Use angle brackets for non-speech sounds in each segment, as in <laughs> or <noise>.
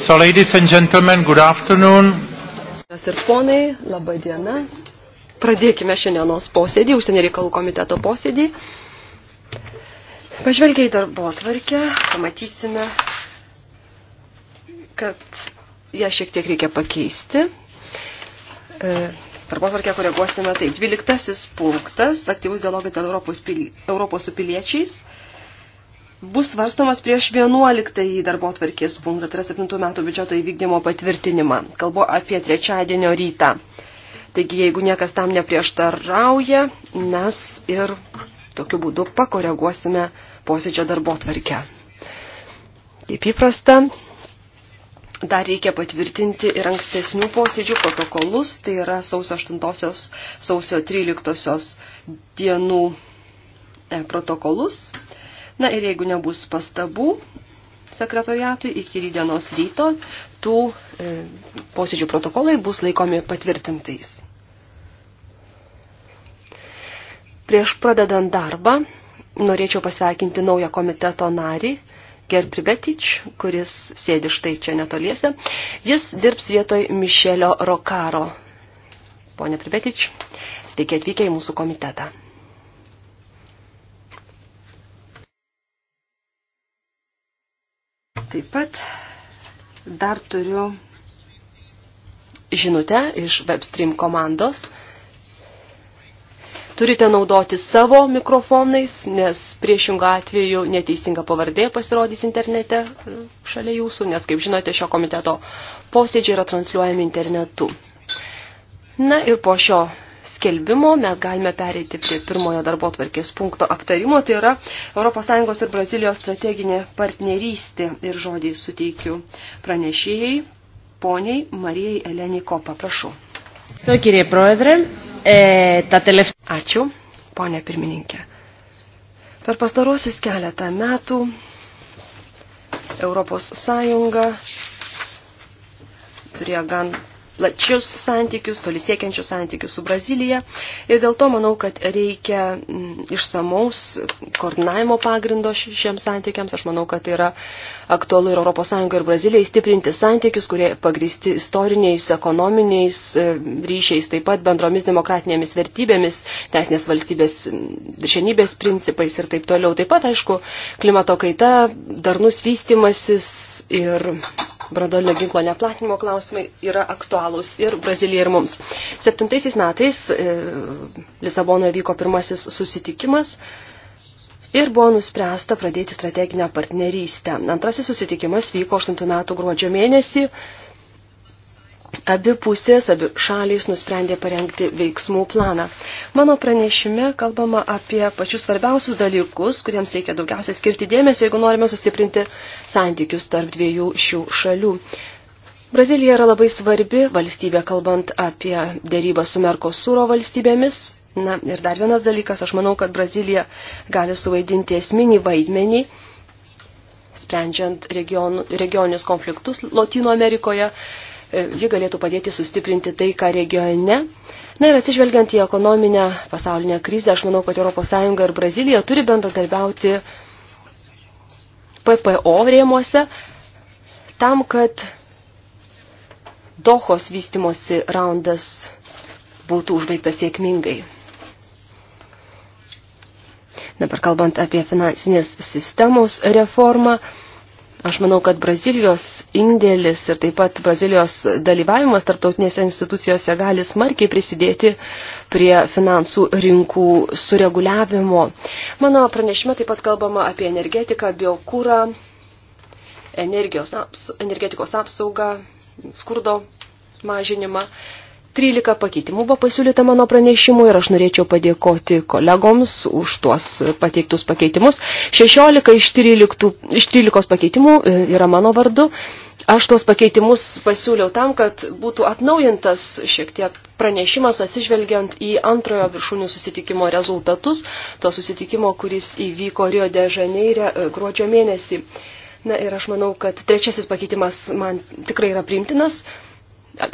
So, ladies and gentlemen, good afternoon. Ir ponai, laba diena. Pradėkime šiandienos posėdį, užsienio reikalų komiteto posėdį. Pažvelgiai darbo atvarkę, pamatysime, kad ją šiek tiek reikia pakeisti. E, darbo atvarkę koreguosime taip. 12 punktas, aktyvus dialogas dėl Europos, pili, Europos su piliečiais bus svarstomas prieš 11 darbo tvarkės punktą, tai yra 7 metų biudžeto įvykdymo patvirtinimą. Kalbu apie trečiadienio rytą. Taigi, jeigu niekas tam neprieštarauja, mes ir tokiu būdu pakoreguosime posėdžio darbo tvarkę. Kaip įprasta, dar reikia patvirtinti ir ankstesnių posėdžių protokolus, tai yra sausio 8, sausio 13 dienų e, protokolus. Na ir jeigu nebus pastabų sekretoriatui iki rydienos ryto, tų e, posėdžių protokolai bus laikomi patvirtintais. Prieš pradedant darbą norėčiau pasveikinti naują komiteto narį, Gerpribetič, kuris sėdi štai čia netoliese. Jis dirbs vietoj Mišelio Rokaro. Pone Pribetič, sveiki atvykę į mūsų komitetą. Taip pat dar turiu žinutę iš Webstream komandos. Turite naudoti savo mikrofonais, nes priešingų atveju neteisinga pavardė pasirodys internete e, šalia jūsų, nes, kaip žinote, šio komiteto posėdžiai yra transliuojami internetu. Na ir po šio skelbimo mes galime pereiti prie pirmojo darbo tvarkės punkto aptarimo, tai yra ES ir Brazilijos strateginė partnerystė ir žodį suteikiu pranešėjai, poniai Marijai Eleni Kopa, prašau. E, Ačiū, ponė pirmininkė. Per pastaruosius keletą metų ES turėjo gan plačius santykius, toli siekiančius santykius su Brazilyje. Ir dėl to manau, kad reikia mm, išsamaus koordinavimo pagrindo šiems santykiams. Aš manau, kad tai yra aktualu ir ES ir Brazilijai stiprinti santykius, kurie pagristi istoriniais, ekonominiais e, ryšiais, taip pat bendromis demokratinėmis vertybėmis, teisinės valstybės mm, viršenybės principais ir taip toliau. Taip pat, aišku, klimato kaita, darnus vystimasis ir brandolinio ginklo neplatinimo klausimai yra aktualūs aktualūs ir Brazilijai ir mums. Septintaisiais metais e, Lisabonoje vyko pirmasis susitikimas ir buvo nuspręsta pradėti strateginę partnerystę. Antrasis susitikimas vyko 8 metų gruodžio mėnesį. Abi pusės, abi šalys nusprendė parengti veiksmų planą. Mano pranešime kalbama apie pačius svarbiausius dalykus, kuriems reikia daugiausiai skirti dėmesio, jeigu norime sustiprinti santykius tarp dviejų šių šalių. Brazilija yra labai svarbi valstybė, kalbant apie dėrybą su Merkosūro valstybėmis. Na ir dar vienas dalykas, aš manau, kad Brazilija gali suvaidinti esminį vaidmenį, sprendžiant region, regionius konfliktus Latino Amerikoje. E, ji galėtų padėti sustiprinti tai, ką regione. Na ir atsižvelgiant į ekonominę pasaulinę krizę, aš manau, kad ES ir Brazilija turi bendradarbiauti PPO rėmuose tam, kad Dohos vystimosi raundas būtų užbaigtas sėkmingai. Dabar kalbant apie finansinės sistemos reformą, aš manau, kad Brazilijos indėlis ir taip pat Brazilijos dalyvavimas tarptautinėse institucijose gali smarkiai prisidėti prie finansų rinkų sureguliavimo. Mano pranešime taip pat kalbama apie energetiką, biokūrą, energijos, energetikos apsaugą, skurdo mažinimą. 13 pakeitimų buvo pasiūlyta mano pranešimu ir aš norėčiau padėkoti kolegoms už tuos pateiktus pakeitimus. 16 iš 13, iš 13 pakeitimų e, yra mano vardu. Aš tuos pakeitimus pasiūliau tam, kad būtų atnaujintas šiek tiek pranešimas atsižvelgiant į antrojo viršūnių susitikimo rezultatus, to susitikimo, kuris įvyko Rio de Žaneire gruodžio mėnesį. Na ir aš manau, kad trečiasis pakeitimas man tikrai yra priimtinas.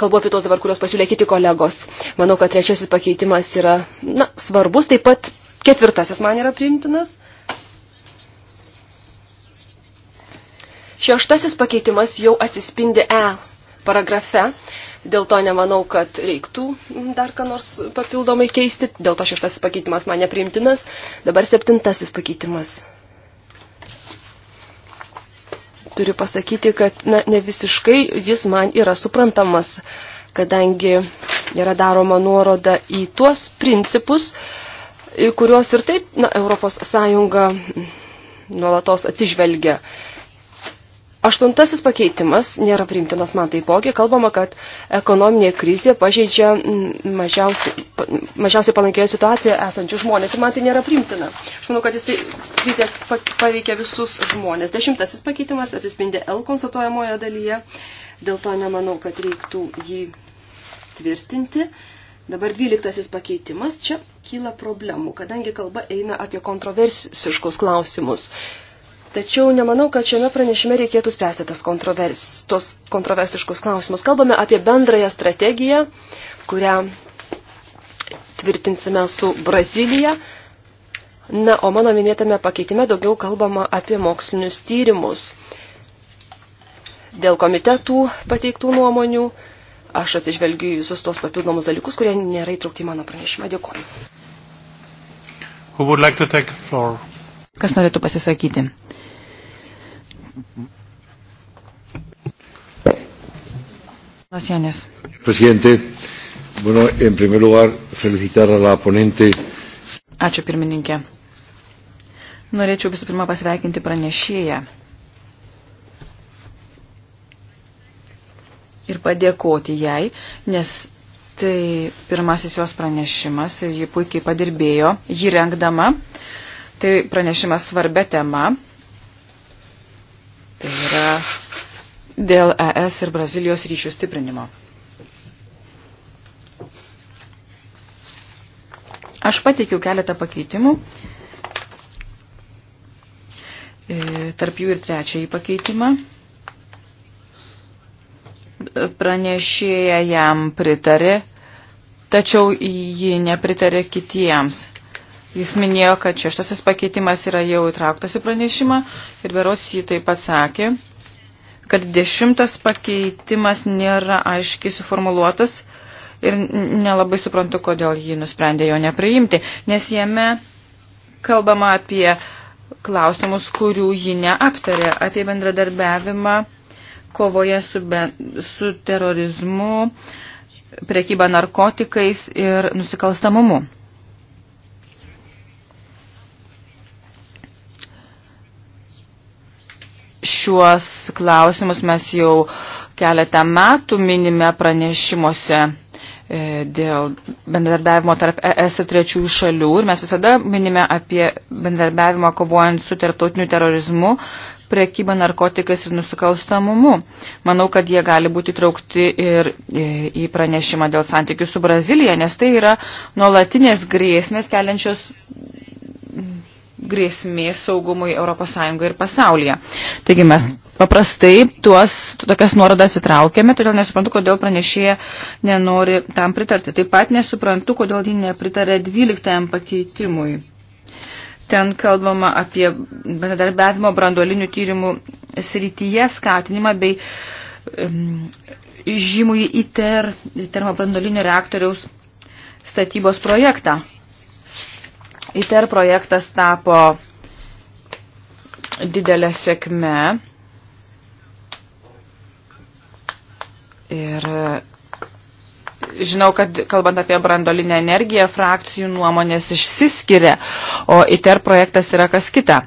Kalbu apie tos dabar, kurios pasiūlė kiti kolegos. Manau, kad trečiasis pakeitimas yra na, svarbus, taip pat ketvirtasis man yra priimtinas. Šeštasis pakeitimas jau atsispindi E paragrafe, dėl to nemanau, kad reiktų dar ką nors papildomai keisti, dėl to šeštasis pakeitimas man nepriimtinas, dabar septintasis pakeitimas turiu pasakyti, kad na, ne visiškai jis man yra suprantamas, kadangi yra daroma nuoroda į tuos principus, kuriuos ir taip na, Europos Sąjunga nuolatos atsižvelgia. Aštuntasis pakeitimas nėra priimtinas man taipogi. Kalbama, kad ekonominė krizė pažeidžia mažiausiai, mažiausiai palankėję situaciją esančių žmonės ir man tai nėra priimtina. Aš manau, kad jis krizė paveikia visus žmonės. Dešimtasis pakeitimas atsispindi L konstatuojamoje dalyje. Dėl to nemanau, kad reiktų jį tvirtinti. Dabar dvyliktasis pakeitimas. Čia kyla problemų, kadangi kalba eina apie kontroversiškus klausimus. Tačiau nemanau, kad šiame pranešime reikėtų spręsti tas kontrovers, tos kontroversiškus klausimus. Kalbame apie bendrąją strategiją, kurią tvirtinsime su Brazilija. Na, o mano minėtame pakeitime daugiau kalbama apie mokslinius tyrimus. Dėl komitetų pateiktų nuomonių aš atsižvelgiu į visus tos papildomus dalykus, kurie nėra įtraukti mano pranešimą. Dėkuoju. Like Kas norėtų pasisakyti? Gracias. Presidente, bueno, en primer lugar, felicitar a la ponente. Ačiū pirmininkė. Norėčiau visų pirma pasveikinti pranešėją ir padėkoti jai, nes tai pirmasis jos pranešimas ir ji puikiai padirbėjo jį rengdama. Tai pranešimas svarbia tema yra dėl ES ir Brazilijos ryšių stiprinimo. Aš pateikiau keletą pakeitimų, e, tarp jų ir trečiąjį pakeitimą. Pranešėja jam pritarė, tačiau ji nepritarė kitiems. Jis minėjo, kad šeštasis pakeitimas yra jau įtrauktas į pranešimą ir berots jį taip pat sakė, kad dešimtas pakeitimas nėra aiškiai suformuluotas ir nelabai suprantu, kodėl jį nusprendė jo nepriimti, nes jame kalbama apie klausimus, kurių ji neaptarė, apie bendradarbiavimą kovoje su, be, su terorizmu, prekyba narkotikais ir nusikalstamumu. šiuos klausimus mes jau keletą metų minime pranešimuose e, dėl bendradarbiavimo tarp ES ir trečiųjų šalių ir mes visada minime apie bendradarbiavimą kovojant su tarptautiniu terorizmu, prekyba narkotikais ir nusikalstamumu. Manau, kad jie gali būti traukti ir e, į pranešimą dėl santykių su Brazilija, nes tai yra nuolatinės grėsmės keliančios grėsmės saugumui ES ir pasaulyje. Taigi mes paprastai tuos, tokias nuorodas įtraukiame, todėl nesuprantu, kodėl pranešėja nenori tam pritarti. Taip pat nesuprantu, kodėl ji nepritarė 12 pakeitimui. Ten kalbama apie bendradarbiavimo branduolinių tyrimų srityje skatinimą bei um, žymųjį ITER termobrandolinio reaktoriaus statybos projektą. ITER projektas tapo didelę sėkmę ir žinau, kad kalbant apie brandolinę energiją, frakcijų nuomonės išsiskiria, o ITER projektas yra kas kita.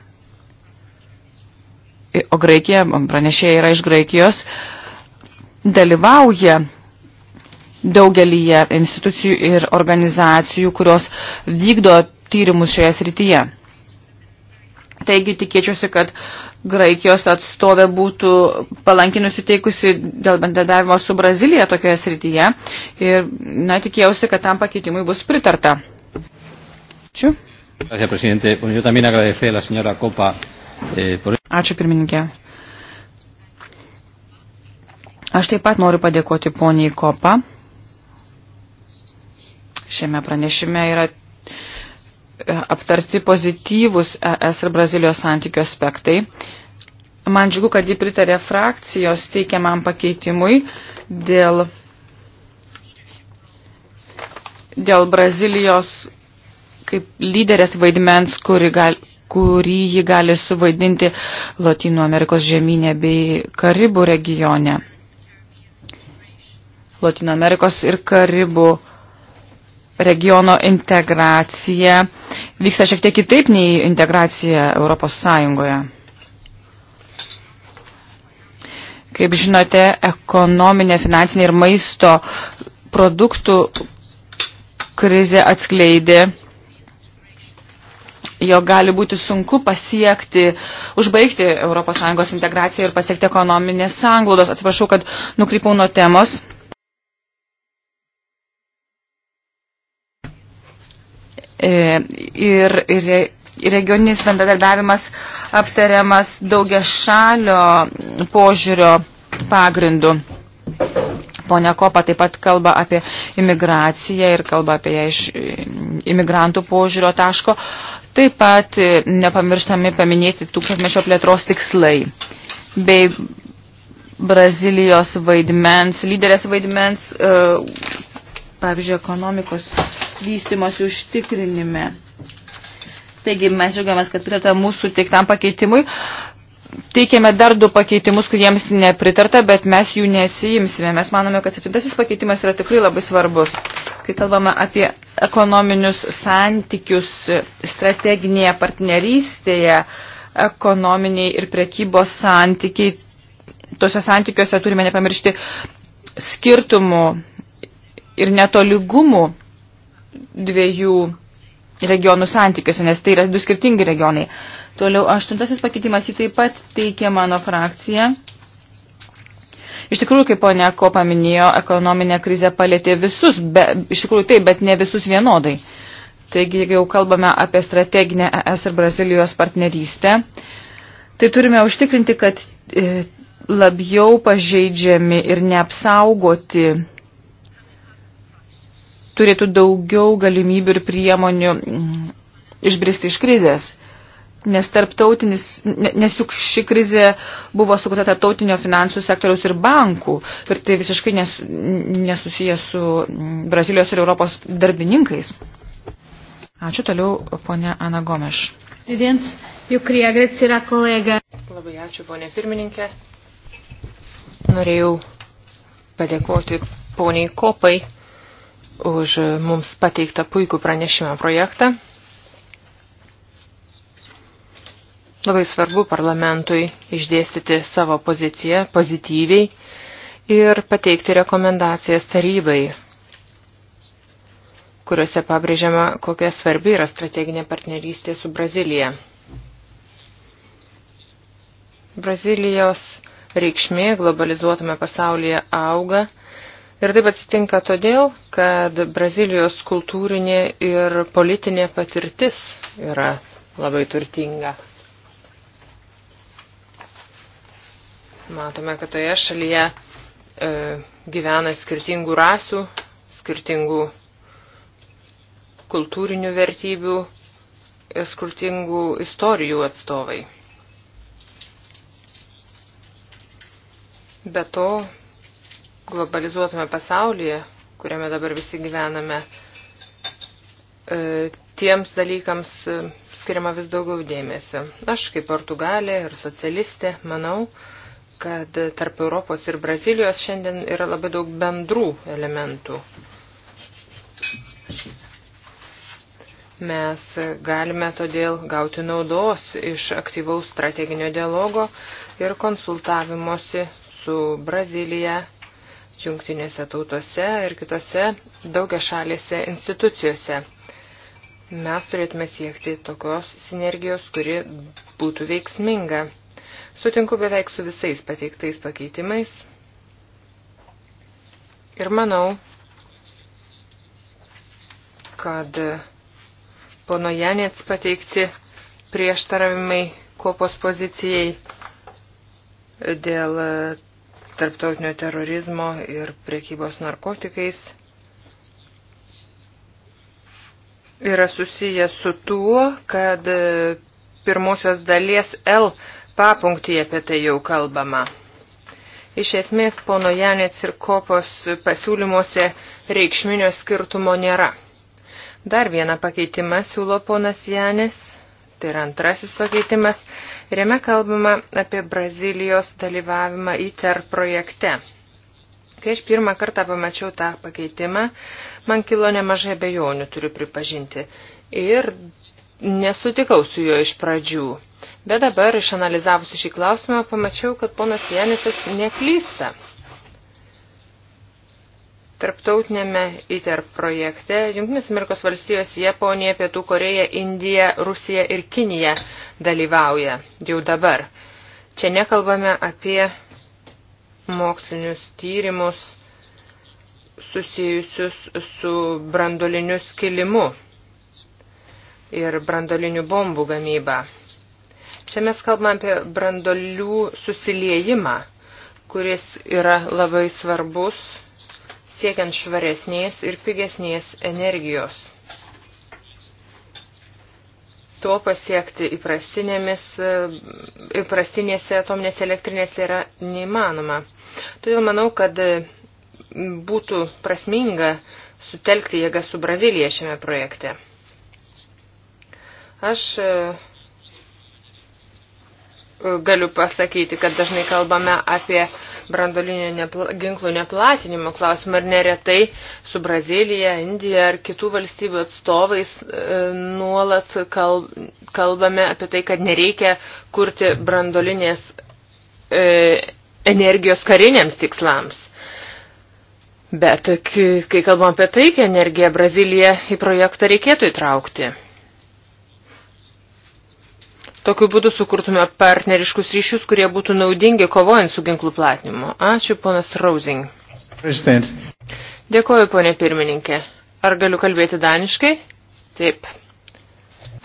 O Graikija, pranešėjai yra iš Graikijos, dalyvauja daugelyje institucijų ir organizacijų, kurios vykdo tyrimus šioje srityje. Taigi tikėčiausi, kad Graikijos atstovė būtų palankiai nusiteikusi dėl bendradarbiavimo su Brazilija tokioje srityje ir na, tikėjausi, kad tam pakeitimui bus pritarta. Ačiū. Gracias, presidente. Bueno, yo también agradecer a la señora Copa eh, por... Ačiū, pirmininkė. Aš taip pat noriu padėkoti poniai Kopa. Šiame pranešime yra aptarti pozityvus ES ir Brazilijos santykių aspektai. Man džiugu, kad jį pritarė frakcijos teikiamam pakeitimui dėl, dėl Brazilijos kaip lyderės vaidmens, kuri gal, kurį ji gali suvaidinti Latino Amerikos žemynė bei Karibų regione. Latino Amerikos ir Karibų regione regiono integracija vyksta šiek tiek kitaip nei integracija Europos Sąjungoje. Kaip žinote, ekonominė, finansinė ir maisto produktų krizė atskleidė, jo gali būti sunku pasiekti, užbaigti ES integraciją ir pasiekti ekonominės sanglaudos. Atsiprašau, kad nukrypau nuo temos. E, ir, ir regioninis bendradarbiavimas aptariamas daugia šalio požiūrio pagrindu. Pone Kopa taip pat kalba apie imigraciją ir kalba apie ją iš e, imigrantų požiūrio taško. Taip pat e, nepamirštami paminėti tūkstantmečio plėtros tikslai bei Brazilijos vaidmens, lyderės vaidmens, pavyzdžiui, ekonomikos vystimosi užtikrinime. Taigi mes žiūrėjomės, kad pritarta mūsų teiktam pakeitimui. Teikėme dar du pakeitimus, kuriems nepritarta, bet mes jų nesijimsime. Mes manome, kad septintasis pakeitimas yra tikrai labai svarbus. Kai kalbame apie ekonominius santykius strateginėje partnerystėje, ekonominiai ir prekybos santykiai, tuose santykiuose turime nepamiršti skirtumų ir netolygumų dviejų regionų santykiuose, nes tai yra du skirtingi regionai. Toliau aštuntasis pakeitimas jį taip pat teikia mano frakcija. Iš tikrųjų, kaip ponia Ko paminėjo, ekonominė krizė palėtė visus, be, iš tikrųjų taip, bet ne visus vienodai. Taigi, jeigu jau kalbame apie strateginę ES ir Brazilijos partnerystę, tai turime užtikrinti, kad e, labiau pažeidžiami ir neapsaugoti turėtų daugiau galimybių ir priemonių mm, išbristi iš krizės. Nes, tarptautinis, nes juk ši krizė buvo sukurta tarptautinio finansų sektoriaus ir bankų. Ir tai visiškai nes, nesusiję su mm, Brazilijos ir Europos darbininkais. Ačiū toliau, ponia Ana Gomeš. Labai ačiū, ponia pirmininkė. Norėjau padėkoti poniai Kopai už mums pateiktą puikų pranešimą projektą. Labai svarbu parlamentui išdėstyti savo poziciją pozityviai ir pateikti rekomendacijas tarybai, kuriuose pabrėžiama, kokia svarbi yra strateginė partnerystė su Brazilija. Brazilijos reikšmė globalizuotame pasaulyje auga Ir taip atsitinka todėl, kad Brazilijos kultūrinė ir politinė patirtis yra labai turtinga. Matome, kad toje šalyje e, gyvena skirtingų rasių, skirtingų kultūrinių vertybių ir e, skirtingų istorijų atstovai. Be to, globalizuotame pasaulyje, kuriame dabar visi gyvename, e, tiems dalykams e, skiriama vis daugiau dėmesio. Aš kaip Portugalė ir socialistė manau, kad tarp Europos ir Brazilijos šiandien yra labai daug bendrų elementų. Mes galime todėl gauti naudos iš aktyvaus strateginio dialogo ir konsultavimosi su Brazilija jungtinėse tautose ir kitose daugia šalėse institucijose. Mes turėtume siekti tokios sinergijos, kuri būtų veiksminga. Sutinku beveik su visais pateiktais pakeitimais. Ir manau, kad pono Janėts pateikti prieštaravimai kopos pozicijai dėl tarptautinio terorizmo ir priekybos narkotikais yra susijęs su tuo, kad e, pirmosios dalies L papunktyje apie tai jau kalbama. Iš esmės, pono Janės ir Kopos pasiūlymuose reikšminio skirtumo nėra. Dar vieną pakeitimą siūlo ponas Janis tai yra antrasis pakeitimas, ir jame kalbama apie Brazilijos dalyvavimą ITER projekte. Kai aš pirmą kartą pamačiau tą pakeitimą, man kilo nemažai bejonių, turiu pripažinti, ir nesutikau su juo iš pradžių. Bet dabar, išanalizavusi šį klausimą, pamačiau, kad ponas Janisas neklysta. Tarptautinėme ITER projekte Junktinės Amerikos valstijos, Japonija, Pietų Koreja, Indija, Rusija ir Kinija dalyvauja jau dabar. Čia nekalbame apie mokslinius tyrimus susijusius su brandoliniu skilimu ir brandolinių bombų gamyba. Čia mes kalbame apie brandolių susiliejimą, kuris yra labai svarbus siekiant švaresnės ir pigesnės energijos. To pasiekti įprastinėse atominėse elektrinėse yra neįmanoma. Todėl manau, kad būtų prasminga sutelkti jėgą su Brazilija šiame projekte. Aš e, galiu pasakyti, kad dažnai kalbame apie uh, brandolinio nepla, ginklų neplatinimo klausimą ir neretai su Brazilija, Indija ar kitų valstybių atstovais e, nuolat kal, kalbame apie tai, kad nereikia kurti brandolinės e, energijos kariniams tikslams. Bet e, kai kalbam apie taikę energiją, Braziliją į projektą reikėtų įtraukti. Tokiu būdu sukurtume partneriškus ryšius, kurie būtų naudingi kovojant su ginklų platinimu. Ačiū, ponas Rausing. President. Dėkuoju, ponė pirmininkė. Ar galiu kalbėti daniškai? Taip.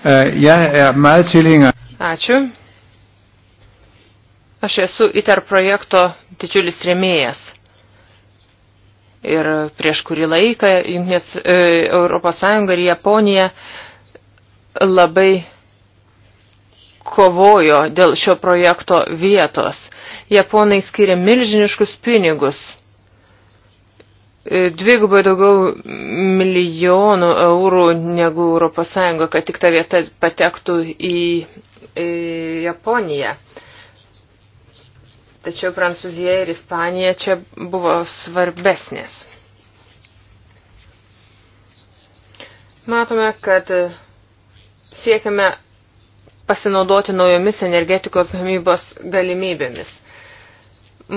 Uh, ja, ja, Ačiū. Aš esu ITER projekto didžiulis rėmėjas. Ir prieš kurį laiką Junknės, e, uh, Europos Sąjunga ir Japonija labai kovojo dėl šio projekto vietos. Japonai skiria milžiniškus pinigus. E, dvigubai daugiau milijonų eurų negu ES, kad tik ta vieta patektų į, į Japoniją. Tačiau Prancūzija ir Ispanija čia buvo svarbesnės. Matome, kad siekiame pasinaudoti naujomis energetikos gamybos galimybėmis.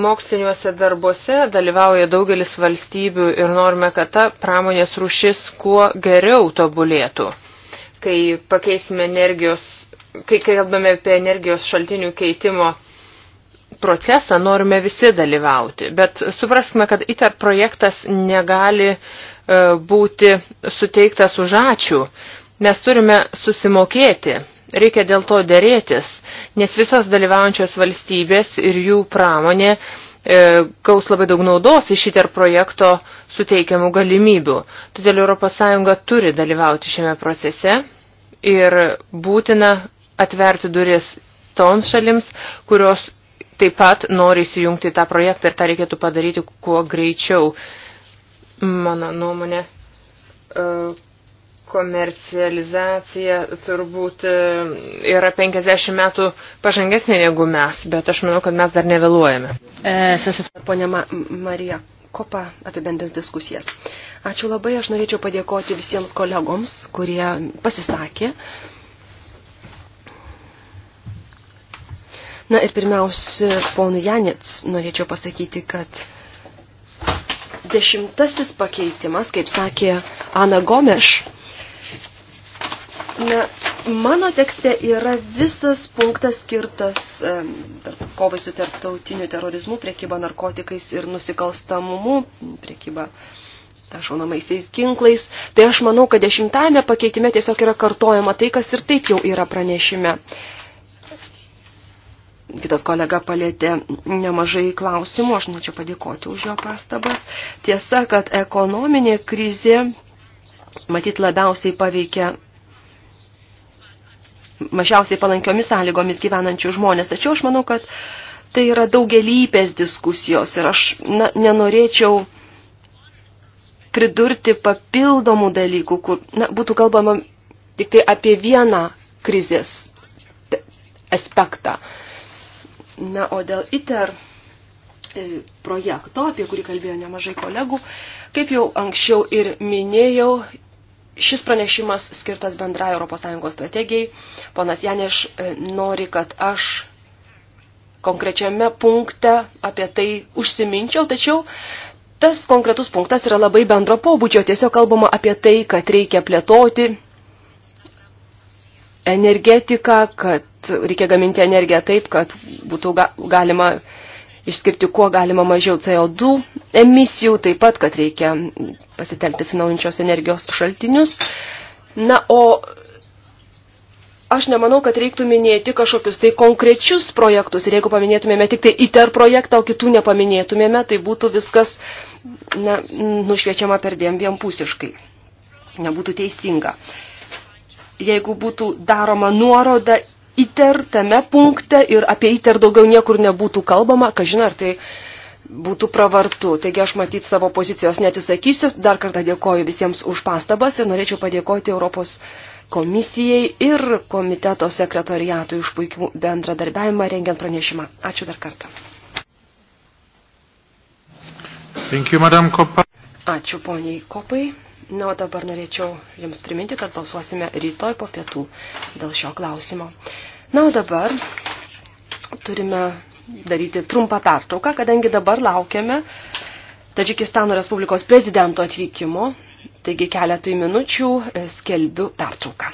Moksliniuose darbuose dalyvauja daugelis valstybių ir norime, kad ta pramonės rušis kuo geriau tobulėtų. Kai pakeisime energijos, kai kalbame apie energijos šaltinių keitimo procesą norime visi dalyvauti, bet supraskime, kad ITER projektas negali e, būti suteiktas už ačiū. Mes turime susimokėti, Reikia dėl to dėrėtis, nes visos dalyvaujančios valstybės ir jų pramonė e, gaus labai daug naudos iš šiter projekto suteikiamų galimybių. Todėl ES turi dalyvauti šiame procese ir būtina atverti duris toms šalims, kurios taip pat nori įsijungti tą projektą ir tą reikėtų padaryti kuo greičiau. Mano nuomonė, e, komercializacija turbūt e, yra 50 metų pažangesnė negu mes, bet aš manau, kad mes dar nevėluojame. E, Sesifar, ponė Ma Marija Kopa apibendrins diskusijas. Ačiū labai, aš norėčiau padėkoti visiems kolegoms, kurie pasisakė. Na ir pirmiausia, ponų Janits, norėčiau pasakyti, kad dešimtasis pakeitimas, kaip sakė Ana Gomeš, Na, mano tekste yra visas punktas skirtas um, kovai su tarptautiniu terorizmu, priekyba narkotikais ir nusikalstamumu, priekyba e, šaunamaisiais ginklais. Tai aš manau, kad dešimtajame pakeitime tiesiog yra kartojama tai, kas ir taip jau yra pranešime. Kitas kolega palėtė nemažai klausimų, aš norėčiau padėkoti už jo pastabas. Tiesa, kad ekonominė krizė matyt labiausiai paveikia mažiausiai palankiomis sąlygomis gyvenančių žmonės. Tačiau aš manau, kad tai yra daugelypės diskusijos ir aš na, nenorėčiau pridurti papildomų dalykų, kur na, būtų kalbama tik tai apie vieną krizės aspektą. Na, o dėl ITER e, projekto, apie kurį kalbėjo nemažai kolegų, kaip jau anksčiau ir minėjau, Šis pranešimas skirtas bendrai ES strategijai. Ponas Janeš e, nori, kad aš konkrečiame punkte apie tai užsiminčiau, tačiau tas konkretus punktas yra labai bendro pobūdžio. Tiesiog kalbama apie tai, kad reikia plėtoti energetiką, kad reikia gaminti energiją taip, kad būtų galima išskirti kuo galima mažiau CO2 emisijų, taip pat, kad reikia pasitelkti atsinaujančios energijos šaltinius. Na, o aš nemanau, kad reiktų minėti kažkokius tai konkrečius projektus. Ir jeigu paminėtumėme tik tai ITER projektą, o kitų nepaminėtumėme, tai būtų viskas na, nušviečiama per dėm vienpusiškai. Nebūtų teisinga. Jeigu būtų daroma nuoroda ITER tame punkte ir apie ITER daugiau niekur nebūtų kalbama, kažin ar tai būtų pravartu. Taigi aš matyt savo pozicijos neatsisakysiu. Dar kartą dėkoju visiems už pastabas ir norėčiau padėkoti Europos komisijai ir komiteto sekretoriatui už puikų bendradarbiavimą rengiant pranešimą. Ačiū dar kartą. Thank you, Madam Kopa. Ačiū poniai Kopai. Na, o dabar norėčiau Jums priminti, kad balsuosime rytoj po pietų dėl šio klausimo. Na, o dabar turime daryti trumpą pertrauką, kadangi dabar laukiame Tadžikistano Respublikos prezidento atvykimo, taigi keletui minučių skelbiu pertrauką.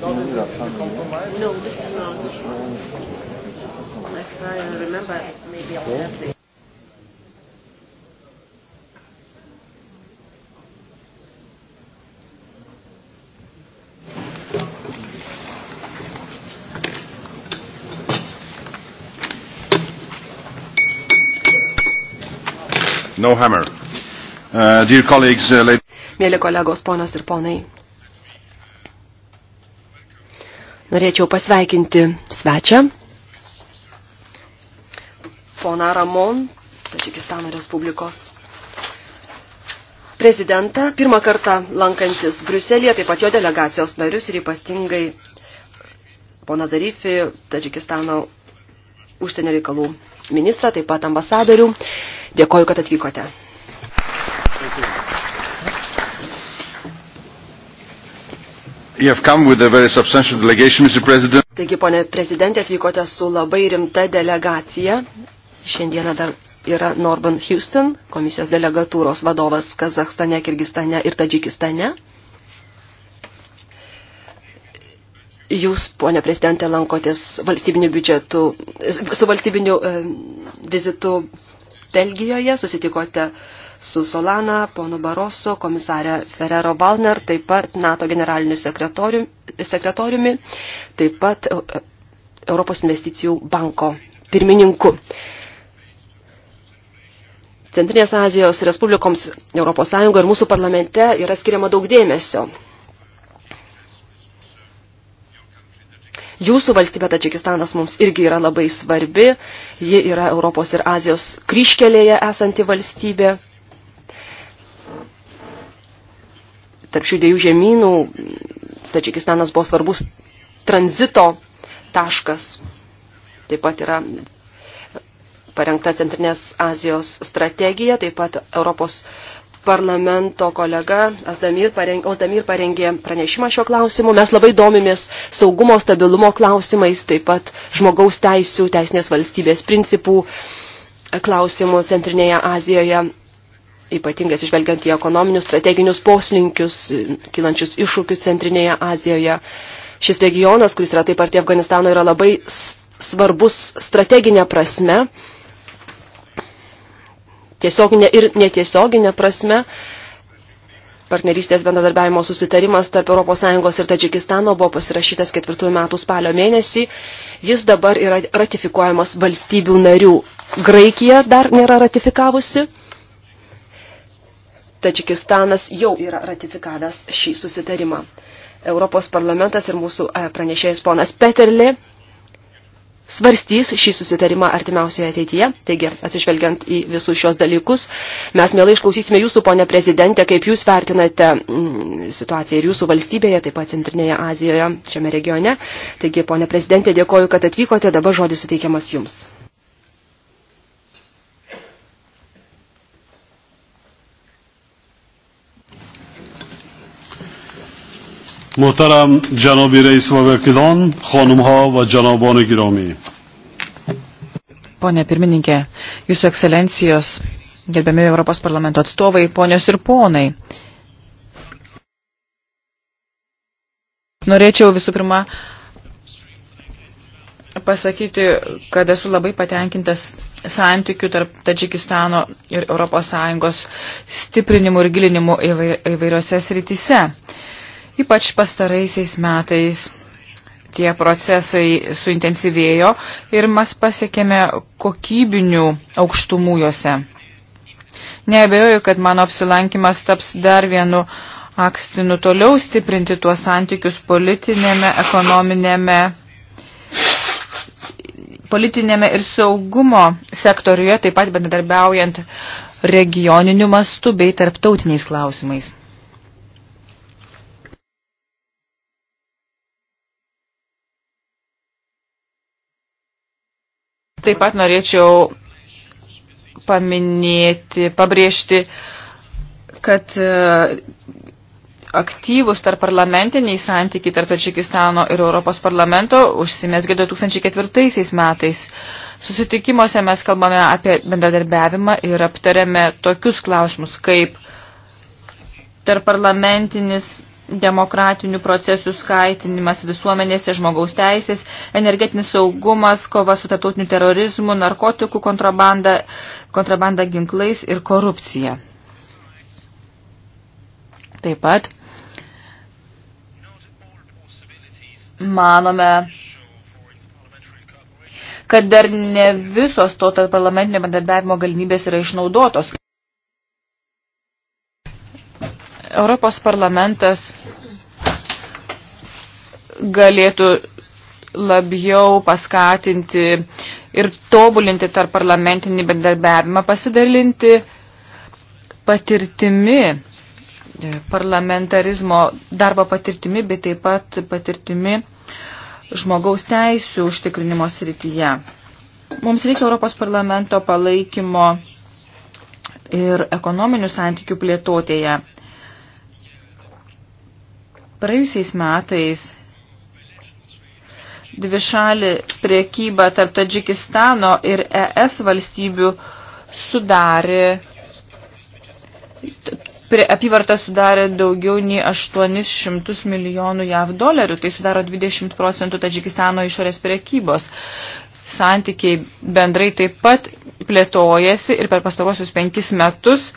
No, this is a compromise? No, this is not. As far as I remember, maybe I'll have to. No hammer. Uh, dear colleagues, uh, Mėly kolegos, ponios ir ponai, Norėčiau pasveikinti svečią, poną Ramon, Tačikistano Respublikos prezidentą, pirmą kartą lankantis Bruselėje, taip pat jo delegacijos narius ir ypatingai poną Zarifį, Tačikistano užsienio reikalų ministrą, taip pat ambasadorių. Dėkoju, kad atvykote. Taigi, ponė prezidentė, atvykote su labai rimta delegacija. Šiandieną dar yra Norman Houston, komisijos delegatūros vadovas Kazakstane, Kirgistane ir Tadžikistane. Jūs, ponė prezidentė, lankotės valstybiniu biudžetu, su valstybiniu e, vizitu Belgijoje, susitikote su Solana, ponu Baroso, komisarė Ferrero Valner, taip pat NATO generaliniu sekretoriumi, sekretoriumi taip pat e, Europos investicijų banko pirmininku. Centrinės Azijos Respublikoms ES ir mūsų parlamente yra skiriama daug dėmesio. Jūsų valstybė Tadžikistanas mums irgi yra labai svarbi. Ji yra Europos ir Azijos kryškelėje esanti valstybė. tarp šių dviejų žemynų Tadžikistanas buvo svarbus tranzito taškas. Taip pat yra parengta Centrinės Azijos strategija, taip pat Europos parlamento kolega Asdamir parengė, Osdamir parengė pranešimą šio klausimu. Mes labai domimės saugumo, stabilumo klausimais, taip pat žmogaus teisų, teisinės valstybės principų klausimų Centrinėje Azijoje ypatingai atsižvelgiant į ekonominius strateginius poslinkius, e, kilančius iššūkius Centrinėje Azijoje. Šis regionas, kuris yra taip arti Afganistano, yra labai svarbus strateginė prasme, tiesioginė ir netiesioginė prasme. Partnerystės bendradarbiavimo susitarimas tarp ES ir Tadžikistano buvo pasirašytas ketvirtųjų metų spalio mėnesį. Jis dabar yra ratifikuojamas valstybių narių. Graikija dar nėra ratifikavusi Tadžikistanas jau yra ratifikavęs šį susitarimą. Europos parlamentas ir mūsų e, pranešėjas ponas Peterli svarstys šį susitarimą artimiausioje ateityje. Taigi, atsižvelgiant į visus šios dalykus, mes mielai išklausysime jūsų, ponė prezidentė, kaip jūs vertinate mm, situaciją ir jūsų valstybėje, taip pat Centrinėje Azijoje, šiame regione. Taigi, ponė prezidentė, dėkoju, kad atvykote, dabar žodis suteikiamas jums. محترم جناب رئیس و وکیلان خانم ها و جنابان گرامی Pone pirmininkė, Jūsų ekscelencijos, gerbiami Europos parlamento atstovai, ponios ir ponai. Norėčiau visų pirma pasakyti, kad esu labai patenkintas santykių tarp Tadžikistano ir Europos Sąjungos stiprinimu ir gilinimu įvairiose srityse. Ypač pastaraisiais metais tie procesai suintensyvėjo ir mes pasiekėme kokybinių aukštumų juose. Neabejoju, kad mano apsilankimas taps dar vienu akstinu toliau stiprinti tuos santykius politinėme, ekonominėme, politinėme ir saugumo sektoriuje, taip pat bendradarbiaujant regioniniu mastu bei tarptautiniais klausimais. Taip pat norėčiau paminėti, pabrėžti, kad e, aktyvus tarp parlamentiniai santykiai tarp Tadžikistano ir Europos parlamento užsimesgė 2004 metais. Susitikimuose mes kalbame apie bendradarbiavimą ir aptarėme tokius klausimus kaip tarp parlamentinis demokratinių procesų skaitinimas visuomenėse, žmogaus teisės, energetinis saugumas, kova su tarptautiniu terorizmu, narkotikų kontrabanda, kontrabanda ginklais ir korupcija. Taip pat manome, kad dar ne visos to tarp parlamentinio bendradarbiavimo galimybės yra išnaudotos. Europos parlamentas galėtų labiau paskatinti ir tobulinti tarp parlamentinį bendarbiavimą, pasidalinti patirtimi, parlamentarizmo darbo patirtimi, bet taip pat patirtimi žmogaus teisų užtikrinimo srityje. Mums reikia Europos parlamento palaikymo ir ekonominių santykių plėtotėje. Praėjusiais metais dvišalį priekybą tarp Tadžikistano ir ES valstybių sudarė, prie apyvartą sudarė daugiau nei 800 milijonų JAV dolerių, tai sudaro 20 procentų Tadžikistano išorės priekybos. Santykiai bendrai taip pat plėtojasi ir per pastarosius penkis metus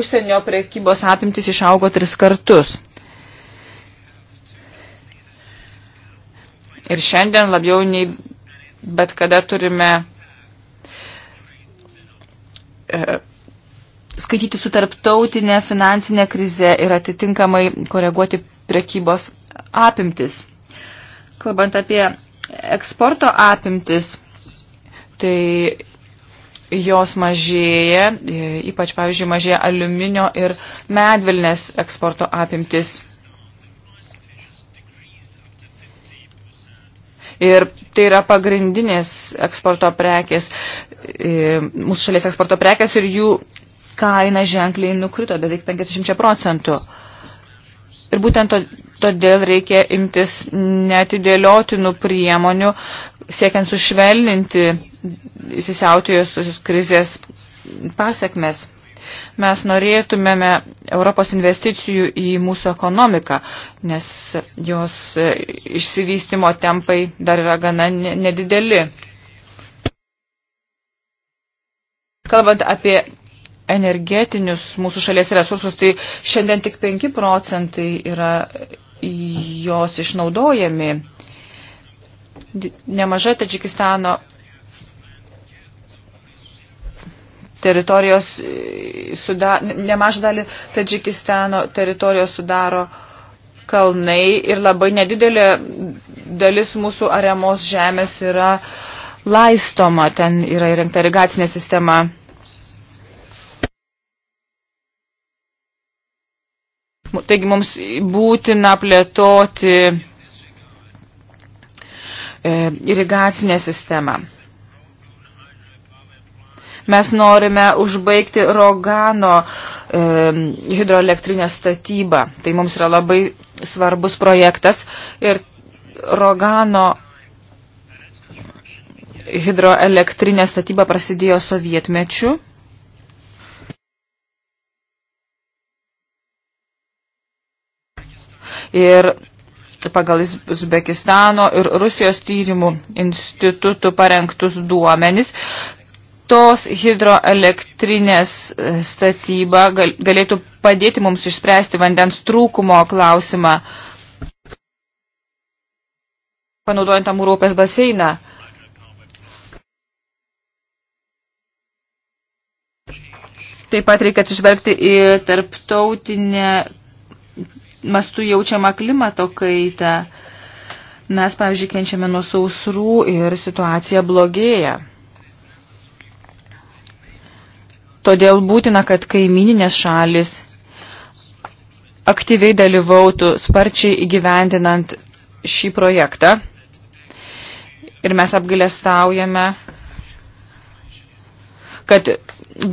užsienio priekybos apimtis išaugo tris kartus. Ir šiandien labiau nei bet kada turime e, skaityti su tarptautinė finansinė krize ir atitinkamai koreguoti prekybos apimtis. Kalbant apie eksporto apimtis, tai jos mažėja, e, ypač, pavyzdžiui, mažėja aliuminio ir medvilnės eksporto apimtis. Ir tai yra pagrindinės eksporto prekės, e, mūsų šalies eksporto prekės ir jų kaina ženkliai nukrito beveik 50 procentų. Ir būtent todėl reikia imtis netidėliotinų priemonių, siekiant sušvelninti įsisiautėjusios krizės pasiekmes. Mes norėtumėme Europos investicijų į mūsų ekonomiką, nes jos e, išsivystimo tempai dar yra gana nedideli. Kalbant apie energetinius mūsų šalies resursus, tai šiandien tik 5 procentai yra jos išnaudojami. Nemaža Tadžikistano Teritorijos e, suda, nemažą dalį Tadžikistano teritorijos sudaro kalnai ir labai nedidelė dalis mūsų aremos žemės yra laistoma, ten yra įrengta irigacinė sistema. Taigi mums būtina plėtoti e, irigacinę sistemą. Mes norime užbaigti Rogano e, hidroelektrinės statybą. Tai mums yra labai svarbus projektas ir Rogano hidroelektrinė statyba prasidėjo sovietmečiu. Ir pagal Uzbekistano ir Rusijos tyrimų institutų parengtus duomenis, tos hidroelektrinės e, statyba galėtų padėti mums išspręsti vandens trūkumo klausimą, panaudojant Amūro upės baseiną. Taip pat reikia atsižvelgti į tarptautinę mastų jaučiamą klimato kaitą. Mes, pavyzdžiui, kenčiame nuo sausrų ir situacija blogėja. Todėl būtina, kad kaimininės šalis aktyviai dalyvautų sparčiai įgyvendinant šį projektą. Ir mes apgailestaujame, kad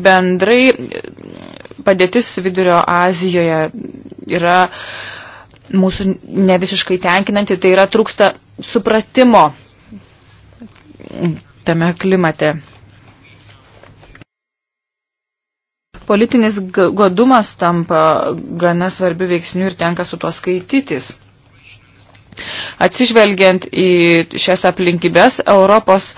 bendrai padėtis Vidurio Azijoje yra mūsų nevisiškai tenkinanti, tai yra trūksta supratimo tame klimate. politinis godumas tampa gana svarbių veiksnių ir tenka su tuo skaitytis. Atsižvelgiant į šias aplinkybės, Europos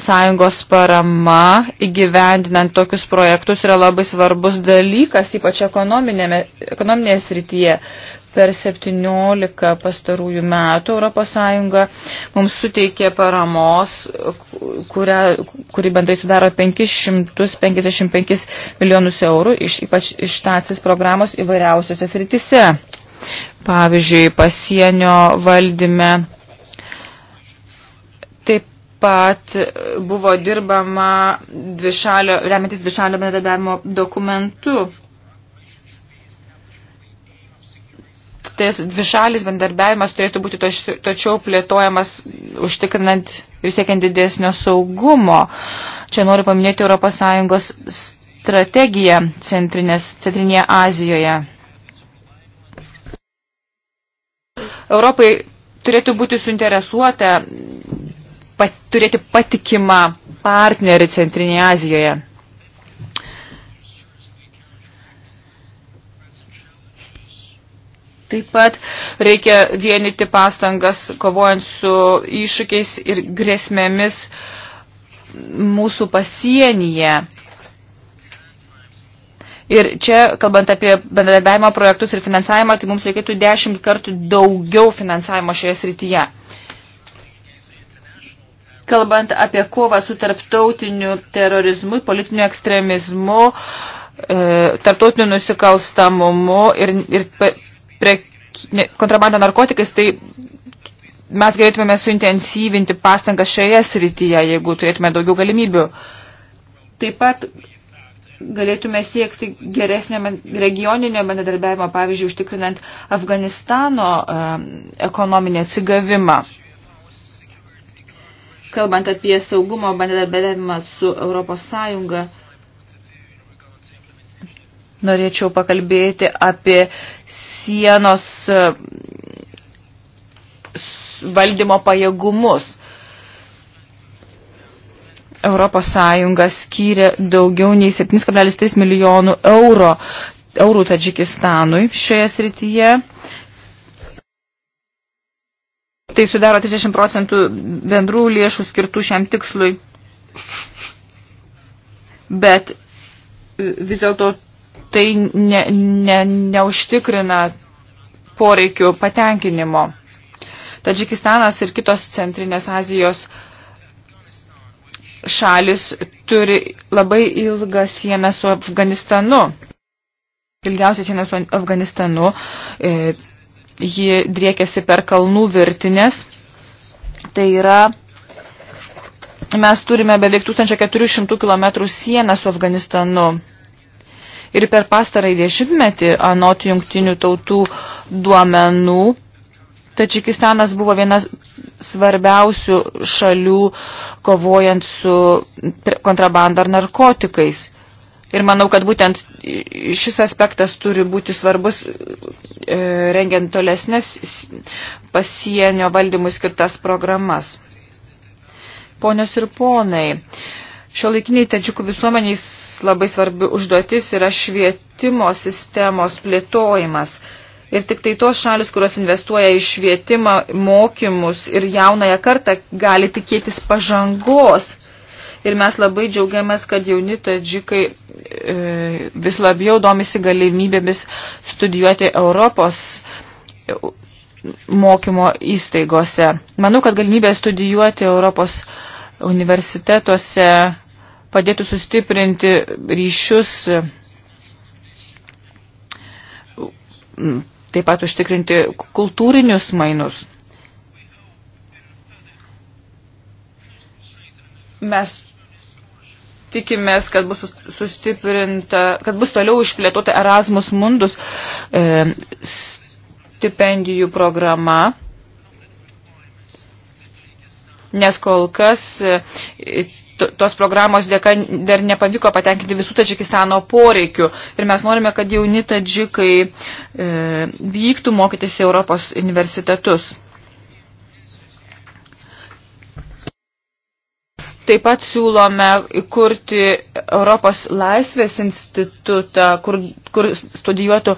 sąjungos parama įgyvendinant tokius projektus yra labai svarbus dalykas, ypač ekonominėje srityje per 17 pastarųjų metų ES mums suteikė paramos, kurią, kuri bendrai sudaro 555 milijonus eurų, iš, ypač iš tacis programos įvairiausiose srityse. Pavyzdžiui, pasienio valdyme. Taip pat buvo dirbama dvišalio, remiantis dvišalio bendradarbiavimo dokumentu tas dvišalis bendarbiavimas turėtų būti toč, tačiau plėtojamas užtikrinant ir siekiant didesnio saugumo. Čia noriu paminėti ES strategiją Centrinėje Azijoje. Europai turėtų būti suinteresuota pat, turėti patikimą partnerį Centrinėje Azijoje. Taip pat reikia vienyti pastangas, kovojant su iššūkiais ir grėsmėmis mūsų pasienyje. Ir čia, kalbant apie bendradarbiavimo projektus ir finansavimą, tai mums reikėtų dešimt kartų daugiau finansavimo šioje srityje. Kalbant apie kovą su tarptautiniu terorizmu, politiniu ekstremizmu, e, tarptautiniu nusikalstamumu ir, ir pre, ne, kontrabandą narkotikais, tai mes galėtumėme suintensyvinti pastangas šioje srityje, jeigu turėtume daugiau galimybių. Taip pat galėtume siekti geresnio regioninio bendradarbiavimo, pavyzdžiui, užtikrinant Afganistano um, ekonominį atsigavimą. Kalbant apie saugumo bendradarbiavimą su Europos Sąjunga, norėčiau pakalbėti apie sienos e, valdymo pajėgumus. Europos Sąjunga skyrė daugiau nei 7,3 milijonų euro, eurų Tadžikistanui šioje srityje. Tai sudaro 30 procentų bendrų lėšų skirtų šiam tikslui. Bet e, vis dėlto tai ne, ne, neužtikrina poreikių patenkinimo. Tadžikistanas ir kitos centrinės Azijos šalis turi labai ilgą sieną su Afganistanu. Ilgiausia siena su Afganistanu. E, ji driekiasi per kalnų virtinės. Tai yra, mes turime beveik 1400 km sieną su Afganistanu. Ir per pastarąjį dešimtmetį, anot jungtinių tautų duomenų, Tadžikistanas buvo vienas svarbiausių šalių kovojant su kontrabanda ar narkotikais. Ir manau, kad būtent šis aspektas turi būti svarbus e, rengiant tolesnės pasienio valdymui skirtas programas. Ponios ir ponai, Šiuolaikiniai tadžikų visuomeniai labai svarbi užduotis yra švietimo sistemos plėtojimas. Ir tik tai tos šalis, kurios investuoja į švietimą, mokymus ir jaunąją kartą, gali tikėtis pažangos. Ir mes labai džiaugiamės, kad jauni tadžikai e, vis labiau domisi galimybėmis studijuoti Europos e, mokymo įstaigose. Manau, kad galimybė studijuoti Europos universitetuose padėtų sustiprinti ryšius, taip pat užtikrinti kultūrinius mainus. Mes tikimės, kad bus sustiprinta, kad bus toliau išplėtota Erasmus Mundus e, stipendijų programa nes kol kas e, tos programos dėka dar nepavyko patenkinti visų Tadžikistano poreikių. Ir mes norime, kad jauni Tadžikai e, vyktų mokytis į Europos universitetus. Taip pat siūlome kurti Europos laisvės institutą, kur, kur studijuotų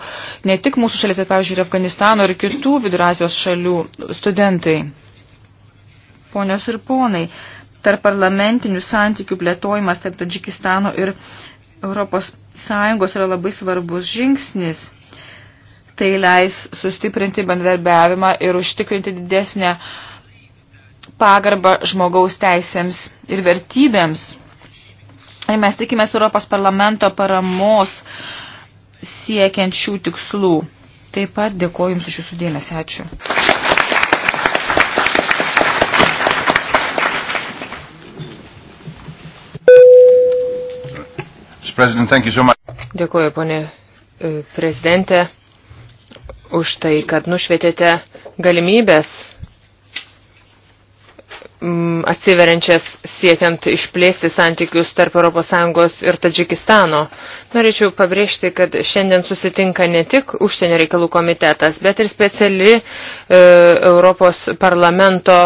ne tik mūsų šalis, bet, pavyzdžiui, ir Afganistano ir kitų Vidurazijos šalių studentai. Ponios ir ponai, tarp parlamentinių santykių plėtojimas tarp Tadžikistano ir Europos Sąjungos yra labai svarbus žingsnis. Tai leis sustiprinti bendarbiavimą ir užtikrinti didesnę pagarbą žmogaus teisėms ir vertybėms. Ir mes tikimės Europos parlamento paramos siekiant šių tikslų. Taip pat dėkoju Jums už Jūsų dėmesį. Ačiū. So Dėkuoju, ponė e, prezidentė, už tai, kad nušvietėte galimybės mm, atsiveriančias siekiant išplėsti santykius tarp ES ir Tadžikistano. Norėčiau pabrėžti, kad šiandien susitinka ne tik užsienio reikalų komitetas, bet ir speciali e, Europos parlamento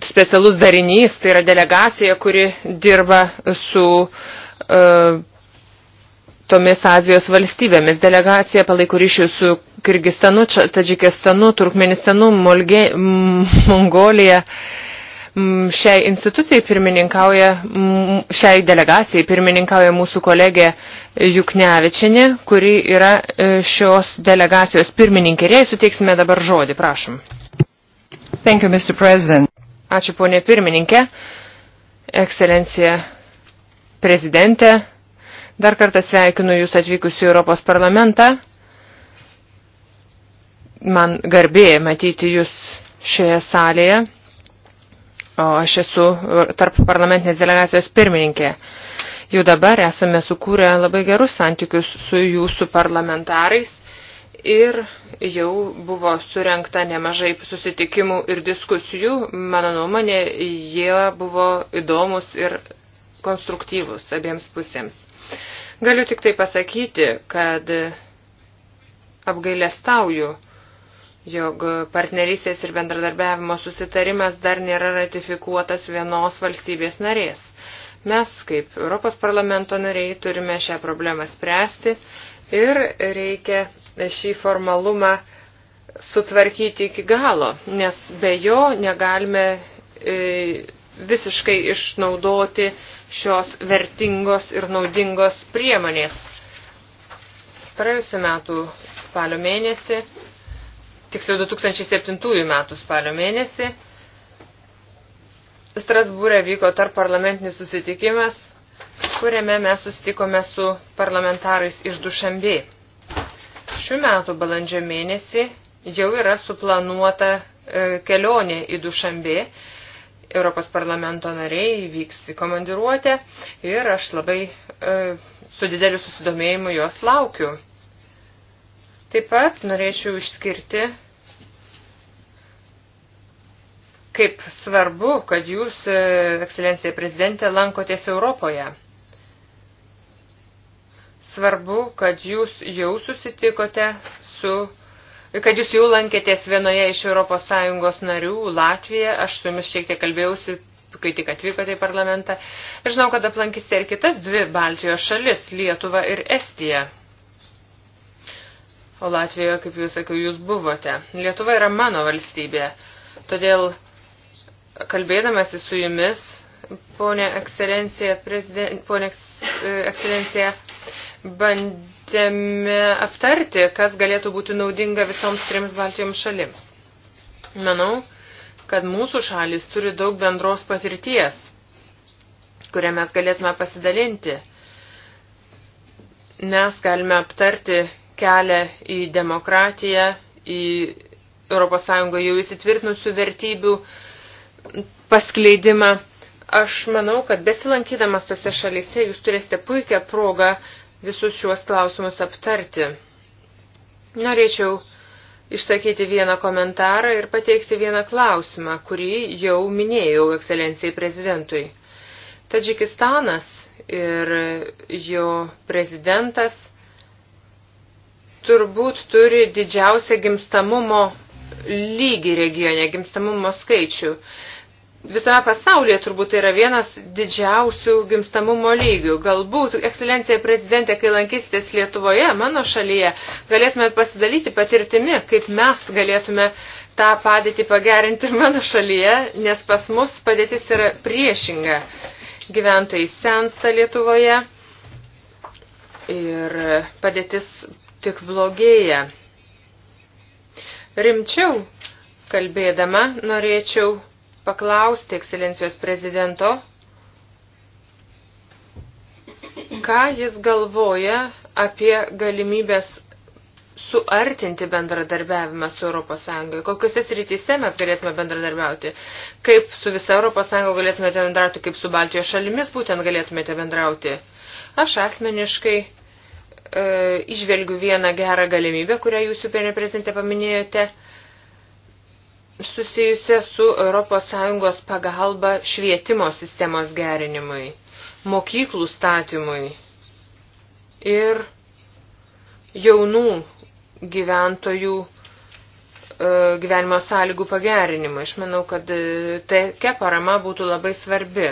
specialus darinys, tai yra delegacija, kuri dirba su e, E, tomis Azijos valstybėmis. Delegacija palaiko ryšių su Kirgistanu, Tadžikistanu, Turkmenistanu, Molge, Mongolija. Šiai institucijai pirmininkauja, šiai delegacijai pirmininkauja mūsų kolegė Juknevičinė, kuri yra e, šios delegacijos pirmininkė. Jei suteiksime dabar žodį, prašom. Thank you, Mr. President. Ačiū, ponė pirmininkė. Ekscelencija prezidentė, dar kartą sveikinu Jūs atvykus į Europos parlamentą. Man garbė matyti Jūs šioje salėje, o aš esu tarp parlamentinės delegacijos pirmininkė. Jau dabar esame sukūrę labai gerus santykius su Jūsų parlamentarais ir jau buvo surenkta nemažai susitikimų ir diskusijų. Mano nuomonė, jie buvo įdomus ir konstruktyvus abiems pusėms. Galiu tik tai pasakyti, kad apgailestauju, jog partnerysės ir bendradarbiavimo susitarimas dar nėra ratifikuotas vienos valstybės narės. Mes, kaip Europos parlamento nariai, turime šią problemą spręsti ir reikia šį formalumą sutvarkyti iki galo, nes be jo negalime e, visiškai išnaudoti šios vertingos ir naudingos priemonės. Praėjusiu metu spalio mėnesį, tiksliau 2007 metų spalio mėnesį, Strasbūrė vyko tarp parlamentinis susitikimas, kuriame mes susitikome su parlamentarais iš Dušambė. Šių metų balandžio mėnesį jau yra suplanuota e, kelionė į Dušambė Europos parlamento nariai vyks į komandiruotę ir aš labai e, su dideliu susidomėjimu jos laukiu. Taip pat norėčiau išskirti, kaip svarbu, kad jūs, e, ekscelencija prezidentė, lankotės Europoje. Svarbu, kad jūs jau susitikote su kad jūs jau lankėtės vienoje iš ES narių, Latvija, aš su jumis šiek tiek kalbėjausi, kai tik atvykote į parlamentą. Aš žinau, kad aplankysite ir kitas dvi Baltijos šalis - Lietuvą ir Estiją. O Latvijoje, kaip jūs sakiau, jūs buvote. Lietuva yra mano valstybė. Todėl, kalbėdamasi su jumis, ponė ekscelencija, preziden... ponė e, ekscelencija, bandėme aptarti, kas galėtų būti naudinga visoms trims Baltijoms šalims. Manau, kad mūsų šalis turi daug bendros patirties, kurią mes galėtume pasidalinti. Mes galime aptarti kelią į demokratiją, į ES jau įsitvirtinusių vertybių paskleidimą. Aš manau, kad besilankydamas tose šalyse jūs turėsite puikią progą visus šiuos klausimus aptarti. Norėčiau išsakyti vieną komentarą ir pateikti vieną klausimą, kurį jau minėjau ekscelencijai prezidentui. Tadžikistanas ir jo prezidentas turbūt turi didžiausią gimstamumo lygį regione, gimstamumo skaičių. Visame pasaulyje turbūt tai yra vienas didžiausių gimstamumo lygių. Galbūt, ekscelencija prezidentė, kai lankysitės Lietuvoje, mano šalyje, galėtumėt pasidalyti patirtimi, kaip mes galėtume tą padėtį pagerinti ir <laughs> mano šalyje, nes pas mus padėtis yra priešinga. Gyventojai sensta Lietuvoje ir padėtis tik blogėja. Rimčiau kalbėdama norėčiau paklausti ekscelencijos prezidento, ką jis galvoja apie galimybės suartinti bendradarbiavimą su ES? Kokiuose srityse mes galėtume bendradarbiauti? Kaip su visa ES galėtumėte bendrauti, kaip su Baltijos šalimis būtent galėtumėte bendrauti? Aš asmeniškai e, išvelgiu vieną gerą galimybę, kurią jūs jau prezidentė paminėjote susijusią su ES pagalba švietimo sistemos gerinimui, mokyklų statymui ir jaunų gyventojų e, gyvenimo sąlygų pagerinimui. Aš manau, kad e, tokia parama būtų labai svarbi.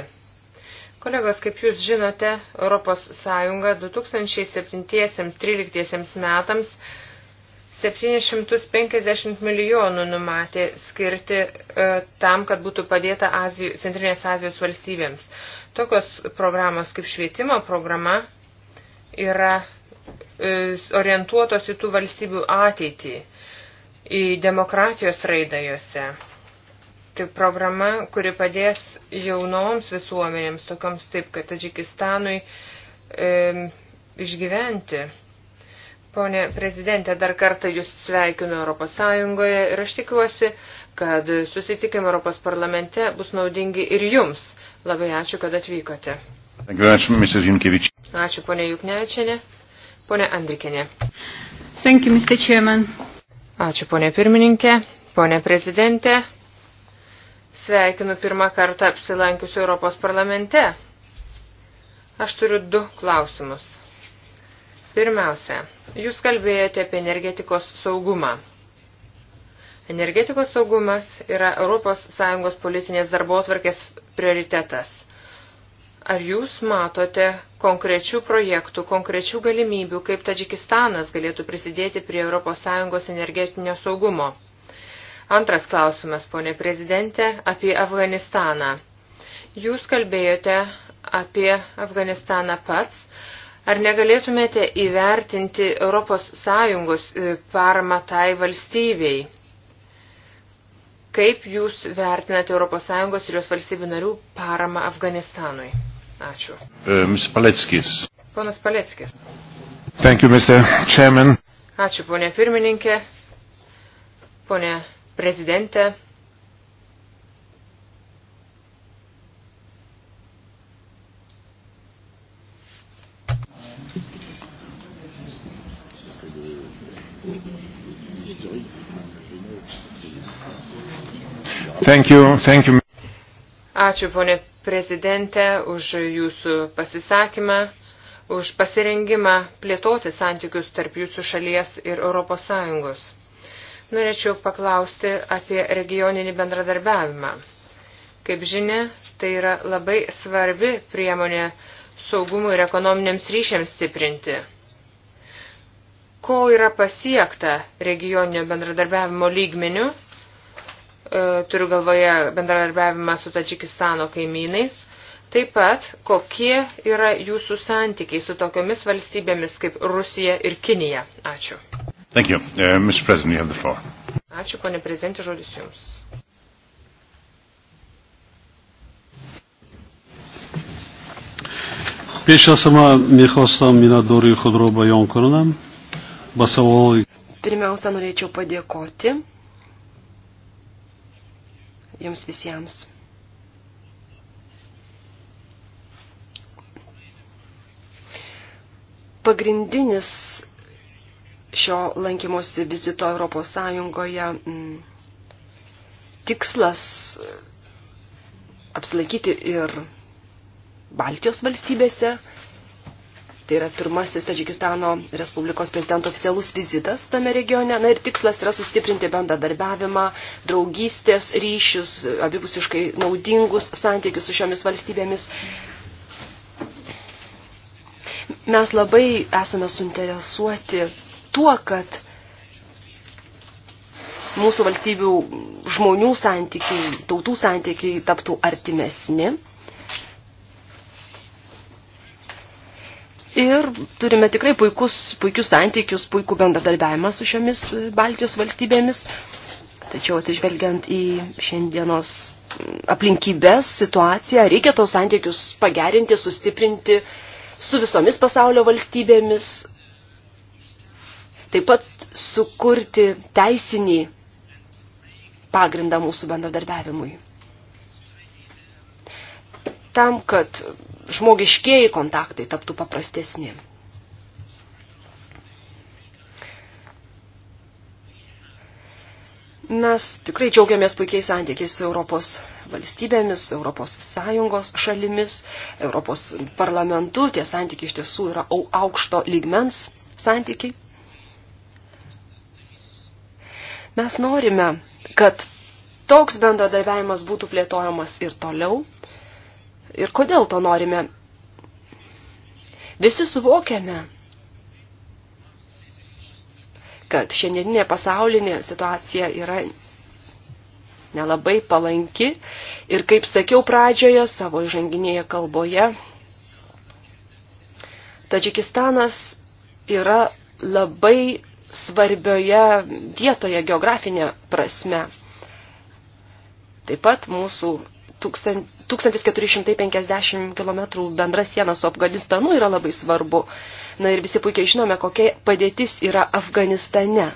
Kolegos, kaip jūs žinote, ES 2007-2013 metams 750 milijonų numatė skirti e, tam, kad būtų padėta Azijų, Centrinės Azijos valstybėms. Tokios programos kaip švietimo programa yra e, orientuotos į tų valstybių ateitį, į demokratijos raidą juose. Tai programa, kuri padės jaunoms visuomenėms, tokioms taip kaip Tadžikistanui, e, išgyventi. Pone prezidentė, dar kartą Jūs sveikinu Europos Sąjungoje ir aš tikiuosi, kad susitikimai Europos parlamente bus naudingi ir Jums. Labai ačiū, kad atvykote. Ačiū, ponė Juknevičianė. Pone Andrikinė. Thank you, Mr. Chairman. Ačiū, ponė pirmininkė, ponė prezidentė. Sveikinu pirmą kartą apsilankiusiu Europos parlamente. Aš turiu du klausimus. Pirmiausia, Jūs kalbėjote apie energetikos saugumą. Energetikos saugumas yra ES politinės darbotvarkės prioritetas. Ar jūs matote konkrečių projektų, konkrečių galimybių, kaip Tadžikistanas galėtų prisidėti prie ES energetinio saugumo? Antras klausimas, ponė prezidentė, apie Afganistaną. Jūs kalbėjote apie Afganistaną pats Ar negalėtumėte įvertinti ES e, paramą tai valstybei? Kaip jūs vertinate ES ir jos valstybių narių paramą Afganistanui? Ačiū. E, Ms. Paleckis. Ponas Paleckis. Thank you, Mr. Chairman. Ačiū, ponė pirmininkė, ponė prezidentė. Thank you, thank you. Ačiū, ponė prezidentė, už jūsų pasisakymą, už pasirengimą plėtoti santykius tarp jūsų šalies ir Europos Sąjungos. Norėčiau paklausti apie regioninį bendradarbiavimą. Kaip žinia, tai yra labai svarbi priemonė saugumui ir ekonominiams ryšiams stiprinti. Ko yra pasiekta regioninio bendradarbiavimo lygmenių E, turiu galvoje bendradarbiavimą su Tadžikistano kaimynais. Taip pat, kokie yra jūsų santykiai su tokiomis valstybėmis kaip Rusija ir Kinija? Ačiū. Thank you. Uh, Mr. President, you have the floor. Ačiū, ponė prezidentė, žodis jums. Пеш аз сама мехостам мина дори ходро баян курнам. Басавол. Pirmiausia, norėčiau padėkoti jums visiems. Pagrindinis šio lankymosi vizito Europos Sąjungoje m, mm, tikslas apsilaikyti ir Baltijos valstybėse Tai yra pirmasis Tadžikistano Respublikos prezidento oficialus vizitas tame regione. Na ir tikslas yra sustiprinti bendradarbiavimą, draugystės, ryšius, abipusiškai naudingus santykius su šiomis valstybėmis. Mes labai esame suinteresuoti tuo, kad mūsų valstybių žmonių santykiai, tautų santykiai taptų artimesni Ir turime tikrai puikus, puikius santykius, puikų bendradarbiavimą su šiomis Baltijos valstybėmis. Tačiau atsižvelgiant į šiandienos aplinkybės situaciją, reikia tos santykius pagerinti, sustiprinti su visomis pasaulio valstybėmis. Taip pat sukurti teisinį pagrindą mūsų bendradarbiavimui tam, kad žmogiškieji kontaktai taptų paprastesni. Mes tikrai džiaugiamės puikiais santykiais su Europos valstybėmis, su Europos Sąjungos šalimis, Europos parlamentu. Tie santykiai iš tiesų yra aukšto lygmens santykiai. Mes norime, kad toks bendradarbiavimas būtų plėtojamas ir toliau ir kodėl to norime. Visi suvokiame, kad šiandieninė pasaulinė situacija yra nelabai palanki ir, kaip sakiau pradžioje savo įžanginėje kalboje, Tadžikistanas yra labai svarbioje vietoje geografinė prasme. Taip pat mūsų 1450 km bendra siena su Afganistanu yra labai svarbu. Na ir visi puikiai žinome, kokia padėtis yra Afganistane.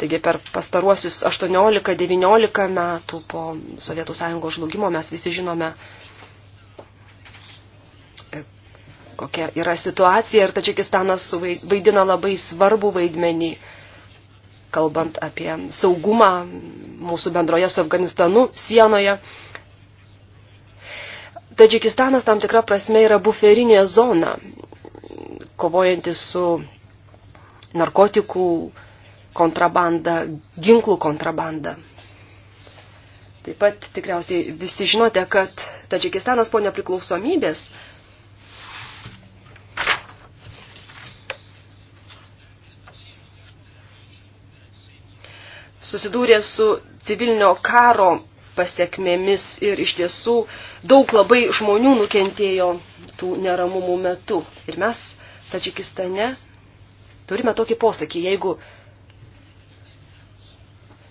Taigi per pastaruosius 18-19 metų po Sovietų sąjungos žlugimo mes visi žinome, kokia yra situacija ir Tadžikistanas vaidina labai svarbų vaidmenį kalbant apie saugumą mūsų bendroje su Afganistanu sienoje. Tadžikistanas tam tikra prasme yra buferinė zona, kovojanti su narkotikų kontrabanda, ginklų kontrabanda. Taip pat tikriausiai visi žinote, kad Tadžikistanas po nepriklausomybės susidūrė su civilinio karo pasiekmėmis ir iš tiesų daug labai žmonių nukentėjo tų neramumų metu. Ir mes Tadžikistane turime tokį posakį, jeigu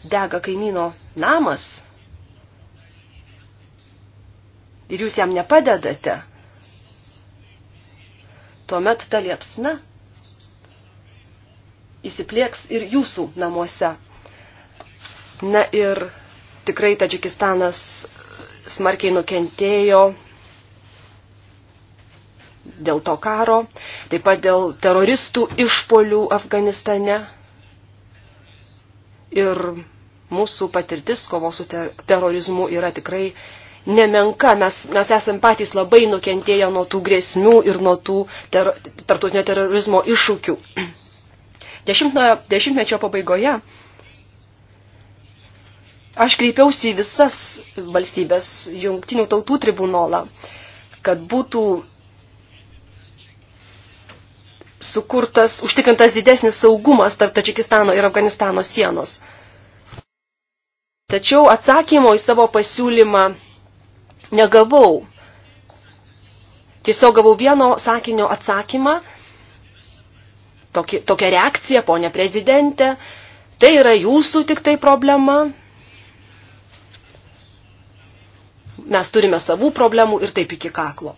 dega kaimyno namas ir jūs jam nepadedate, tuomet ta liepsna įsiplieks ir jūsų namuose. Na ir tikrai Tadžikistanas smarkiai nukentėjo dėl to karo, taip pat dėl teroristų išpolių Afganistane. Ir mūsų patirtis kovos su ter terorizmu yra tikrai nemenka. Mes, mes esame patys labai nukentėję nuo tų grėsmių ir nuo tų ter tartutinio terorizmo iššūkių. Dešimtmečio pabaigoje Aš kreipiausi į visas valstybės jungtinių tautų tribunolą, kad būtų sukurtas, užtikrintas didesnis saugumas tarp Tačikistano ir Afganistano sienos. Tačiau atsakymo į savo pasiūlymą negavau. Tiesiog gavau vieno sakinio atsakymą, tokį, tokią reakciją, ponė prezidentė, tai yra jūsų tik tai problema, mes turime savų problemų ir taip iki kaklo.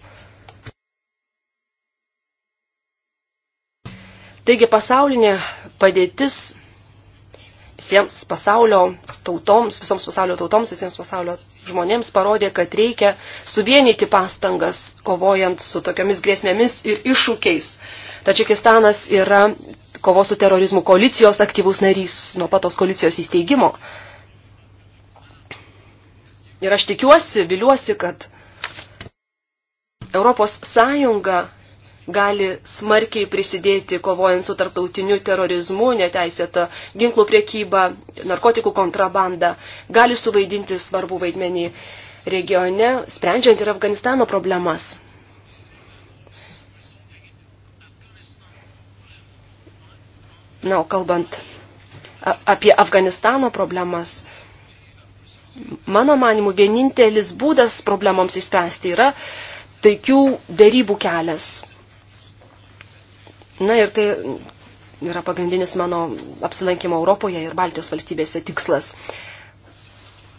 Taigi pasaulinė padėtis visiems pasaulio tautoms, visoms pasaulio tautoms, visiems pasaulio žmonėms parodė, kad reikia suvienyti pastangas, kovojant su tokiomis grėsmėmis ir iššūkiais. Tačikistanas yra kovos su terorizmu koalicijos aktyvus narys nuo patos koalicijos įsteigimo. Ir aš tikiuosi, viliuosi, kad Europos Sąjunga gali smarkiai prisidėti kovojant su tarptautiniu terorizmu, neteisėta ginklų priekyba, narkotikų kontrabanda, gali suvaidinti svarbų vaidmenį regione, sprendžiant ir Afganistano problemas. Na, o kalbant apie Afganistano problemas, Mano manimu, vienintelis būdas problemoms išspręsti yra taikių dėrybų kelias. Na ir tai yra pagrindinis mano apsilankimo Europoje ir Baltijos valstybėse tikslas.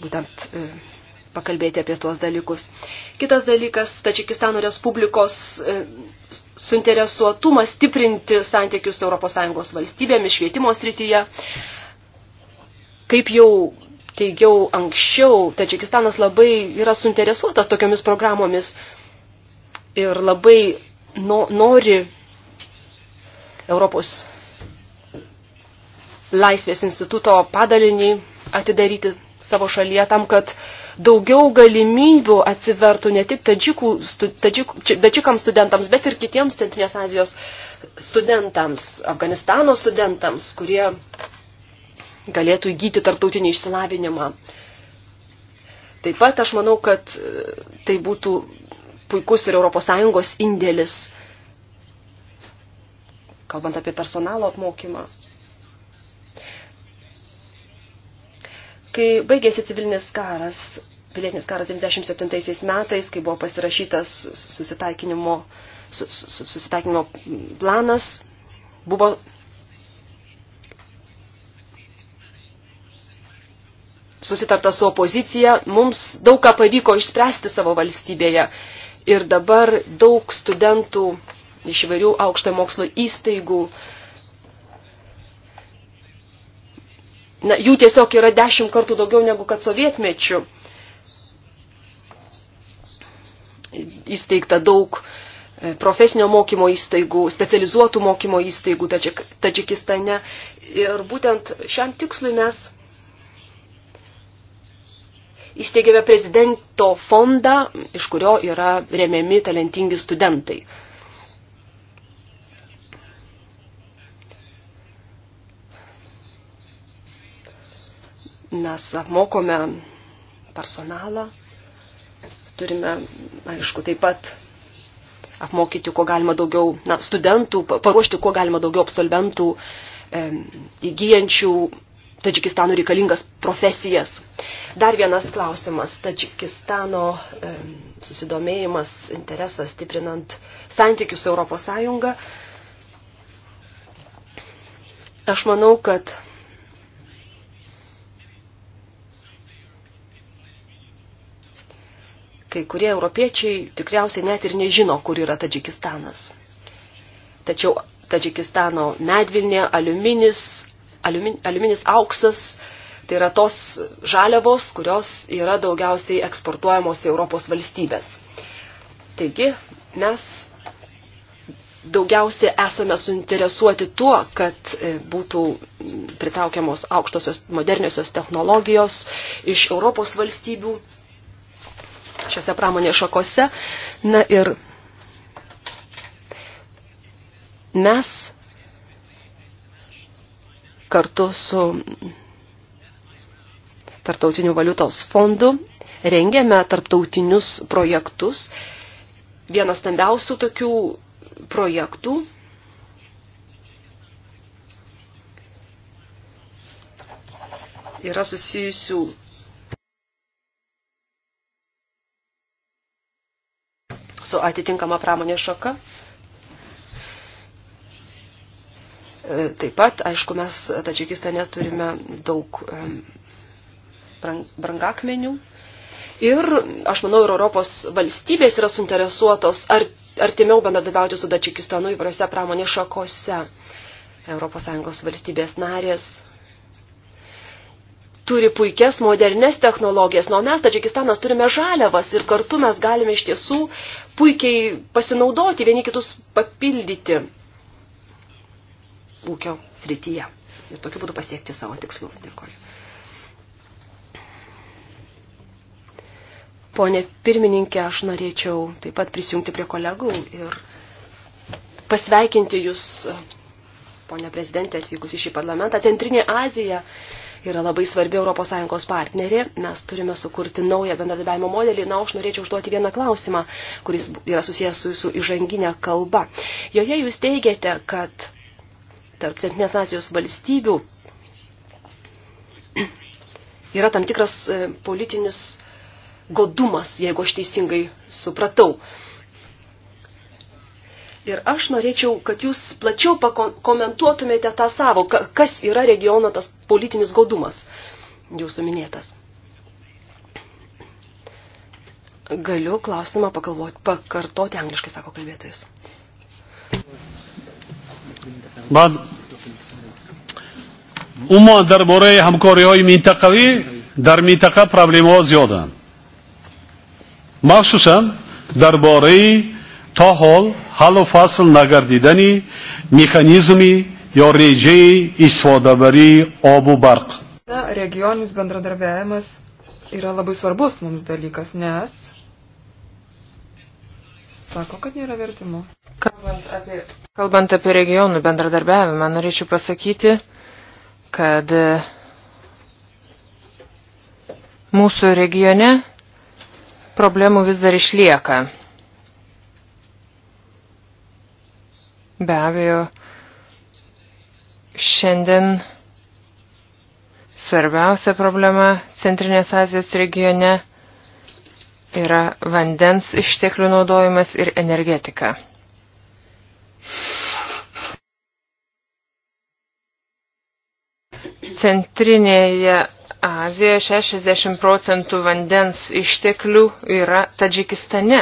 Būtent e, pakalbėti apie tuos dalykus. Kitas dalykas – Tačikistano Respublikos e, suinteresuotumas stiprinti santykius ES valstybėmis švietimo srityje. Kaip jau teigiau anksčiau, Tadžikistanas labai yra suinteresuotas tokiomis programomis ir labai no, nori Europos laisvės instituto padalinį atidaryti savo šalyje tam, kad daugiau galimybių atsivertų ne tik tadžikų, stu, tadžikų, tadžikams studentams, bet ir kitiems Centrinės Azijos studentams, Afganistano studentams, kurie galėtų įgyti tarptautinį išsilavinimą. Taip pat aš manau, kad e, tai būtų puikus ir ES indėlis, kalbant apie personalo apmokymą. Kai baigėsi civilinis karas, pilietinis karas 97 metais, kai buvo pasirašytas susitaikinimo, susitaikinimo planas, buvo susitarta su opozicija, mums daug ką pavyko išspręsti savo valstybėje. Ir dabar daug studentų iš įvairių aukštojo mokslo įstaigų, na, jų tiesiog yra dešimt kartų daugiau negu kad sovietmečių. Įsteigta daug e, profesinio mokymo įstaigų, specializuotų mokymo įstaigų Tadžikistane. Ir būtent šiam tikslui mes įsteigėme prezidento fondą, iš kurio yra remiami talentingi studentai. Mes apmokome personalą, turime, aišku, taip pat apmokyti, kuo galima daugiau na, studentų, paruošti, kuo galima daugiau absolventų e, įgyjančių Tadžikistano reikalingas profesijas. Dar vienas klausimas. Tadžikistano e, susidomėjimas, interesas stiprinant santykius su ES. Aš manau, kad kai kurie europiečiai tikriausiai net ir nežino, kur yra Tadžikistanas. Tačiau Tadžikistano medvilnė, aliuminis, aliumin, aliuminis auksas, tai yra tos žaliavos, kurios yra daugiausiai eksportuojamos į Europos valstybės. Taigi mes daugiausiai esame suinteresuoti tuo, kad e, būtų pritraukiamos aukštosios moderniosios technologijos iš Europos valstybių šiose pramonės šakose. Na ir mes kartu su Tartautiniu valiutos fondu rengiame tarptautinius projektus. Vienas stambiausių tokių projektų yra susijusių su atitinkama pramonės šaka. E, taip pat, aišku, mes Tadžikistane turime daug e, brangakmenių. Ir aš manau, ir Europos valstybės yra suinteresuotos ar, artimiau bendradarbiauti su Tadžikistanu įvairiose pramonės šakose. ES valstybės narės turi puikias modernes technologijas, na, o mes, Tadžikistanas, turime žaliavas ir kartu mes galime iš tiesų puikiai pasinaudoti, vieni kitus papildyti ūkio srityje. Ir tokiu būdu pasiekti savo tikslų. Dėkoju. Pone pirmininkė, aš norėčiau taip pat prisijungti prie kolegų ir pasveikinti Jūs, ponė prezidentė, atvykus į šį parlamentą. Centrinė Azija yra labai svarbi ES partnerė. Mes turime sukurti naują bendradarbiavimo modelį. Na, aš norėčiau užduoti vieną klausimą, kuris yra susijęs su Jūsų įžanginė kalba. Joje Jūs teigiate, kad tarp Centrinės Azijos valstybių yra tam tikras e, politinis godumas, jeigu aš teisingai supratau. Ir aš norėčiau, kad jūs plačiau pakomentuotumėte tą savo, kas yra regiono tas politinis godumas, jūsų minėtas. Galiu klausimą pakalvoti, pakartoti angliškai, sako kalbėtojas. بعض умуман дар бораи ҳамкориҳои минтақавӣ дар минтақа проблемаҳо зиёданд махсусан дар бораи то ҳол ҳаллу фасл нагардидани механизми ё реҷаи истифодабарии обу барқ na regioninis bendradarbiavimas yra labai svarbus mums dalykas, nes sako, kad nėra vertimo. Kalbant apie Kalbant apie regionų bendradarbiavimą, norėčiau pasakyti, kad e, mūsų regione problemų vis dar išlieka. Be abejo, šiandien svarbiausia problema Centrinės Azijos regione yra vandens išteklių naudojimas ir energetika. Centrinėje Azijoje 60 procentų vandens išteklių yra Tadžikistane.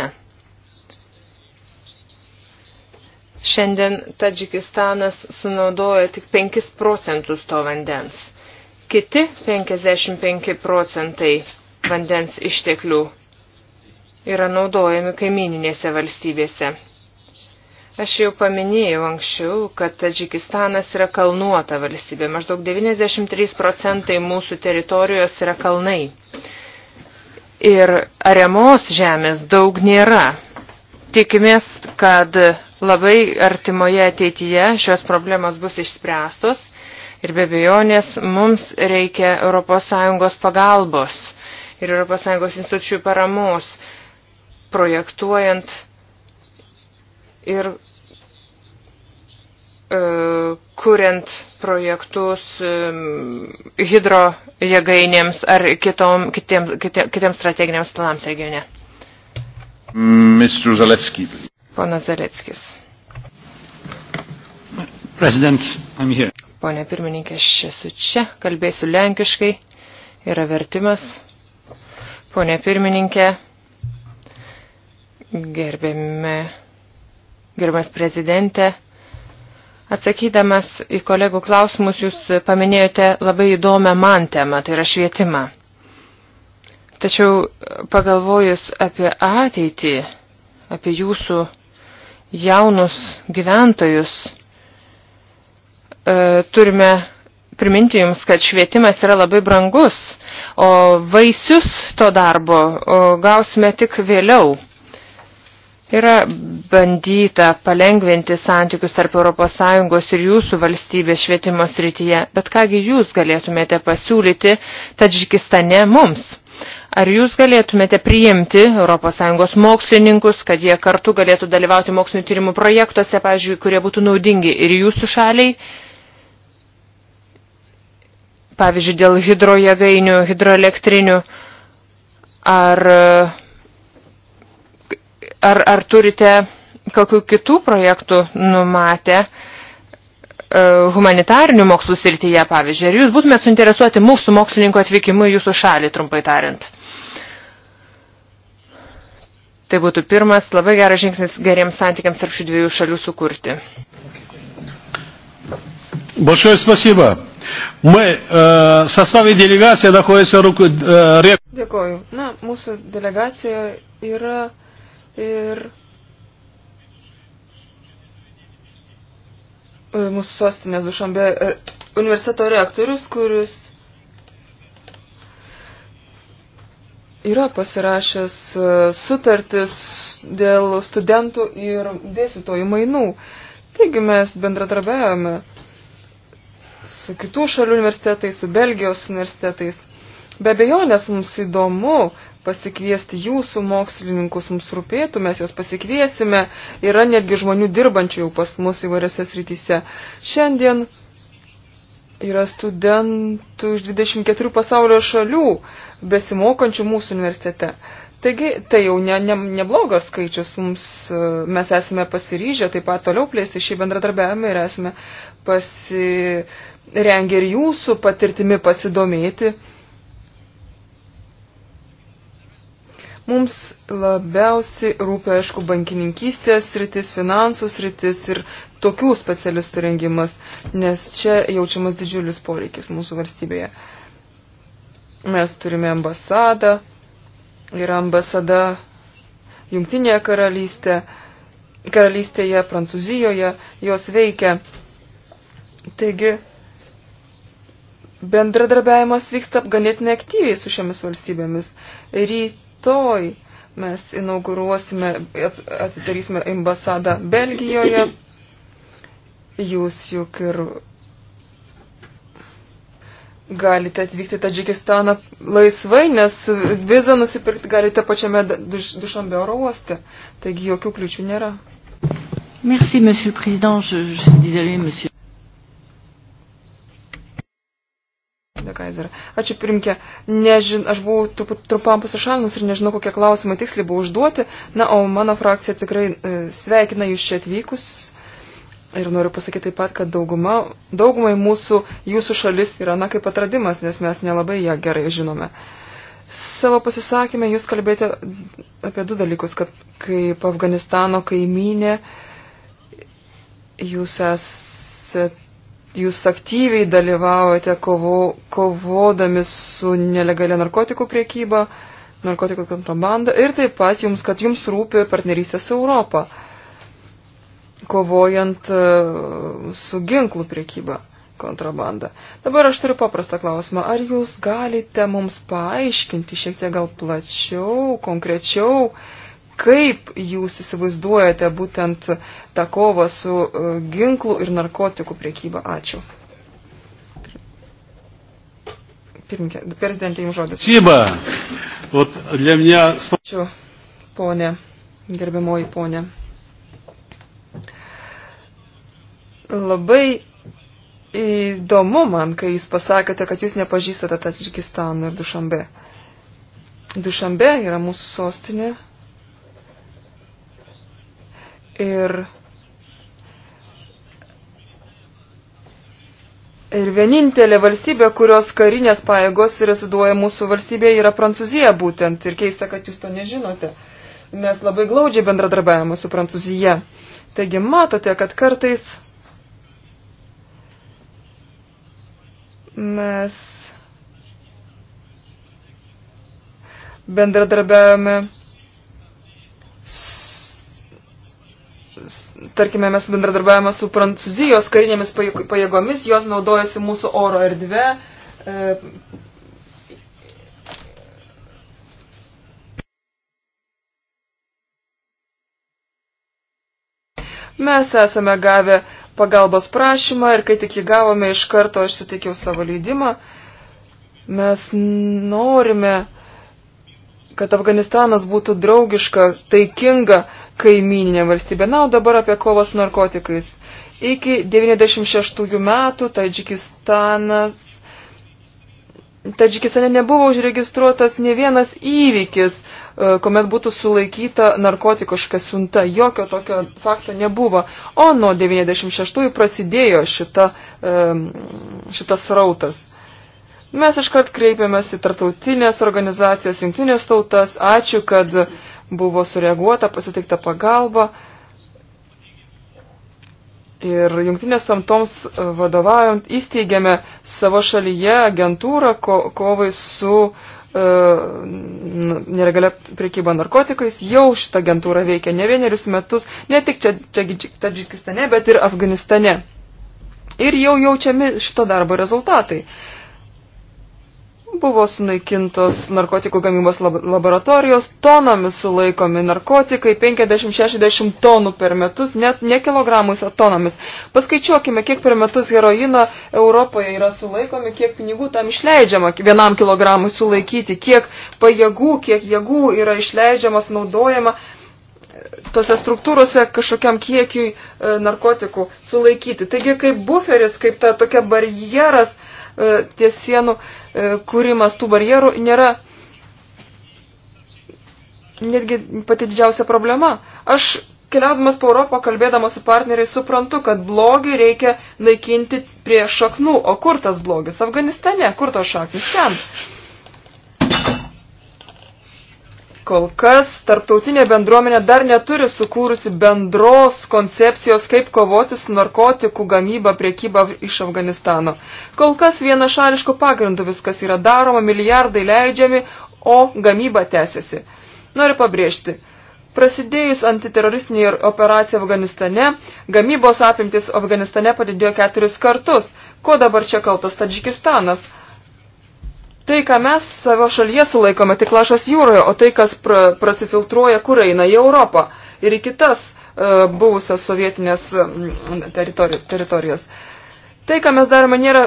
Šiandien Tadžikistanas sunaudoja tik 5 procentus to vandens. Kiti 55 procentai vandens išteklių yra naudojami kaimininėse valstybėse. Aš jau paminėjau anksčiau, kad Tadžikistanas yra kalnuota valstybė. Maždaug 93 procentai mūsų teritorijos yra kalnai. Ir aremos žemės daug nėra. Tikimės, kad labai artimoje ateityje šios problemos bus išspręstos ir be bejonės mums reikia ES pagalbos ir ES institucijų paramos projektuojant ir e, kuriant projektus e, hidro jėgainėms ar kitom, kitiems, kitiems, kitiems strateginiams planams regione. Mr. Zaletsky. Ponas Zaleckis. President, I'm here. Pone pirmininkė, aš esu čia, kalbėsiu lenkiškai, yra vertimas. Pone pirmininkė, gerbėme Gerbiamas prezidente, atsakydamas į kolegų klausimus, jūs paminėjote labai įdomią man temą, tai yra švietimą. Tačiau pagalvojus apie ateitį, apie jūsų jaunus gyventojus, e, turime priminti jums, kad švietimas yra labai brangus, o vaisius to darbo gausime tik vėliau. Yra bandyta palengventi santykius tarp ES ir jūsų valstybės švietimo srityje, bet kągi jūs galėtumėte pasiūlyti Tadžikistane mums? Ar jūs galėtumėte priimti ES mokslininkus, kad jie kartu galėtų dalyvauti mokslinio tyrimų projektuose, pavyzdžiui, kurie būtų naudingi ir jūsų šaliai? Pavyzdžiui, dėl hidrojegainių, hidroelektrinių ar Ar, ar turite kokių kitų projektų numatę e, humanitarinių mokslų srityje, pavyzdžiui? Ar jūs būtumėt suinteresuoti mūsų mokslininkų atvykimu į jūsų šalį, trumpai tariant? Tai būtų pirmas labai geras žingsnis geriems santykiams tarp šių dviejų šalių sukurti. Большое спасибо. Мы э, в составе делегации находимся руку... Э, реп... Dėkoju. Na, mūsų delegacijoje yra Ir e, mūsų sostinės Dušambė e, universiteto rektorius, kuris yra pasirašęs e, sutartis dėl studentų ir dėstytojų mainų. Taigi mes bendradarbiavame su kitų šalių universitetais, su Belgijos universitetais. Be abejonės mums įdomu, pasikviesti jūsų mokslininkus, mums rūpėtų, mes juos pasikviesime. Yra netgi žmonių dirbančių jau pas mus įvairiose srityse. Šiandien yra studentų iš 24 pasaulio šalių besimokančių mūsų universitete. Taigi, tai jau ne, ne, neblogas skaičius, mums, e, mes esame pasiryžę taip pat toliau plėsti šį bendradarbiavimą ir esame pasirengę ir jūsų patirtimi pasidomėti Mums labiausiai rūpia, aišku, bankininkystės rytis, finansų rytis ir tokių specialistų rengimas, nes čia jaučiamas didžiulis poreikis mūsų valstybėje. Mes turime ambasadą, yra ambasada Jungtinėje karalystė, karalystėje, Prancūzijoje, jos veikia. Taigi, bendradarbiavimas vyksta ganėtinai aktyviai su šiomis valstybėmis. Ryt rytoj mes inauguruosime, atidarysime ambasadą Belgijoje. Jūs juk ir galite atvykti į Tadžikistaną laisvai, nes vizą nusipirkti galite pačiame duš, Dušambio oro uoste. Taigi jokių kliučių nėra. Merci, monsieur le président. Je, je suis désolée, monsieur. de Kaiser. Ačiū pirmkė. Nežin, aš buvau trup, trumpam pasišalinus ir nežinau, kokie klausimai tiksliai buvo užduoti. Na, o mano frakcija tikrai e, sveikina jūs čia atvykus. Ir noriu pasakyti taip pat, kad dauguma, daugumai mūsų, jūsų šalis yra, na, kaip atradimas, nes mes nelabai ją gerai žinome. Savo pasisakymę jūs kalbėjote apie du dalykus, kad kaip Afganistano kaimynė jūs esate jūs aktyviai dalyvaujate kovo, kovodami su nelegalia narkotikų priekyba, narkotikų kontrabanda ir taip pat jums, kad jums rūpi partnerystė su Europą, kovojant e, su ginklų priekyba kontrabanda. Dabar aš turiu paprastą klausimą. Ar jūs galite mums paaiškinti šiek tiek gal plačiau, konkrečiau, uh, Kaip jūs įsivaizduojate būtent tą kovą su e, ginklų ir narkotikų priekyba? Ačiū. Pirminkė, prezidentė jums žodis. Čyba, ot, для меня... Ačiū, ponė, gerbiamoji ponė. Labai įdomu man, kai jūs pasakėte, kad jūs nepažįstate Tadžikistano ir Dušambe. Dušambe yra mūsų sostinė. Ir, ir vienintelė valstybė, kurios karinės pajėgos reziduoja mūsų valstybėje, yra Prancūzija būtent. Ir keista, kad jūs to nežinote. Mes labai glaudžiai bendradarbiavame su Prancūzija. Taigi matote, kad kartais mes bendradarbiavome su tarkime, mes bendradarbiavame su prancūzijos karinėmis pajėgomis, jos naudojasi mūsų oro erdve. E, mes esame gavę pagalbos prašymą ir kai tik jį gavome iš karto, aš suteikiau savo leidimą. Mes norime, kad Afganistanas būtų draugiška, taikinga, uh, kaimininė valstybė. Na, o dabar apie kovas narkotikais. Iki 96 metų Tadžikistanas. Tadžikistane nebuvo užregistruotas ne vienas įvykis, e, kuomet būtų sulaikyta narkotikoška siunta. Jokio tokio fakto nebuvo. O nuo 96 prasidėjo šita, e, šitas rautas. Mes iškart kreipėmės į tartautinės organizacijas, jungtinės tautas. Ačiū, kad buvo sureaguota, pasitikta pagalba. Ir jungtinės tamtoms e, vadovaujant įsteigėme savo šalyje agentūrą ko, kovai su uh, e, neregalia priekyba narkotikais. Jau šitą agentūrą veikia ne vienerius metus, ne tik čia, čia, čia Tadžikistane, bet ir Afganistane. Ir jau jaučiami šito darbo rezultatai. Uh, Buvo sunaikintos narkotikų gamybos laboratorijos, tonomis sulaikomi narkotikai, 50-60 tonų per metus, net ne kilogramais, o tonomis. Paskaičiuokime, kiek per metus heroino Europoje yra sulaikomi, kiek pinigų tam išleidžiama vienam kilogramui sulaikyti, kiek pajėgų, kiek jėgų yra išleidžiamas, naudojama e, tose struktūrose kažkokiam kiekiui e, narkotikų sulaikyti. Taigi kaip buferis, kaip ta tokia barjeras E, ties sienų e, kūrimas tų barjerų nėra netgi pati didžiausia problema. Aš keliaudamas po Europą, kalbėdamas su partneriais, suprantu, kad blogį reikia naikinti prie šaknų. O kur tas blogis? Afganistane. Kur tos šaknis? Ten. Kol kas tarptautinė bendruomenė dar neturi sukūrusi bendros koncepcijos, kaip kovoti su narkotikų gamyba priekyba iš Afganistano. Kol kas vienašališko pagrindu viskas yra daroma, milijardai leidžiami, o gamyba tęsiasi. Noriu pabrėžti, prasidėjus antiteroristiniai operacijai Afganistane, gamybos apimtis Afganistane padidėjo keturis kartus. Ko dabar čia kaltas Tadžikistanas? Tai, ką mes savo šalyje sulaikome, tik lašas jūroje, o tai, kas pra, prasifiltruoja, kur eina į Europą ir į kitas uh, buvusias sovietinės teritori teritorijas. Tai, ką mes darome, nėra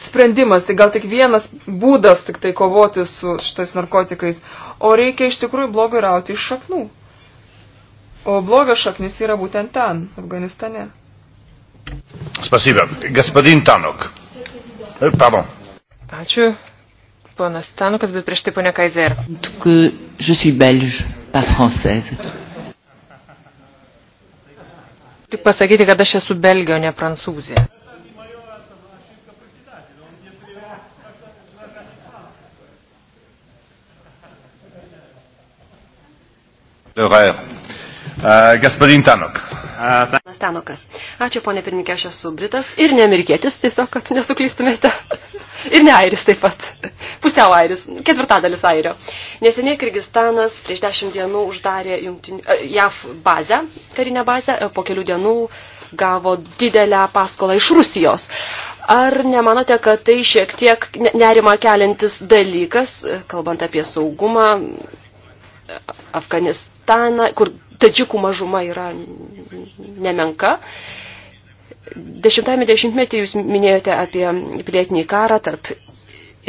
sprendimas, tai gal tik vienas būdas tik tai kovoti su šitais narkotikais, o reikia iš tikrųjų blogą rauti iš šaknų. O blogas šaknis yra būtent ten, Afganistane. Spasiba. Gaspadin Tanok. Pardon. Ačiū. Ponas Stanukas, bet prieš tai ponia Kaiser. Que je suis belge, pas française. Tik pasakyti, kad aš esu belgio, ne prancūzė. L'horaire. Euh, Gasparin Tanok. Uh, Stanokas. Ačiū, ponė pirmininkė, aš esu Britas ir neamerikietis, tiesiog, kad nesuklystumėte. <laughs> Ir ne airis taip pat. Pusiau airis, ketvirtadalis airio. Neseniai Kirgistanas prieš dešimt dienų uždarė jungtinių, äh, e, JAF bazę, karinę bazę, e, po kelių dienų gavo didelę paskolą iš Rusijos. Ar nemanote, kad tai šiek tiek nerima keliantis dalykas, e, kalbant apie saugumą Afganistaną, kur tadžikų mažuma yra nemenka. Dešimtame dešimtmetį jūs minėjote apie pilietinį karą tarp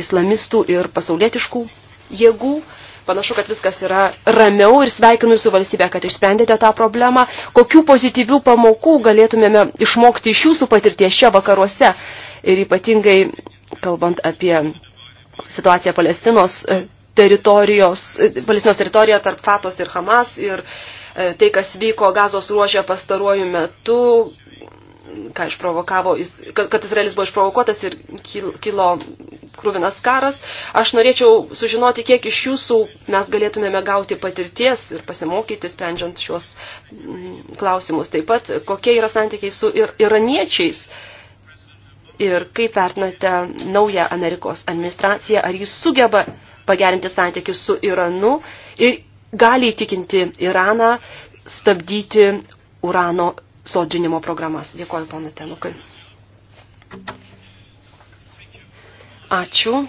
islamistų ir pasaulietiškų jėgų. Panašu, kad viskas yra ramiau ir sveikinu jūsų valstybę, kad išsprendėte tą problemą. Kokių pozityvių pamokų galėtumėme išmokti iš jūsų patirties čia vakaruose ir ypatingai kalbant apie situaciją Palestinos e, teritorijos, e, Palestinos teritoriją tarp Fatos ir Hamas ir uh, E, tai, kas vyko gazos ruožė pastaruoju metu, ką išprovokavo, kad Izraelis buvo išprovokuotas ir kilo krūvinas karas. Aš norėčiau sužinoti, kiek iš jūsų mes galėtumėme gauti patirties ir pasimokyti, sprendžiant šios klausimus. Taip pat, kokie yra santykiai su ir iraniečiais ir kaip vertinate naują Amerikos administraciją, ar jis sugeba pagerinti santykius su Iranu ir gali įtikinti Iraną stabdyti urano sodžinimo programas. Dėkoju, ponui Tenukai. Ačiū.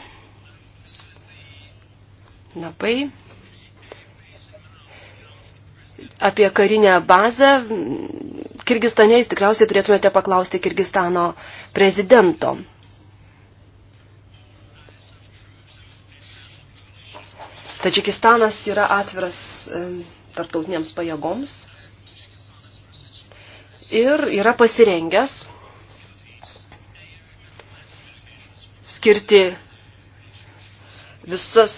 Labai. Apie karinę bazę Kirgistane jūs tikriausiai turėtumėte paklausti Kirgistano prezidento. Tadžikistanas yra atviras e, tarptautiniams pajėgoms ir yra pasirengęs skirti visas,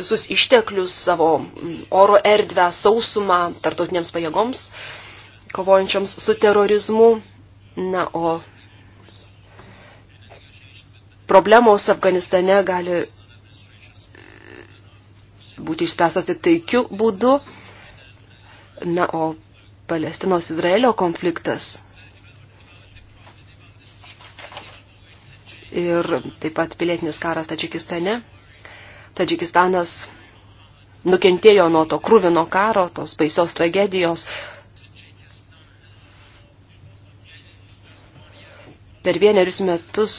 visus išteklius savo oro erdvę, sausumą tarptautiniams pajėgoms, kovojančioms su terorizmu. Na, o problemos Afganistane gali būti išspręstos tik taikiu būdu. Na, o Palestinos-Izraelio konfliktas ir taip pat pilietinis karas Tadžikistane. Tadžikistanas nukentėjo nuo to krūvino karo, tos baisios tragedijos. Per vienerius metus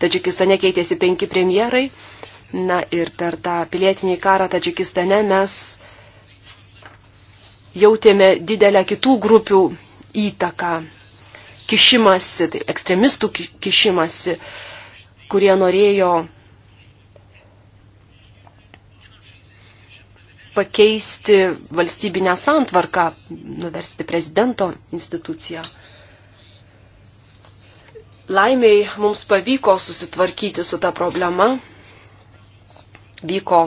Tadžikistane keitėsi penki premjerai. Na ir per tą pilietinį karą Tadžikistane mes jautėme didelę kitų grupių įtaką, kišimasi, tai ekstremistų kišimasi, kurie norėjo pakeisti valstybinę santvarką, nuversti prezidento instituciją. Laimiai mums pavyko susitvarkyti su ta problema. Vyko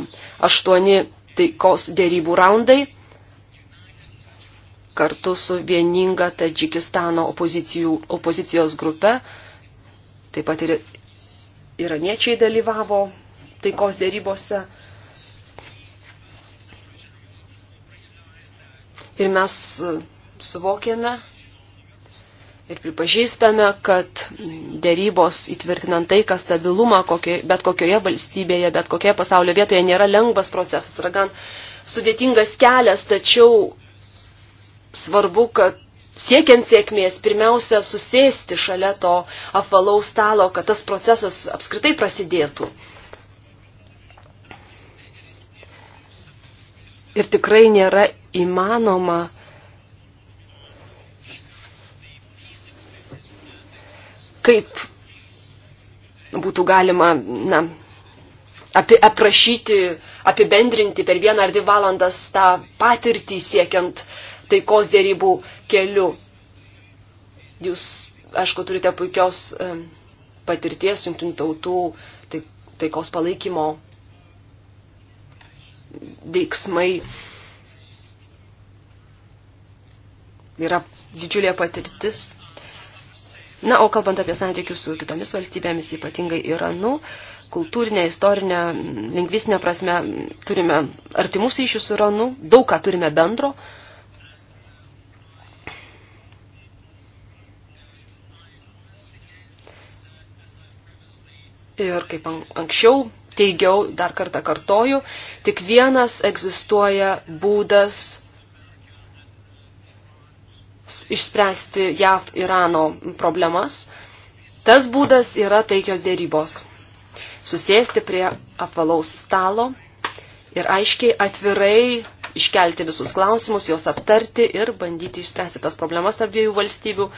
aštuoni taikos dėrybų raundai kartu su vieninga Tadžikistano opozicijos grupe. Taip pat ir iraniečiai dalyvavo taikos dėrybose. Ir mes e, suvokėme, ir pripažįstame, kad dėrybos įtvirtinant tai, kas stabilumą kokie, bet kokioje valstybėje, bet kokioje pasaulio vietoje nėra lengvas procesas, yra gan sudėtingas kelias, tačiau svarbu, kad siekiant sėkmės, pirmiausia, susėsti šalia to apvalaus stalo, kad tas procesas apskritai prasidėtų. Ir tikrai nėra įmanoma, kaip būtų galima na, api, aprašyti, apibendrinti per vieną ar dvi valandas tą patirtį siekiant taikos dėrybų keliu. Jūs, aišku, turite puikios patirties jungtinių tautų tai-, taikos palaikymo veiksmai. Yra didžiulė patirtis. Na, o kalbant apie santykius su kitomis valstybėmis, ypatingai Iranu, kultūrinė, istorinė, lingvistinė prasme turime artimus ryšius su Iranu, daug ką turime bendro. Ir kaip anksčiau teigiau, dar kartą kartoju, tik vienas egzistuoja būdas išspręsti JAV Irano problemas. Tas būdas yra taikios dėrybos. Susėsti prie apvalaus stalo ir aiškiai atvirai iškelti visus klausimus, juos aptarti ir bandyti išspręsti tas problemas tarp dviejų valstybių.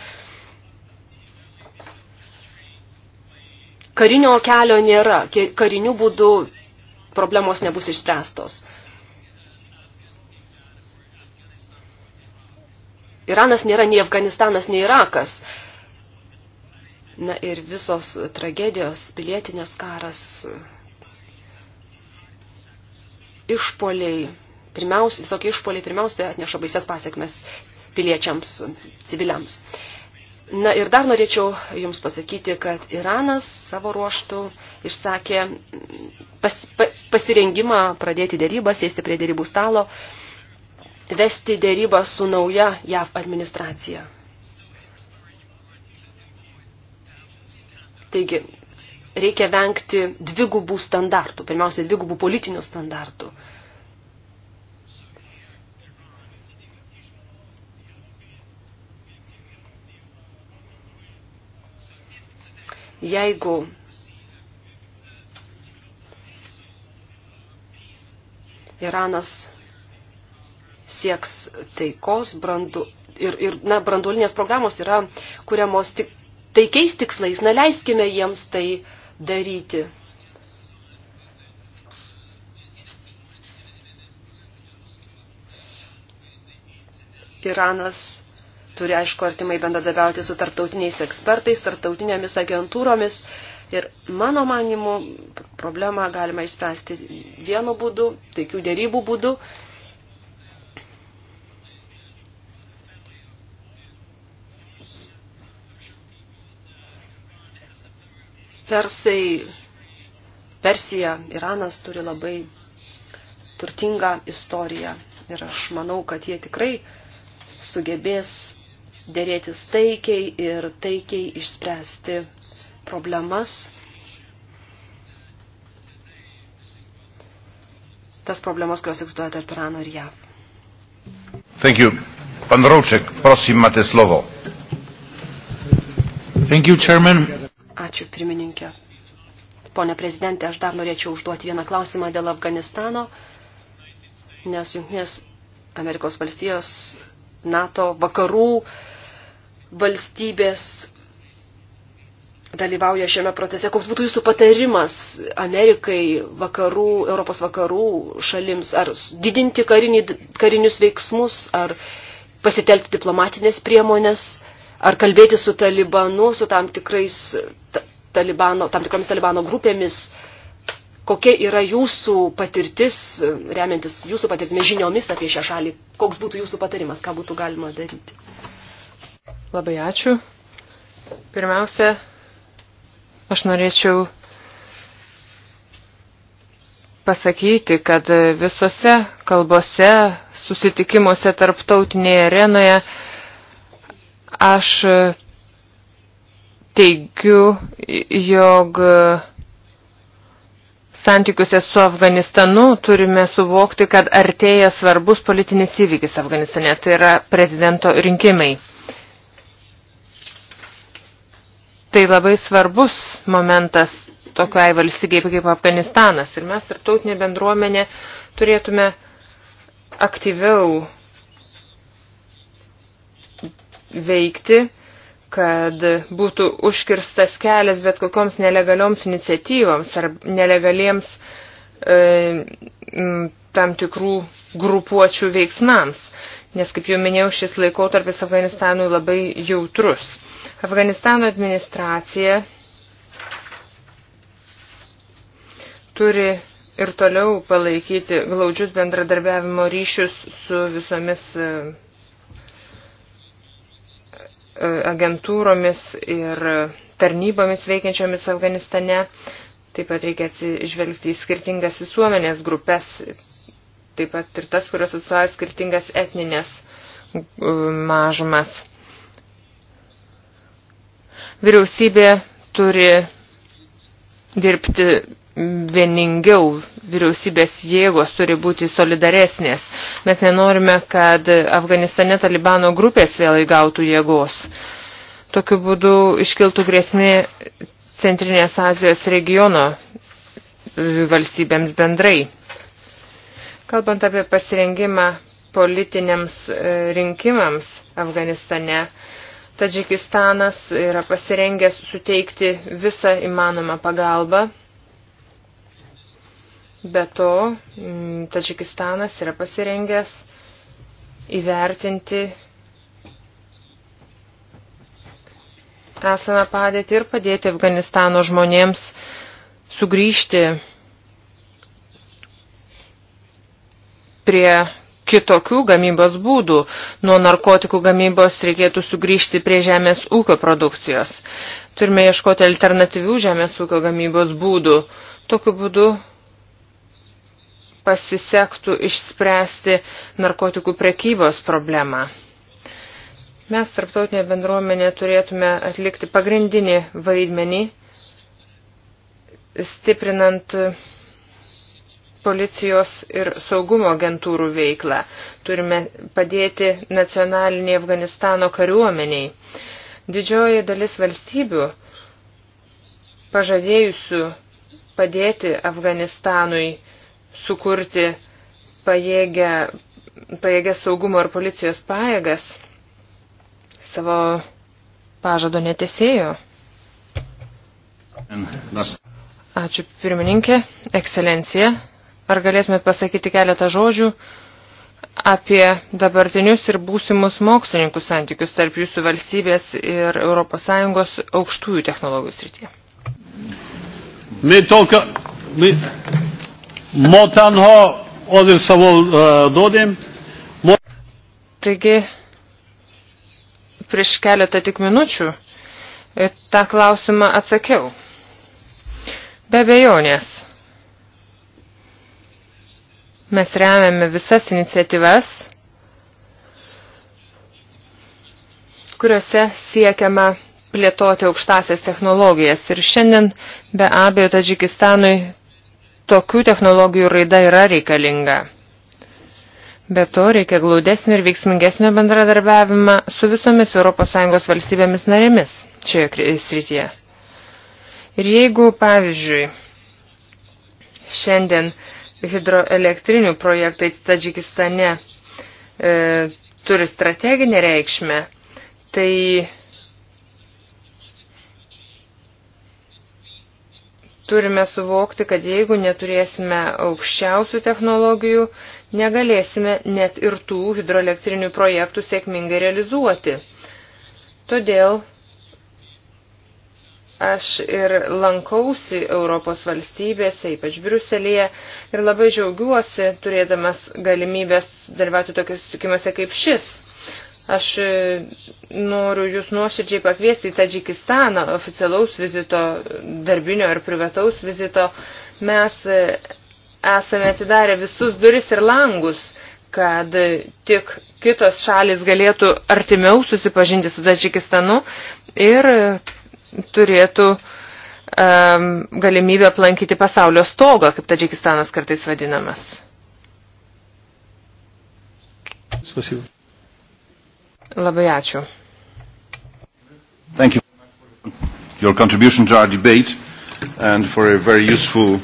Karinio kelio nėra, karinių būdų problemos nebus išspręstos. Iranas nėra nei Afganistanas, nei Irakas. Na ir visos tragedijos, pilietinės karas, išpoliai, pirmiausia, visokie išpoliai pirmiausia atneša baises pasiekmes piliečiams, civiliams. Na ir dar norėčiau Jums pasakyti, kad Iranas savo ruoštų išsakė pas, pa, pasirengimą pradėti dėrybą, sėsti prie dėrybų stalo. Uh, vesti dėrybą su nauja JAV administracija. Taigi, reikia vengti dvigubų standartų, pirmiausia, dvigubų politinių standartų. Jeigu Iranas sieks taikos brandu, ir, ir na, branduolinės programos yra kuriamos tik taikiais tikslais, na leiskime jiems tai daryti. Iranas turi, aišku, artimai bendradarbiauti su tarptautiniais ekspertais, tarptautinėmis agentūromis. Ir mano manimu, problemą galima išspręsti vienu būdu, taikių dėrybų būdu. Persai, Persija, Iranas turi labai turtingą istoriją ir aš manau, kad jie tikrai sugebės dėrėtis taikiai ir taikiai išspręsti problemas. Tas problemas, kurios egzistuoja tarp Irano ir JAV. Thank you. Pan Rouček, prosim, mate slovo. Thank you, Chairman. Ačiū, pirmininkė. Pone prezidentė, aš dar norėčiau užduoti vieną klausimą dėl Afganistano, nes Junktinės Amerikos valstijos, NATO, vakarų valstybės dalyvauja šiame procese. Koks būtų jūsų patarimas Amerikai, vakarų, Europos vakarų šalims, ar didinti karinį, karinius veiksmus, ar pasitelkti diplomatinės priemonės ar kalbėti su talibanu, su tam, tikrais, talibano, tam tikromis talibano grupėmis, kokia yra jūsų patirtis, remiantis jūsų patirtimis žiniomis apie šią šalį, koks būtų jūsų patarimas, ką būtų galima daryti. Labai ačiū. Pirmiausia, aš norėčiau pasakyti, kad visose kalbose, susitikimuose tarptautinėje arenoje Aš e, teigiu, jog e, santykiuose su Afganistanu turime suvokti, kad artėja svarbus politinis įvykis Afganistane, tai yra prezidento rinkimai. Tai labai svarbus momentas tokiai valstybei kaip Afganistanas ir mes tarptautinė bendruomenė turėtume aktyviau veikti, kad būtų užkirstas kelias bet kokioms nelegalioms iniciatyvoms ar nelegaliems e, tam tikrų grupuočių veiksmams. Nes, kaip jau minėjau, šis laikotarpis Afganistanui labai jautrus. Afganistano administracija turi ir toliau palaikyti glaudžius bendradarbiavimo ryšius su visomis e, E, agentūromis ir tarnybomis veikiančiomis Afganistane. Taip pat reikia atsižvelgti į skirtingas visuomenės grupės, taip pat ir tas, kurios atstovauja skirtingas etninės e, mažumas. Vyriausybė turi dirbti vieningiau, vyriausybės jėgos turi būti solidaresnės. Mes nenorime, kad Afganistane Talibano grupės vėl įgautų jėgos. Tokiu būdu iškiltų grėsmė Centrinės Azijos regiono valstybėms bendrai. Kalbant apie pasirengimą politiniams e, rinkimams Afganistane, Tadžikistanas yra pasirengęs suteikti visą įmanomą pagalbą Be to, mm, Tadžikistanas yra pasirengęs įvertinti esamą padėtį ir padėti Afganistano žmonėms sugrįžti prie kitokių gamybos būdų. Nuo narkotikų gamybos reikėtų sugrįžti prie žemės ūkio produkcijos. Turime ieškoti alternatyvių žemės ūkio gamybos būdų. Tokiu būdu pasisektų išspręsti narkotikų prekybos problemą. Mes, tarptautinė bendruomenė, turėtume atlikti pagrindinį vaidmenį, stiprinant policijos ir saugumo agentūrų veiklą. Turime padėti nacionaliniai Afganistano kariuomeniai. Didžioji dalis valstybių pažadėjusių padėti Afganistanui sukurti pajėgę, pajėgę saugumo ir policijos pajėgas, savo pažado netesėjo. Ačiū pirmininkė, ekscelencija. Ar galėtumėt pasakyti keletą žodžių apie dabartinius ir būsimus mokslininkų santykius tarp jūsų valstybės ir ES aukštųjų technologijų srityje? Mais tant que, mais, ما تنها از این سوال دادیم ما... Taigi, prieš keletą tik minučių e, tą klausimą atsakiau. Be bejonės. Mes remiame visas iniciatyvas, kuriuose siekiama plėtoti aukštasias technologijas. Ir šiandien be abejo Tadžikistanui tokių technologijų raida yra reikalinga. Be to reikia glaudesnio ir veiksmingesnio bendradarbiavimą su visomis ES valstybėmis narėmis šioje srityje. Ir jeigu, pavyzdžiui, šiandien hidroelektrinių projektai Tadžikistane e, turi strateginę reikšmę, tai turime suvokti, kad jeigu neturėsime aukščiausių technologijų, negalėsime net ir tų hidroelektrinių projektų sėkmingai realizuoti. Todėl aš ir lankausi Europos valstybėse, ypač Briuselėje, ir labai džiaugiuosi turėdamas galimybės dalyvauti tokiuose sutikimuose kaip šis. Aš e, noriu jūs nuoširdžiai pakviesti į Tadžikistaną oficialaus vizito, darbinio ir privataus vizito. Mes e, esame atidarę visus duris ir langus, kad e, tik kitos šalis galėtų artimiau susipažinti su Tadžikistanu ir turėtų um, galimybę aplankyti pasaulio stogą, kaip Tadžikistanas kartais vadinamas. Спасибо. Labai ačiū. Thank you your contribution to our debate and for a very useful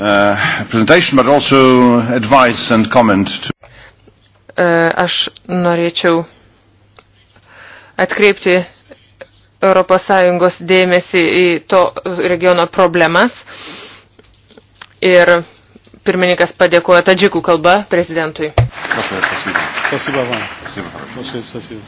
uh, presentation, but also advice and comment. To uh, Aš norėčiau atkreipti ES dėmesį į to regiono problemas ir pirmininkas padėkoja tadžikų kalba prezidentui. Спасибо вам. Спасибо, хорошо. Спасибо.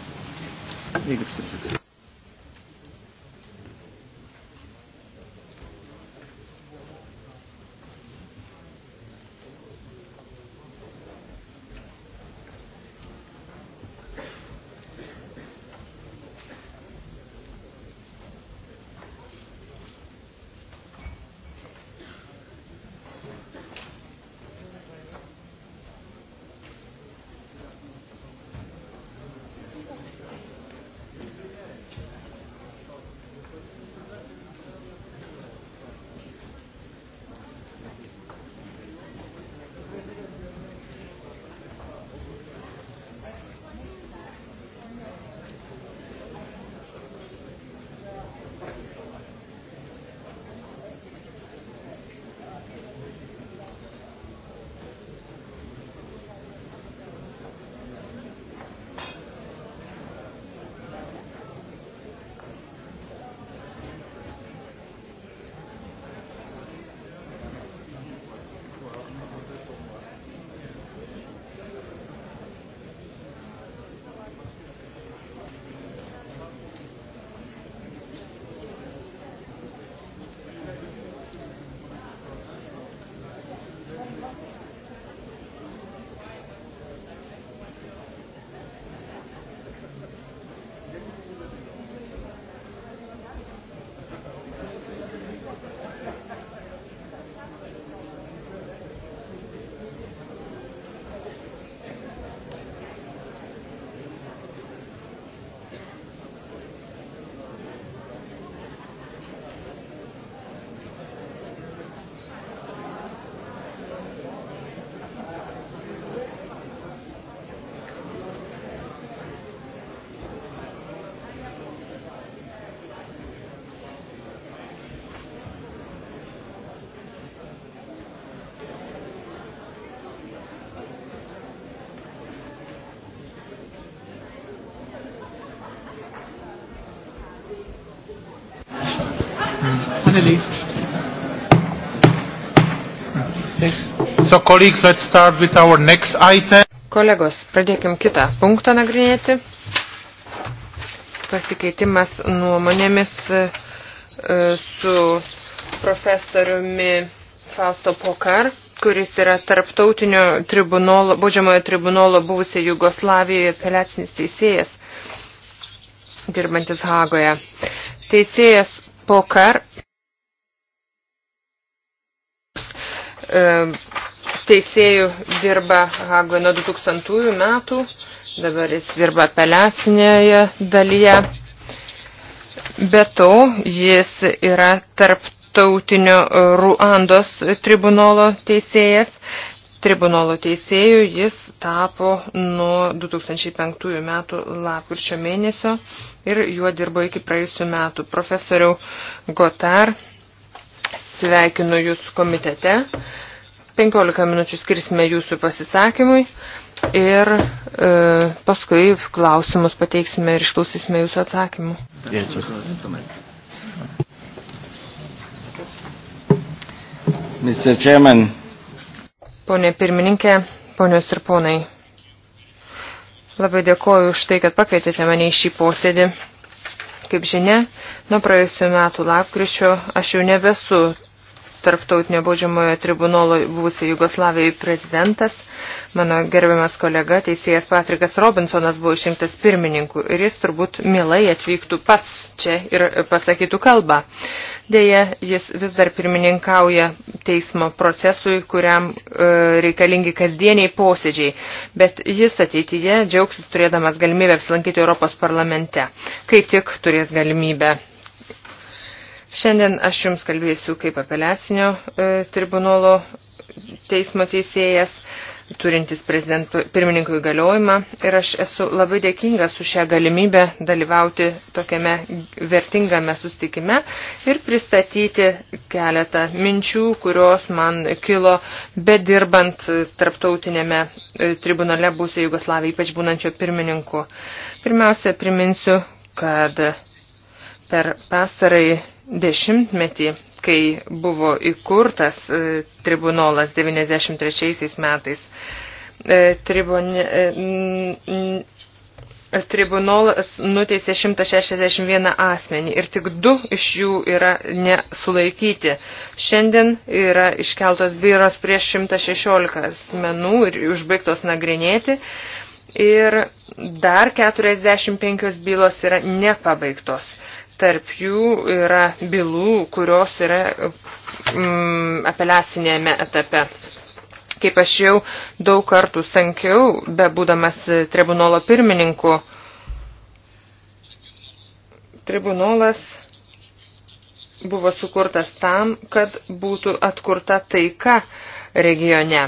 Finally. Yes. So, colleagues, let's start with our next item. Kolegos, pradėkim kitą punktą nagrinėti. Pasikeitimas nuomonėmis e, su profesoriumi Fausto Pokar, kuris yra tarptautinio tribunolo, baudžiamojo tribunolo buvusi Jugoslavijoje apeliacinis teisėjas, dirbantis Hagoje. Teisėjas Pokar E, teisėjų dirba Hagoje nuo 2000 metų, dabar jis dirba apeliacinėje dalyje. Be to, jis yra tarptautinio Ruandos tribunolo teisėjas. Tribunolo teisėjų jis tapo nuo 2005 metų lapkričio mėnesio ir juo dirbo iki praėjusių metų. Profesoriau Gotar, Sveikinu Jūsų komitete. 15 minučių skirsime Jūsų pasisakymui ir e, paskui klausimus pateiksime ir išklausysime Jūsų atsakymų. Mr. Chairman. Pone pirmininkė, ponios ir ponai. Labai dėkoju už tai, kad pakvietėte mane į šį posėdį. Kaip žinia, nuo praėjusių metų lapkričio aš jau nebesu tarptautinio baudžiamojo tribunolo buvusi Jugoslavijai prezidentas. Mano gerbiamas kolega, teisėjas Patrikas Robinsonas buvo išrinktas pirmininku ir jis turbūt mielai atvyktų pats čia ir pasakytų kalbą. Deja, jis vis dar pirmininkauja teismo procesui, kuriam e, reikalingi kasdieniai posėdžiai, bet jis ateityje džiaugsis turėdamas galimybę apsilankyti Europos parlamente, kai tik turės galimybę Šiandien aš jums kalbėsiu kaip apeliacinio e, tribunolo teismo teisėjas, turintis pirmininko įgaliojimą ir aš esu labai dėkingas už šią galimybę dalyvauti tokiame vertingame sustikime ir pristatyti keletą minčių, kurios man kilo bedirbant tarptautinėme e, tribunale būsio Jugoslavijai, ypač būnančio pirmininku. Pirmiausia, priminsiu, kad per pasarai dešimtmetį, kai buvo įkurtas e, tribunolas 93 metais. E, tribune, e, tribunolas nuteisė 161 asmenį ir tik du iš jų yra nesulaikyti. Šiandien yra iškeltos byros prieš 116 asmenų ir užbaigtos nagrinėti ir dar 45 bylos yra nepabaigtos. Tarp jų yra bylų, kurios yra mm, apeliacinėme etape. Kaip aš jau daug kartų sankiau, be būdamas tribunolo pirmininku, tribunolas buvo sukurtas tam, kad būtų atkurta taika regione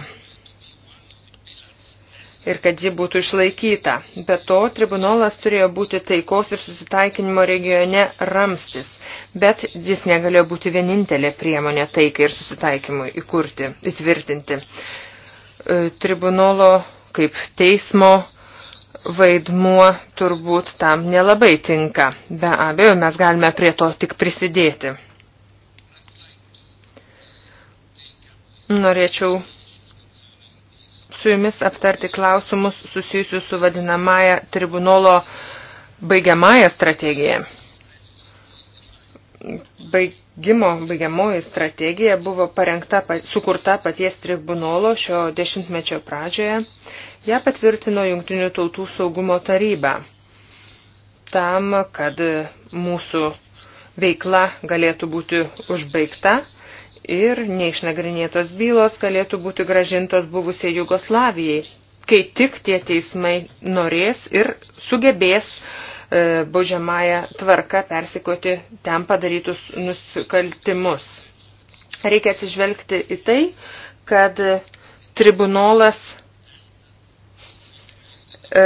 ir kad ji būtų išlaikyta. Be to, tribunolas turėjo būti taikos ir susitaikinimo regione ramstis, bet jis negalėjo būti vienintelė priemonė taikai ir susitaikymui įkurti, įtvirtinti. E, tribunolo kaip teismo vaidmuo turbūt tam nelabai tinka. Be abejo, mes galime prie to tik prisidėti. Norėčiau su jumis aptarti klausimus susijusius su vadinamąją tribunolo baigiamąją strategiją. Baigimo, baigiamoji strategija buvo parengta, sukurta paties tribunolo šio dešimtmečio pradžioje. Ja patvirtino Jungtinių tautų saugumo taryba tam, kad mūsų veikla galėtų būti užbaigta ir neišnagrinėtos bylos galėtų būti gražintos buvusiai Jugoslavijai, kai tik tie teismai norės ir sugebės e, baudžiamąją tvarką persikoti ten padarytus nusikaltimus. Reikia atsižvelgti į tai, kad tribunolas e,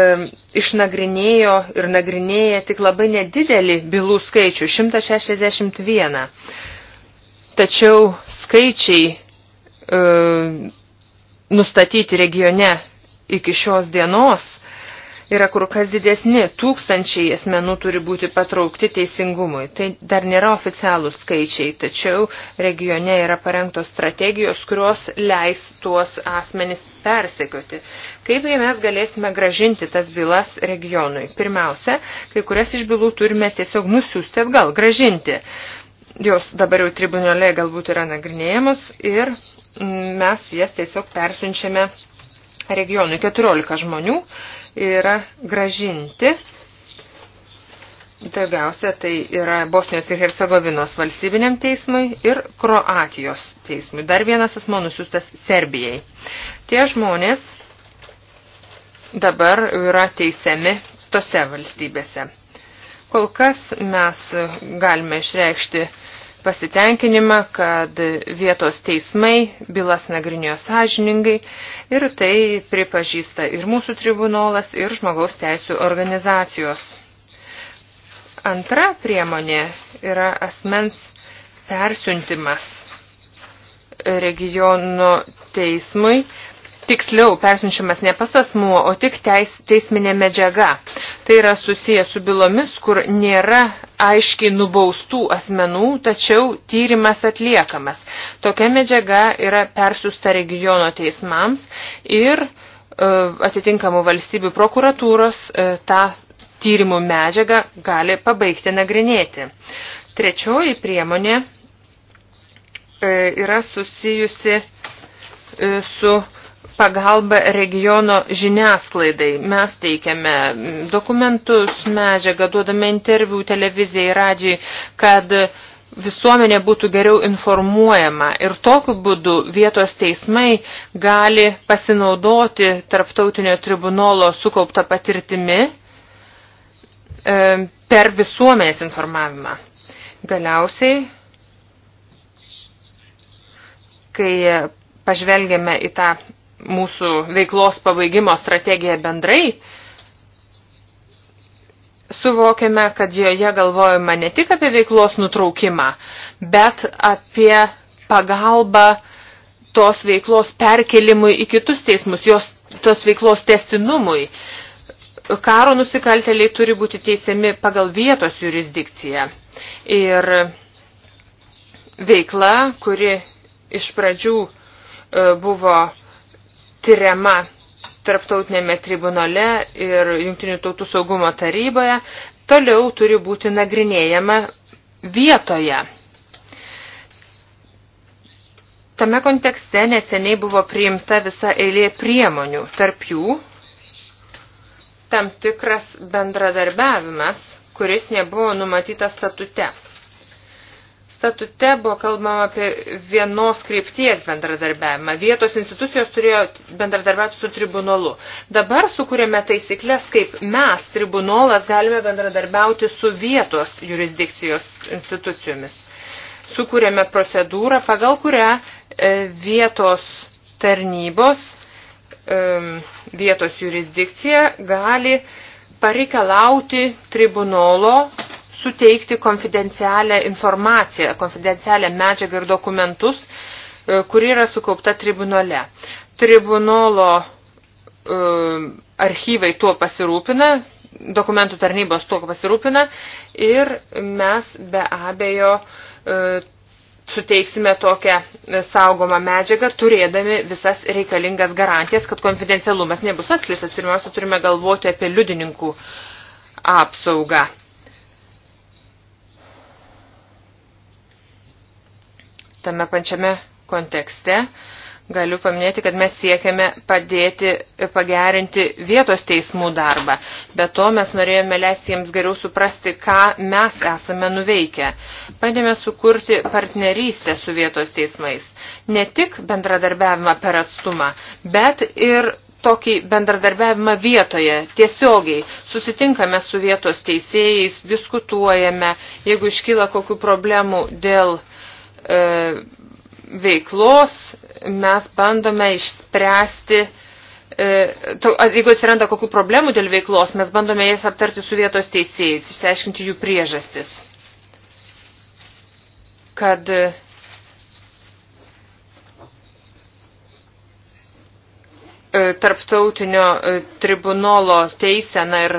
išnagrinėjo ir nagrinėja tik labai nedidelį bylų skaičių - 161. Tačiau skaičiai e, nustatyti regione iki šios dienos yra kur kas didesni. Tūkstančiai asmenų turi būti patraukti teisingumui. Tai dar nėra oficialūs skaičiai, tačiau regione yra parengtos strategijos, kurios leis tuos asmenis persekioti. Kaip mes galėsime gražinti tas bylas regionui? Pirmiausia, kai kurias iš bylų turime tiesiog nusiųsti atgal, gražinti. Jos dabar jau tribunale galbūt yra nagrinėjamos ir mes jas tiesiog persiunčiame regionui. 14 žmonių yra gražinti. Daugiausia tai yra Bosnijos ir Hercegovinos valstybiniam teismui ir Kroatijos teismui. Dar vienas asmo nusiustas Serbijai. Tie žmonės dabar yra teisiami tose valstybėse. Kol kas mes galime išreikšti pasitenkinimą, kad vietos teismai bylas nagrinėjo sąžiningai ir tai pripažįsta ir mūsų tribunolas, ir žmogaus teisų organizacijos. Antra priemonė yra asmens persiuntimas regiono teismui Tiksliau, persinčiamas ne pas asmuo, o tik teis, teisminė medžiaga. Tai yra susijęs su bylomis, kur nėra aiškiai nubaustų asmenų, tačiau tyrimas atliekamas. Tokia medžiaga yra persiusta regiono teismams ir e, atitinkamų valstybių prokuratūros e, tą tyrimų medžiagą gali pabaigti nagrinėti. Trečioji priemonė e, yra susijusi e, su pagalba regiono žiniasklaidai. Mes teikiame dokumentus, medžiagą, duodame interviu televizijai, radžiai, kad visuomenė būtų geriau informuojama ir tokiu būdu vietos teismai gali pasinaudoti tarptautinio tribunolo sukauptą patirtimi e, per visuomenės informavimą. Galiausiai, kai pažvelgiame į tą mūsų veiklos pabaigimo strategiją bendrai, suvokiame, kad joje galvojama ne tik apie veiklos nutraukimą, bet apie pagalbą tos veiklos perkelimui į kitus teismus, jos tos veiklos testinumui. Karo nusikalteliai turi būti teisiami pagal vietos jurisdikciją. Ir veikla, kuri iš pradžių e, buvo tyriama tarptautinėme tribunale ir Junktinių tautų saugumo taryboje, toliau turi būti nagrinėjama vietoje. Tame kontekste neseniai buvo priimta visa eilė priemonių, tarp jų tam tikras bendradarbiavimas, kuris nebuvo numatytas statute. Statute buvo kalbama apie vienos krypties bendradarbiavimą. Vietos institucijos turėjo bendradarbiauti su tribunolu. Dabar sukūrėme taisyklės, kaip mes, tribunolas, galime bendradarbiauti su vietos jurisdikcijos institucijomis. Sukūrėme procedūrą, pagal kurią e, vietos tarnybos, e, vietos jurisdikcija gali pareikalauti tribunolo suteikti konfidencialią informaciją, konfidencialią medžiagą ir dokumentus, e, kuri yra sukaupta tribunole. Tribunolo e, archyvai tuo pasirūpina, dokumentų tarnybos tuo pasirūpina ir mes be abejo e, suteiksime tokią saugomą medžiagą, turėdami visas reikalingas garantijas, kad konfidencialumas nebus atskleistas. Pirmiausia, turime galvoti apie liudininkų apsaugą. tame pačiame kontekste galiu paminėti, kad mes siekiame padėti pagerinti vietos teismų darbą. Be to mes norėjome leisti jiems geriau suprasti, ką mes esame nuveikę. Bandėme sukurti partnerystę su vietos teismais. Ne tik bendradarbiavimą per atstumą, bet ir tokį bendradarbiavimą vietoje, tiesiogiai. Susitinkame su vietos teisėjais, diskutuojame, jeigu iškyla kokių problemų dėl uh, E, veiklos mes bandome išspręsti e, Jeigu atsiranda kokių problemų dėl veiklos, mes bandome jas aptarti su vietos teisėjais, išsiaiškinti jų priežastis. Kad e, tarptautinio tribunolo teisena ir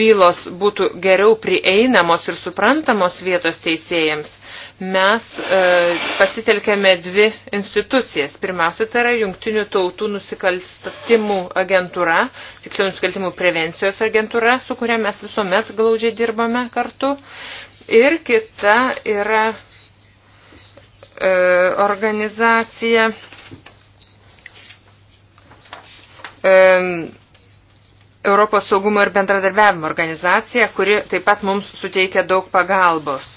bylos būtų geriau prieinamos ir suprantamos vietos teisėjams, mes e, pasitelkėme dvi institucijas. Pirmiausia, tai yra Jungtinių tautų nusikalstimų agentūra, tiksliau nusikaltimų prevencijos agentūra, su kuria mes visuomet glaudžiai dirbame kartu. Ir kita yra e, organizacija. E, Europos saugumo ir bendradarbiavimo organizacija, kuri taip pat mums suteikia daug pagalbos.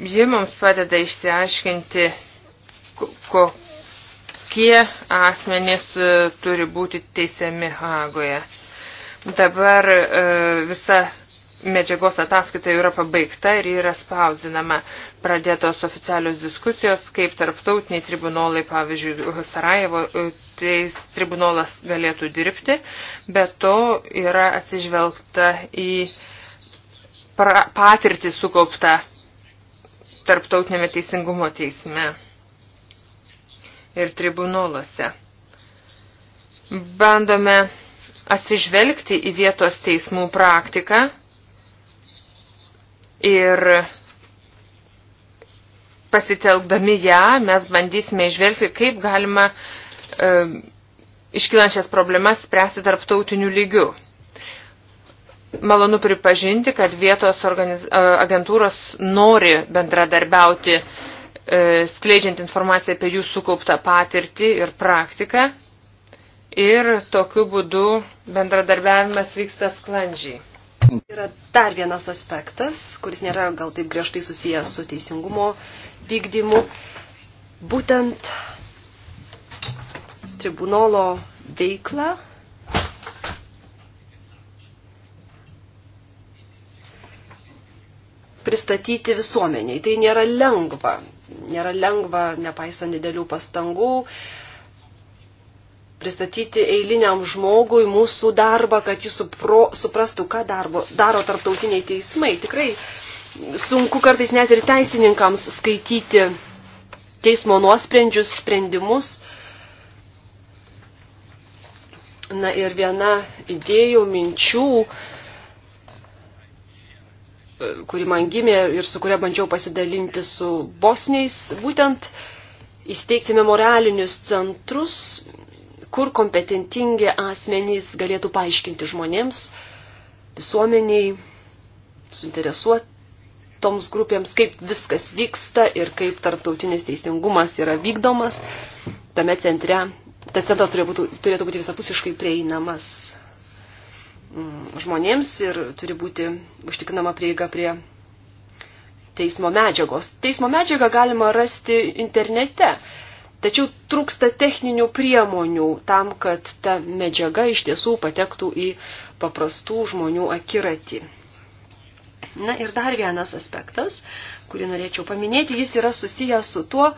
Ji mums padeda išsiaiškinti, kokie asmenys e, turi būti teisiami Hagoje. Dabar e, visa medžiagos ataskaita yra pabaigta ir yra spausdinama. Pradėtos oficialios diskusijos, kaip tarptautiniai tribunolai, pavyzdžiui, Sarajevo e, teis tribunolas galėtų dirbti, bet to yra atsižvelgta į patirtį sukauptą tarptautinėme teisingumo teisme ir tribunoluose. Bandome atsižvelgti į vietos teismų praktiką ir pasitelkdami ją mes bandysime išvelgti, kaip galima e, iškilančias problemas spręsti tarptautiniu lygiu malonu pripažinti, kad vietos organiz... agentūros nori bendradarbiauti, e, skleidžiant informaciją apie jų sukauptą patirtį ir praktiką. Ir tokiu būdu bendradarbiavimas vyksta sklandžiai. Yra dar vienas aspektas, kuris nėra gal taip griežtai susijęs su teisingumo vykdymu. Būtent tribunolo veiklą pristatyti visuomeniai. Tai nėra lengva. Nėra lengva, nepaisant didelių pastangų, pristatyti eiliniam žmogui mūsų darbą, kad jis supro, suprastų, ką darbo, daro tarptautiniai teismai. Tikrai sunku kartais net ir teisininkams skaityti teismo nuosprendžius, sprendimus. Na ir viena idėjų, minčių, kuri man gimė ir su kuria bandžiau pasidalinti su bosniais, būtent įsteigti memorialinius centrus, kur kompetentingi asmenys galėtų paaiškinti žmonėms, visuomeniai, suinteresuotoms grupėms, kaip viskas vyksta ir kaip tarptautinis teisingumas yra vykdomas tame centre. Tas centras turėtų būti, turėtų būti visapusiškai prieinamas Mm, žmonėms ir turi būti užtikrinama prieiga prie teismo medžiagos. Teismo medžiagą galima rasti internete, tačiau trūksta techninių priemonių tam, kad ta medžiaga iš tiesų patektų į paprastų žmonių akiratį. Na ir dar vienas aspektas, kurį norėčiau paminėti, jis yra susijęs su tuo,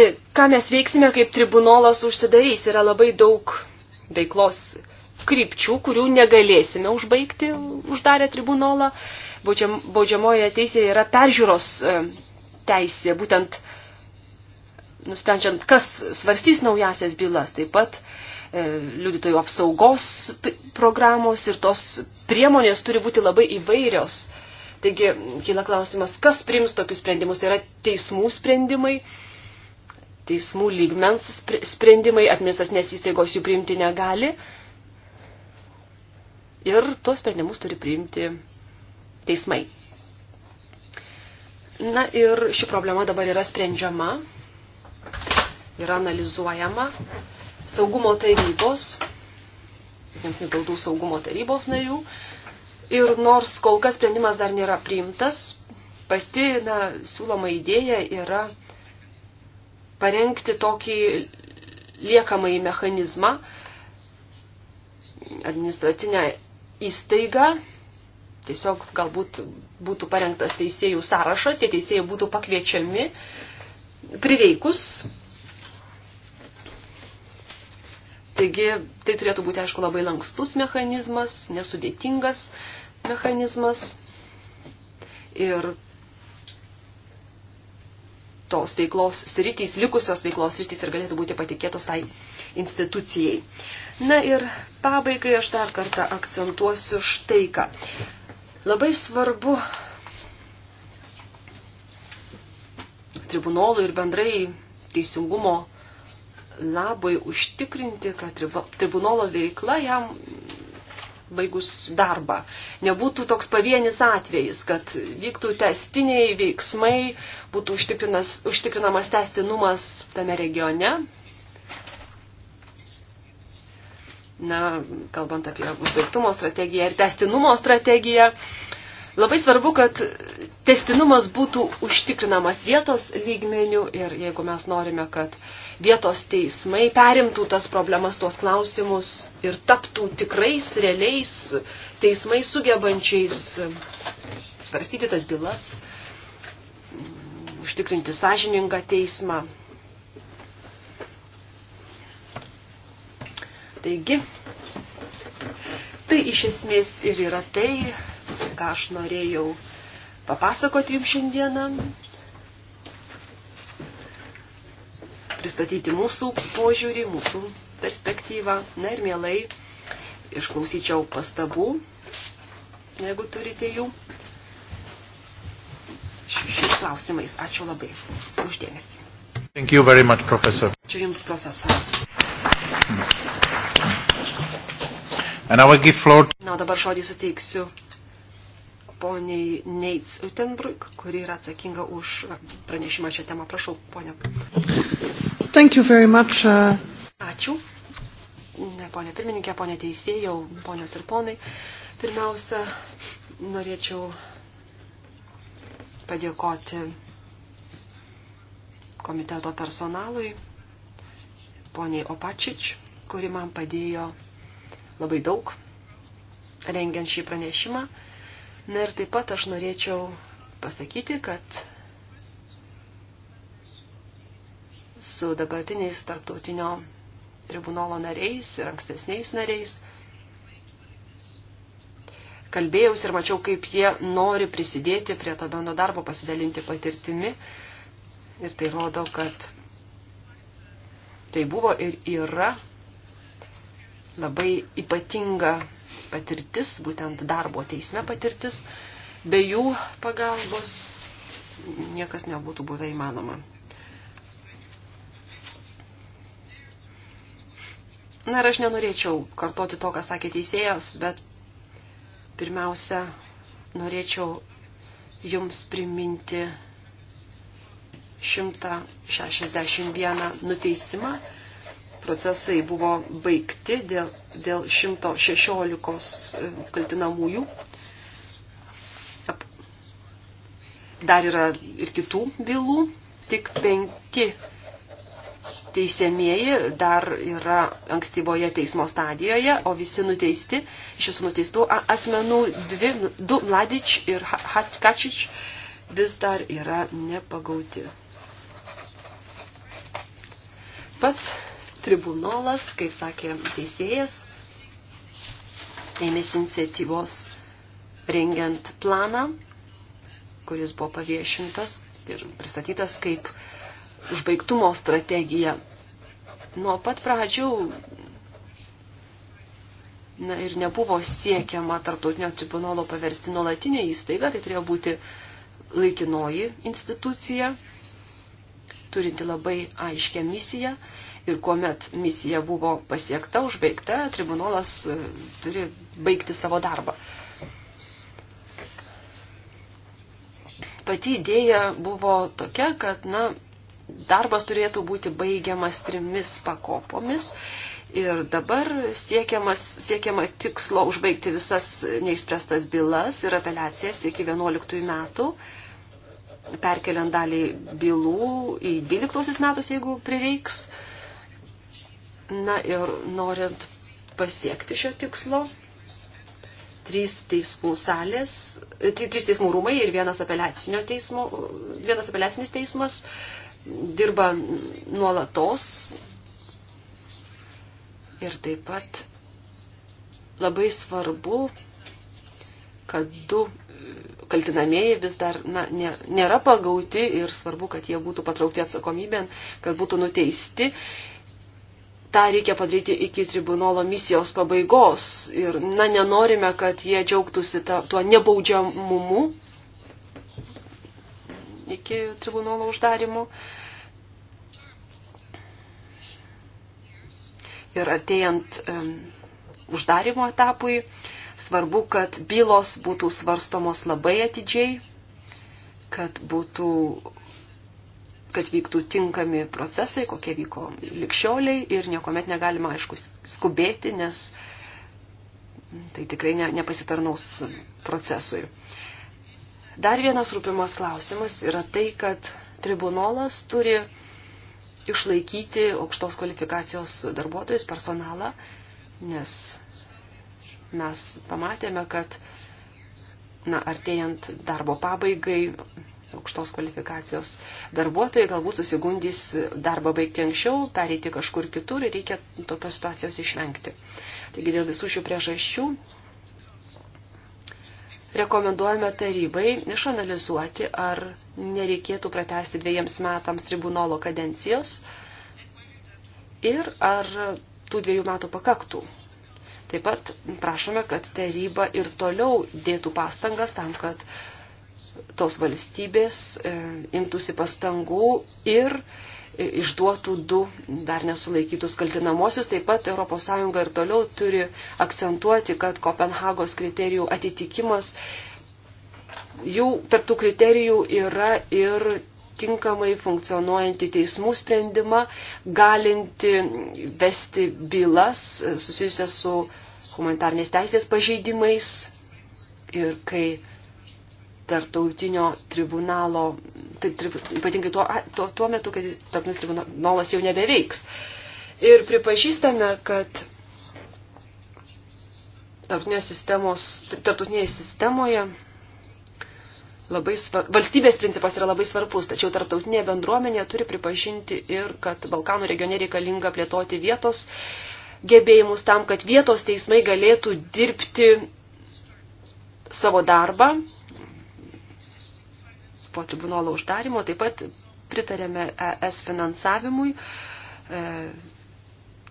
e, ką mes veiksime, kaip tribunolas užsidarys. Yra labai daug veiklos krypčių, kurių negalėsime užbaigti uždarę tribunolą. Baudžiam, baudžiamoje teisėje yra peržiūros e, teisė, būtent nusprendžiant, kas svarstys naujasias bylas. Taip pat e, liudytojų apsaugos programos ir tos priemonės turi būti labai įvairios. Taigi, kyla klausimas, kas prims tokius sprendimus. Tai yra teismų sprendimai, teismų lygmens sprendimai, administracinės įstaigos jų priimti negali. E, ir tuos sprendimus turi priimti teismai. Na ir ši problema dabar yra sprendžiama, yra analizuojama saugumo tarybos, jungtinių tautų saugumo tarybos narių. Ir nors kol kas sprendimas dar nėra priimtas, pati na, siūloma idėja yra parengti tokį liekamąjį mechanizmą, administracinę įstaiga, tiesiog galbūt būtų parengtas teisėjų sąrašas, tie teisėjai būtų pakviečiami prireikus. Taigi tai turėtų būti, aišku, labai lankstus mechanizmas, nesudėtingas mechanizmas. Ir tos veiklos sritys, likusios veiklos sritys ir galėtų būti patikėtos tai institucijai. Na ir pabaigai aš dar kartą akcentuosiu štai ką. Labai svarbu tribunolui ir bendrai teisingumo labai užtikrinti, kad tribunolo veikla jam baigus darbą. Nebūtų toks pavienis atvejis, kad vyktų testiniai veiksmai, būtų užtikrinamas testinumas tame regione, na, kalbant apie užbaigtumo strategiją ir testinumo strategiją, labai svarbu, kad testinumas būtų užtikrinamas vietos lygmenių ir jeigu mes norime, kad vietos teismai perimtų tas problemas, tuos klausimus ir taptų tikrais, realiais teismais sugebančiais svarstyti tas bylas, užtikrinti sąžiningą teismą Taigi, tai iš esmės ir yra tai, ką aš norėjau papasakoti jums šiandieną, pristatyti mūsų požiūrį, mūsų perspektyvą. Na ir mielai išklausyčiau pastabų, jeigu turite jų šiais klausimais. Ačiū labai uždėmesį. Ačiū Jums, profesor. Na, dabar žodį suteiksiu poniai Neits Utenbrug, kuri yra atsakinga už pranešimą šią temą. Prašau, ponia. Thank you very much. Uh... Ačiū. Ne, ponia pirmininkė, ponia teisėjau, ponios ir ponai. Pirmiausia, norėčiau padėkoti komiteto personalui, poniai Opačič, kuri man padėjo labai daug, rengiant šį pranešimą. Na ir taip pat aš norėčiau pasakyti, kad su dabartiniais tarptautinio tribunolo nariais ir ankstesniais nariais kalbėjausi ir mačiau, kaip jie nori prisidėti prie to bendro darbo, pasidalinti patirtimi. Ir tai rodo, kad tai buvo ir yra labai ypatinga patirtis, būtent darbo teisme patirtis. Be jų pagalbos niekas nebūtų buvę įmanoma. Na ir aš nenorėčiau kartoti to, ką sakė teisėjas, bet pirmiausia, norėčiau jums priminti 161 nuteisimą procesai buvo baigti dėl, dėl 116 e, kaltinamųjų. Dar yra ir kitų bylų, tik penki teisėmieji dar yra ankstyvoje teismo stadijoje, o visi nuteisti, iš visų nuteistų asmenų, dvi, du Mladič ir Hatkačič vis dar yra nepagauti. Pats tribunolas, kaip sakė teisėjas, ėmėsi iniciatyvos rengiant planą, kuris buvo paviešintas ir pristatytas kaip užbaigtumo strategija. Nuo pat pradžių na, ir nebuvo siekiama tarptautinio tribunolo paversti nuolatinę įstaigą, tai turėjo būti laikinoji institucija, turinti labai aiškę misiją. Ir kuomet misija buvo pasiekta, užbaigta, tribunolas e, turi baigti savo darbą. Pati idėja buvo tokia, kad na, darbas turėtų būti baigiamas trimis pakopomis Ir dabar siekiama tikslo užbaigti visas neišspręstas bylas ir apeliacijas iki 11 metų, perkeliant dalį bylų į 12 metus, jeigu prireiks. Na ir norint pasiekti šio tikslo, trys teismų salės, e, trys teismų rūmai ir vienas, apeliacinio teismo, vienas apeliacinis teismas dirba nuolatos ir taip pat labai svarbu, kad du e, kaltinamieji vis dar na, nėra pagauti ir svarbu, kad jie būtų patraukti atsakomybėn, kad būtų nuteisti tą reikia padaryti iki tribunolo misijos pabaigos. Ir, na, nenorime, kad jie džiaugtųsi ta, tuo nebaudžiamumu iki tribunolo uždarimo. Ir artėjant um, uždarimo etapui, svarbu, kad bylos būtų svarstomos labai atidžiai, kad būtų kad vyktų tinkami procesai, kokie vyko likščioliai ir niekuomet negalima, aišku, skubėti, nes tai tikrai ne, nepasitarnaus procesui. Dar vienas rūpimas klausimas yra tai, kad tribunolas turi išlaikyti aukštos kvalifikacijos darbuotojus personalą, nes mes pamatėme, kad na, artėjant darbo pabaigai aukštos kvalifikacijos darbuotojai galbūt susigundys darbą baigti anksčiau, pereiti kažkur kitur ir reikia tokios situacijos išvengti. Taigi dėl visų šių priežasčių rekomenduojame tarybai išanalizuoti, ar nereikėtų pratesti dviejams metams tribunolo kadencijos ir ar tų dviejų metų pakaktų. Taip pat prašome, kad taryba ir toliau dėtų pastangas tam, kad tos valstybės e, imtųsi pastangų ir e, išduotų du dar nesulaikytus kaltinamosius. Taip pat ES ir toliau turi akcentuoti, kad Kopenhagos kriterijų atitikimas, jų tarptų kriterijų yra ir tinkamai funkcionuojanti teismų sprendimą, galinti vesti bylas e, susijusias su humanitarnės teisės pažeidimais. Ir kai tarptautinio tribunalo, tai, tri, ypatingai tuo, tuo, tuo metu, kai tarptautinis tribunalas jau nebeveiks. Ir pripažįstame, kad tarptautinės sistemos, tarptautinėje sistemoje labai svar... valstybės principas yra labai svarbus, tačiau tarptautinė bendruomenė turi pripažinti ir, kad Balkanų regione reikalinga plėtoti vietos gebėjimus tam, kad vietos teismai galėtų dirbti savo darbą po tribunolo uždarimo. Taip pat pritarėme ES finansavimui e,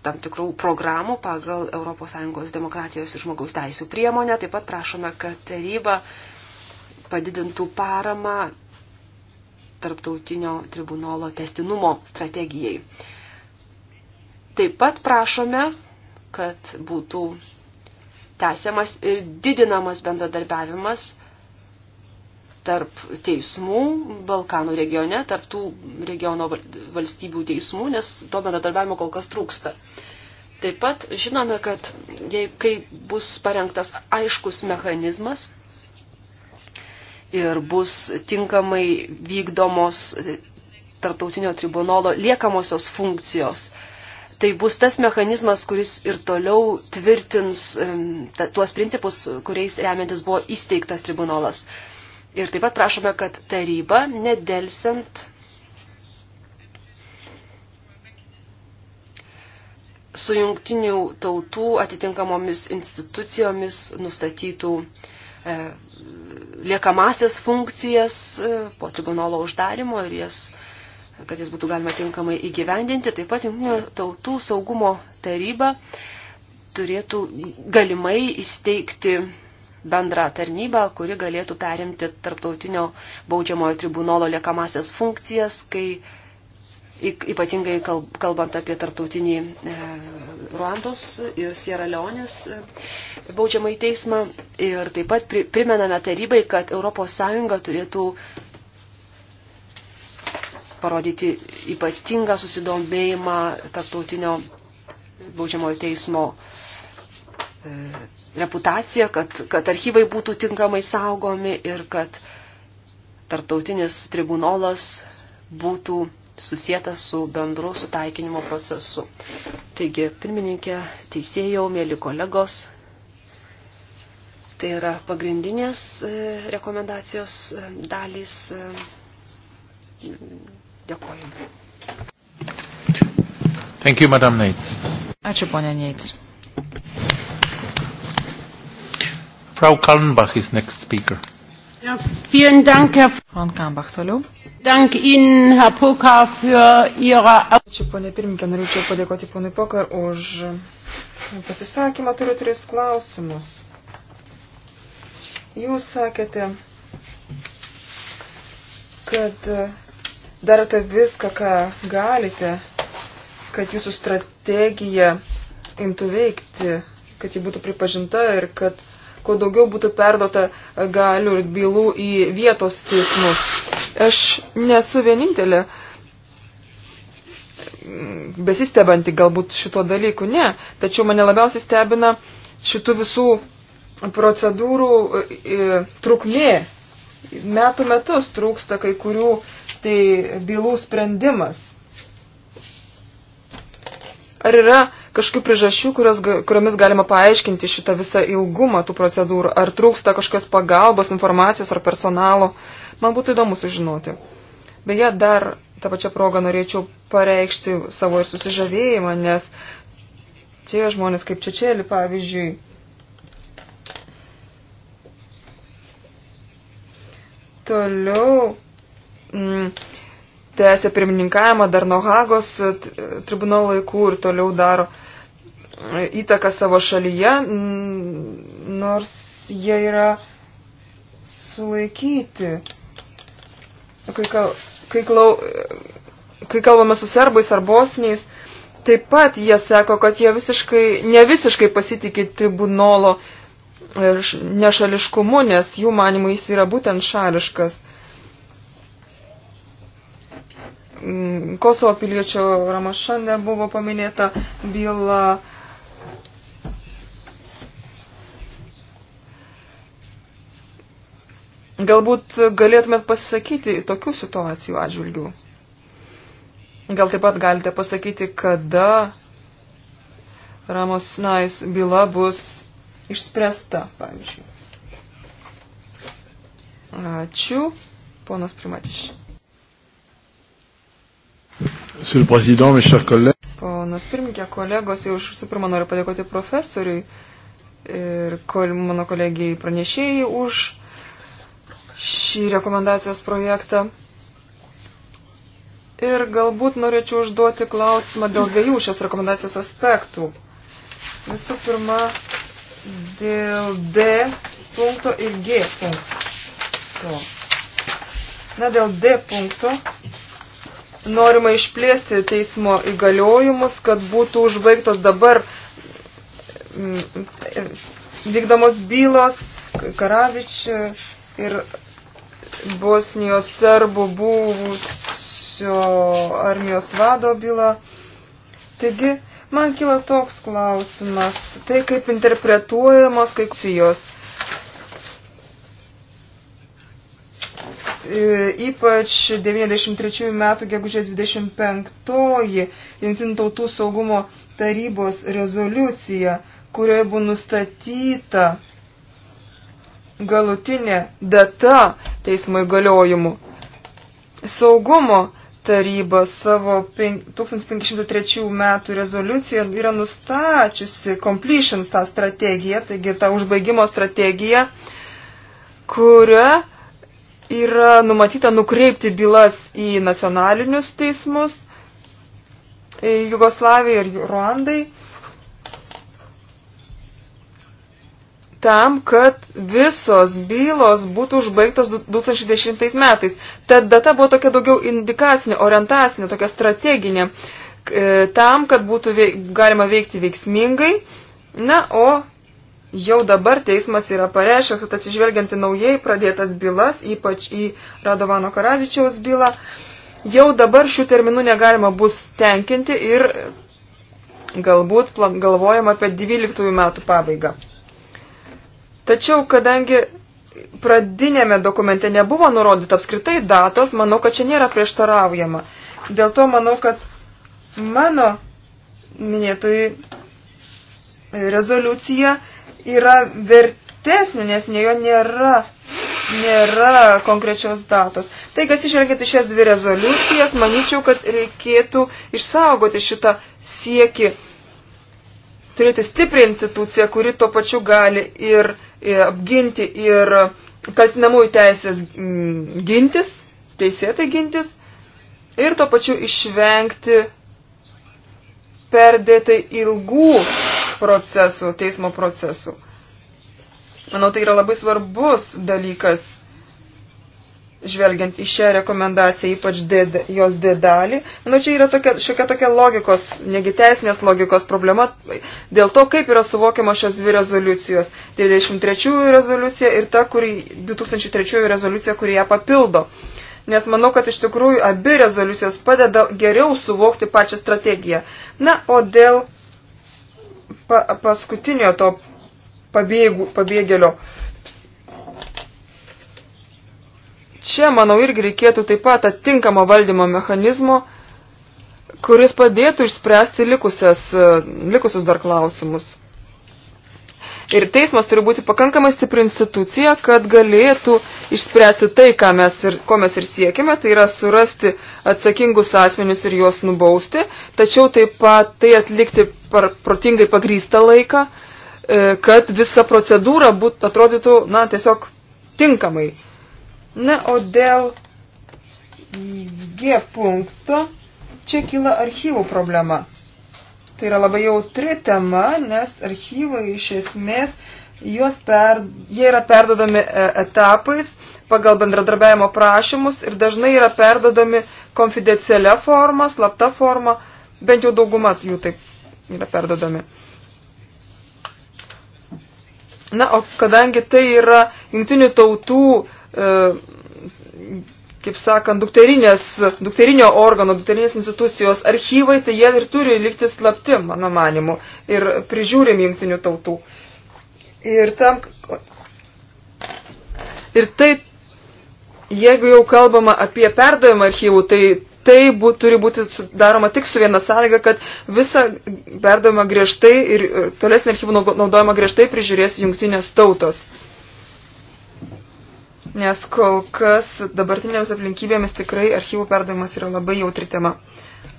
tam tikrų programų pagal ES demokratijos ir žmogaus teisų priemonę. Taip pat prašome, kad taryba padidintų paramą tarptautinio tribunolo testinumo strategijai. Taip pat prašome, kad būtų tęsiamas ir didinamas bendradarbiavimas tarp teismų Balkanų regione, tarp tų regiono valstybių teismų, nes to bendradarbiavimo kol kas trūksta. Taip pat žinome, kad jei, kai bus parengtas aiškus mechanizmas ir bus tinkamai vykdomos tartautinio tribunolo liekamosios funkcijos, tai bus tas mechanizmas, kuris ir toliau tvirtins tuos principus, kuriais remiantis buvo įsteigtas tribunolas. Ir taip pat prašome, kad taryba nedelsiant su jungtinių tautų atitinkamomis institucijomis nustatytų e, liekamasias funkcijas e, po tribunolo uždarimo ir jas, kad jas būtų galima tinkamai įgyvendinti. Taip pat jungtinių tautų saugumo taryba turėtų galimai įsteigti bendrą tarnybą, kuri galėtų perimti tarptautinio baudžiamojo tribunolo liekamasias funkcijas, kai ypatingai kalbant apie tarptautinį e, Ruandos ir Sierra Leonės e, baudžiamą į teismą. Ir taip pat primename tarybai, kad ES turėtų parodyti ypatingą susidomėjimą tarptautinio baudžiamojo teismo uh, reputaciją, kad, kad archyvai būtų tinkamai saugomi ir kad tarptautinis tribunolas būtų susijęs su bendru sutaikinimo procesu. Taigi, pirmininkė, teisėjau, mėly kolegos, tai yra pagrindinės e, rekomendacijos e, dalys. E, dėkoju. Thank you, Madam Neitz. Ačiū, ponė Neitz. Frau Kalmbach is next speaker. Ja, vielen Dank, Herr Frau Kalmbach, toliau. Dank Ihnen, Herr Poka, für Ihre... Ačiū, ponė pirmininkė, norėčiau padėkoti ponui Pokar už pasisakymą. Turiu tris klausimus. Jūs sakėte, kad darote viską, ką galite, kad jūsų strategija imtų veikti, kad ji būtų pripažinta ir kad kuo daugiau būtų perdota galių ir bylų į vietos teismus. Aš nesu vienintelė besistebanti galbūt šito dalyku, ne, tačiau mane labiausiai stebina šitų visų procedūrų e, trukmė. Metų metus trūksta kai kurių tai bylų sprendimas. Ar yra kažkokių priežasčių, kurios, kuriomis galima paaiškinti šitą visą ilgumą tų procedūrų? Ar trūksta kažkokios pagalbos, informacijos ar personalo? Man būtų įdomu sužinoti. Beje, dar tą pačią progą norėčiau pareikšti savo ir susižavėjimą, nes tie žmonės kaip Čečėlį, pavyzdžiui, toliau mm, tęsia pirmininkavimą dar nuo Hagos tribunolo laikų ir toliau daro įtaką savo šalyje, nors jie yra sulaikyti. Kai, kal, kai, klau, kai kalbame su serbais ar bosniais, taip pat jie sako, kad jie visiškai, ne visiškai pasitikė tribunolo e, nešališkumu, nes jų manimų jis yra būtent šališkas. Mm, Kosovo piliečio Ramašan buvo paminėta byla Galbūt galėtumėt pasisakyti tokių situacijų atžvilgių. Gal taip pat galite pasakyti, kada Ramos Nais byla bus išspręsta, pavyzdžiui. Ačiū, ponas Primatiš. Ponas pirmininkė, kolegos, jau iš pirma noriu padėkoti profesoriui ir kol, mano kolegijai pranešėjai už šį rekomendacijos projektą. Ir galbūt norėčiau užduoti klausimą dėl dviejų šios rekomendacijos aspektų. Visų pirma, dėl D punkto ir G punkto. Na, dėl D punkto norima išplėsti teismo įgaliojimus, kad būtų užbaigtos dabar mm, vykdomos bylos Karazič ir Bosnijos serbų buvusio armijos vado byla. Taigi, man kyla toks klausimas, tai kaip interpretuojamos kai kusijos. E, ypač 93 metų gegužė 25-oji Junktinių tautų saugumo tarybos rezoliucija, kurioje buvo nustatyta galutinė data teismo įgaliojimų. Saugumo taryba savo 1503 metų rezoliucijoje yra nustačiusi completions tą strategiją, taigi tą užbaigimo strategiją, kuria yra numatyta nukreipti bylas į nacionalinius teismus Jugoslavijai ir Ruandai tam, kad visos bylos būtų užbaigtos 2010 metais. Ta data buvo tokia daugiau indikacinė, orientacinė, tokia strateginė, e, tam, kad būtų veik, galima veikti veiksmingai. Na, o jau dabar teismas yra pareiškęs, kad atsižvelgianti naujai pradėtas bylas, ypač į Radovano Karazičiaus bylą, jau dabar šių terminų negalima bus tenkinti ir galbūt plan, galvojama apie 12 metų pabaigą. Tačiau, kadangi pradinėme dokumente nebuvo nurodyta apskritai datos, manau, kad čia nėra prieštaraujama. Dėl to manau, kad mano minėtoji rezoliucija yra vertesnė, nes ne jo nėra, nėra konkrečios datos. Taigi atsižvelgiant į šias dvi rezoliucijas, manyčiau, kad reikėtų išsaugoti šitą siekį turėti stiprią instituciją, kuri tuo pačiu gali ir apginti ir kaltinamųjų teisės mm, gintis, teisėtai gintis, ir tuo pačiu išvengti perdėtai ilgų procesų, teismo procesų. Manau, tai yra labai svarbus dalykas žvelgiant į šią rekomendaciją, ypač D, jos D dalį. Manau, čia yra tokia, šiokia tokia logikos, negi teisinės logikos problema dėl to, kaip yra suvokiama šios dvi rezoliucijos. 93 rezoliucija ir ta, kuri 2003 rezoliucija, kuri ją papildo. Nes manau, kad iš tikrųjų abi rezoliucijos padeda geriau suvokti pačią strategiją. Na, o dėl pa, paskutinio to pabėgų, pabėgėlio. Uh, čia, manau, irgi reikėtų taip pat atitinkamo valdymo mechanizmo, kuris padėtų išspręsti likusias, e, likusius dar klausimus. Ir teismas turi būti pakankamai stipri institucija, kad galėtų išspręsti tai, ką mes ir, ko mes ir siekime, tai yra surasti atsakingus asmenius ir juos nubausti, tačiau taip pat tai atlikti par, protingai pagrystą laiką, e, kad visa procedūra būt, atrodytų, na, tiesiog tinkamai. Na, o dėl G punkto čia kyla archyvų problema. Tai yra labai jautri tema, nes archyvai iš esmės, juos per, jie yra perdodami e, etapais pagal bendradarbiavimo prašymus ir dažnai yra perdodami konfidencialia forma, slapta forma, bent jau dauguma jų taip yra perdodami. Na, o kadangi tai yra jungtinių tautų E, kaip sakant, dukterinės, dukterinio organo, dukterinės institucijos archyvai, tai jie ir turi likti slapti, mano manimu, ir prižiūrim jungtinių tautų. Ir tam, ir tai, jeigu jau kalbama apie perdavimą archyvų, tai tai bu, turi būti daroma tik su viena sąlyga, kad visą perdavimą griežtai ir tolesnį archyvų naudojimą griežtai prižiūrės jungtinės tautos nes kol kas dabartinėms aplinkybėmis tikrai archyvų perdavimas yra labai jautri tema.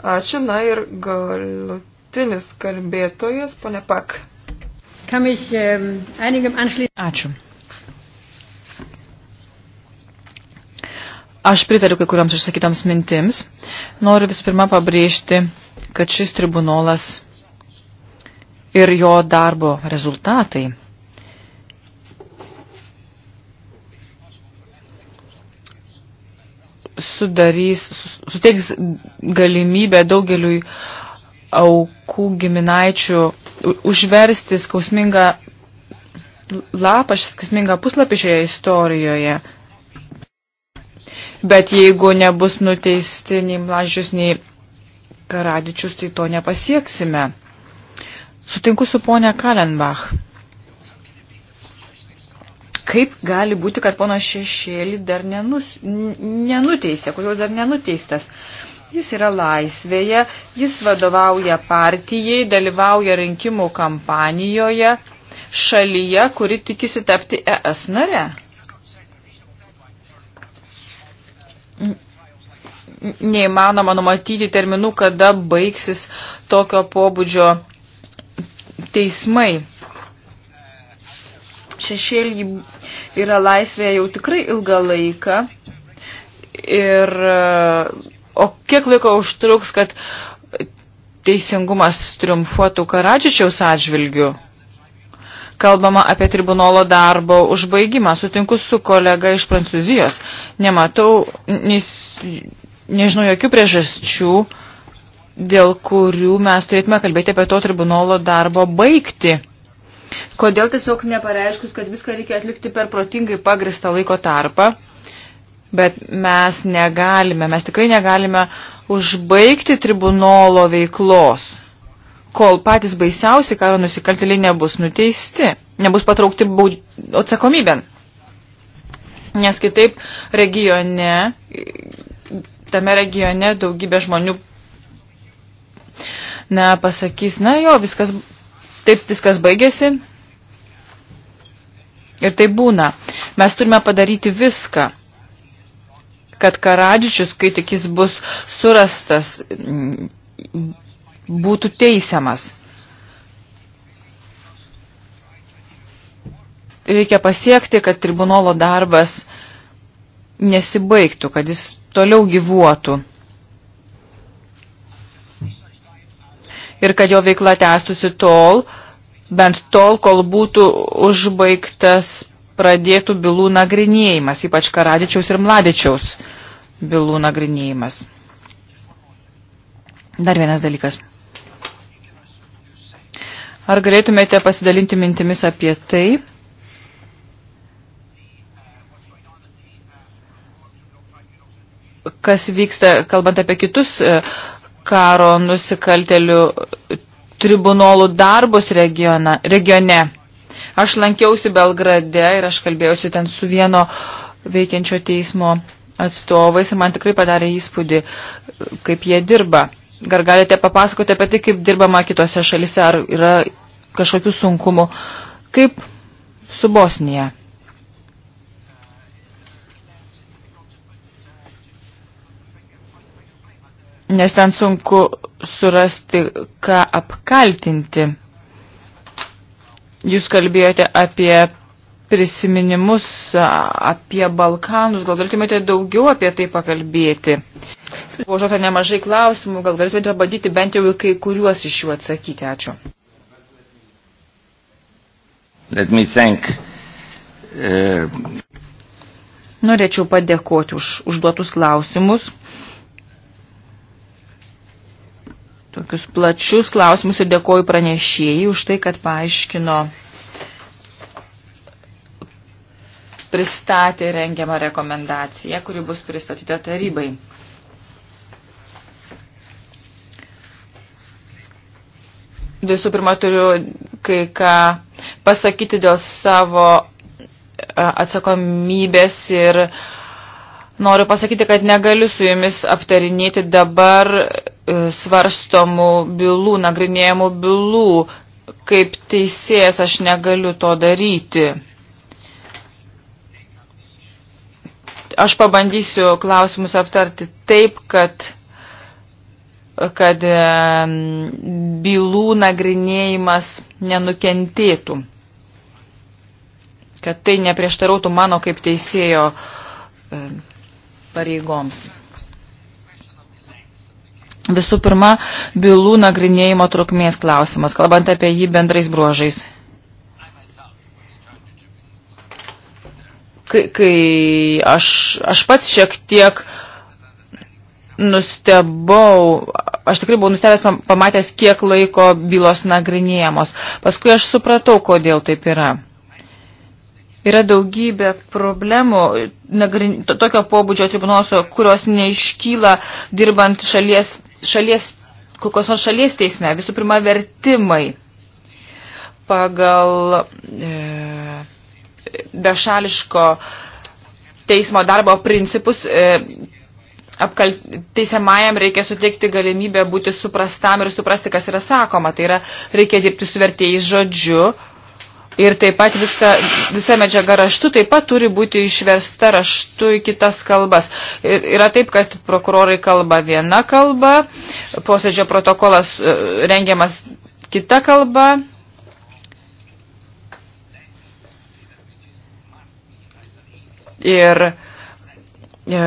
Ačiū, na ir galutinis kalbėtojas, ponė Pak. Ähm, Ačiū. Aš pritariu kai kuriams išsakytams mintims. Noriu vis pirma pabrėžti, kad šis tribunolas ir jo darbo rezultatai sudarys, suteiks galimybę daugeliui aukų giminaičių užversti skausmingą lapą, skausmingą puslapį šioje istorijoje. Bet jeigu nebus nuteisti nei Mlažius, nei Karadičius, tai to nepasieksime. Sutinku su ponia Kalenbach kaip gali būti, kad pono šešėlį dar nenus, nenuteisė, kodėl dar nenuteistas. Jis yra laisvėje, jis vadovauja partijai, dalyvauja rinkimų kampanijoje šalyje, kuri tikisi tapti ES nare. Neįmanoma numatyti terminų, kada baigsis tokio pobūdžio teismai šešėlį yra laisvėje jau tikrai ilgą laiką. Ir, e, o kiek laiko užtruks, kad teisingumas triumfuotų Karadžičiaus atžvilgiu? Kalbama apie tribunolo darbo užbaigimą. Sutinku su kolega iš Prancūzijos. Nematau, nes, nežinau jokių priežasčių, dėl kurių mes turėtume kalbėti apie to tribunolo darbo baigti. Kodėl tiesiog nepareiškus, kad viską reikia atlikti per protingai pagristą laiko tarpą, bet mes negalime, mes tikrai negalime užbaigti tribunolo veiklos, kol patys baisiausi karo nusikaltėliai nebus nuteisti, nebus patraukti atsakomybėn. Nes kitaip regione, tame regione daugybė žmonių na, pasakys, na jo, viskas, taip viskas baigėsi, Ir tai būna. Mes turime padaryti viską, kad Karadžičius, kai tik jis bus surastas, būtų teisiamas. Reikia pasiekti, kad tribunolo darbas nesibaigtų, kad jis toliau gyvuotų. Ir kad jo veikla tęstųsi tol, bent tol, kol būtų užbaigtas pradėtų bylų nagrinėjimas, ypač Karadičiaus ir Mladičiaus bylų nagrinėjimas. Dar vienas dalykas. Ar galėtumėte pasidalinti mintimis apie tai, kas vyksta, kalbant apie kitus e, karo nusikaltelių tribunolų darbus regiona, regione. Aš lankiausi Belgrade ir aš kalbėjausi ten su vieno veikiančio teismo atstovais ir man tikrai padarė įspūdį, kaip jie dirba. Gar galite papasakoti apie tai, kaip dirbama kitose šalise, ar yra kažkokių sunkumų, kaip su Bosnija. nes ten sunku surasti, ką apkaltinti. Jūs kalbėjote apie prisiminimus, apie Balkanus, gal galėtumėte daugiau apie tai pakalbėti? Buvo žota nemažai klausimų, gal galėtumėte bandyti bent jau kai kuriuos iš jų atsakyti. Ačiū. Let me thank. Uh... Norėčiau padėkoti už užduotus klausimus. tokius plačius klausimus ir dėkoju pranešėjai už tai, kad paaiškino pristatė rengiamą rekomendaciją, kuri bus pristatyta tarybai. Visų pirma, turiu kai ką pasakyti dėl savo e, atsakomybės ir noriu pasakyti, kad negaliu su jumis aptarinėti dabar E, svarstomų bylų, nagrinėjimų bylų. Kaip teisėjas aš negaliu to daryti. Aš pabandysiu klausimus aptarti taip, kad, kad e, bylų nagrinėjimas nenukentėtų. Kad tai neprieštarautų mano kaip teisėjo e, pareigoms. Visų pirma, bylų nagrinėjimo trukmės klausimas, kalbant apie jį bendrais bruožais. Kai, kai aš, aš pats šiek tiek nustebau, aš tikrai buvau nustebęs pamatęs, kiek laiko bylos nagrinėjamos. Paskui aš supratau, kodėl taip yra. Yra daugybė problemų nagrin, tokio pobūdžio tribunoluose, kurios neiškyla dirbant šalies šalies, kokios nors šalies teisme, visų pirma, vertimai pagal e, bešališko teismo darbo principus e, apkal... teisiamajam reikia suteikti galimybę būti suprastam ir suprasti, kas yra sakoma. Tai yra, reikia dirbti su vertėjais žodžiu. E, Ir taip pat visa, visa medžiaga raštu taip pat turi būti išversta raštu į kitas kalbas. Ir, yra taip, kad prokurorai kalba viena kalba, posėdžio protokolas e, rengiamas kita kalba. Ir e,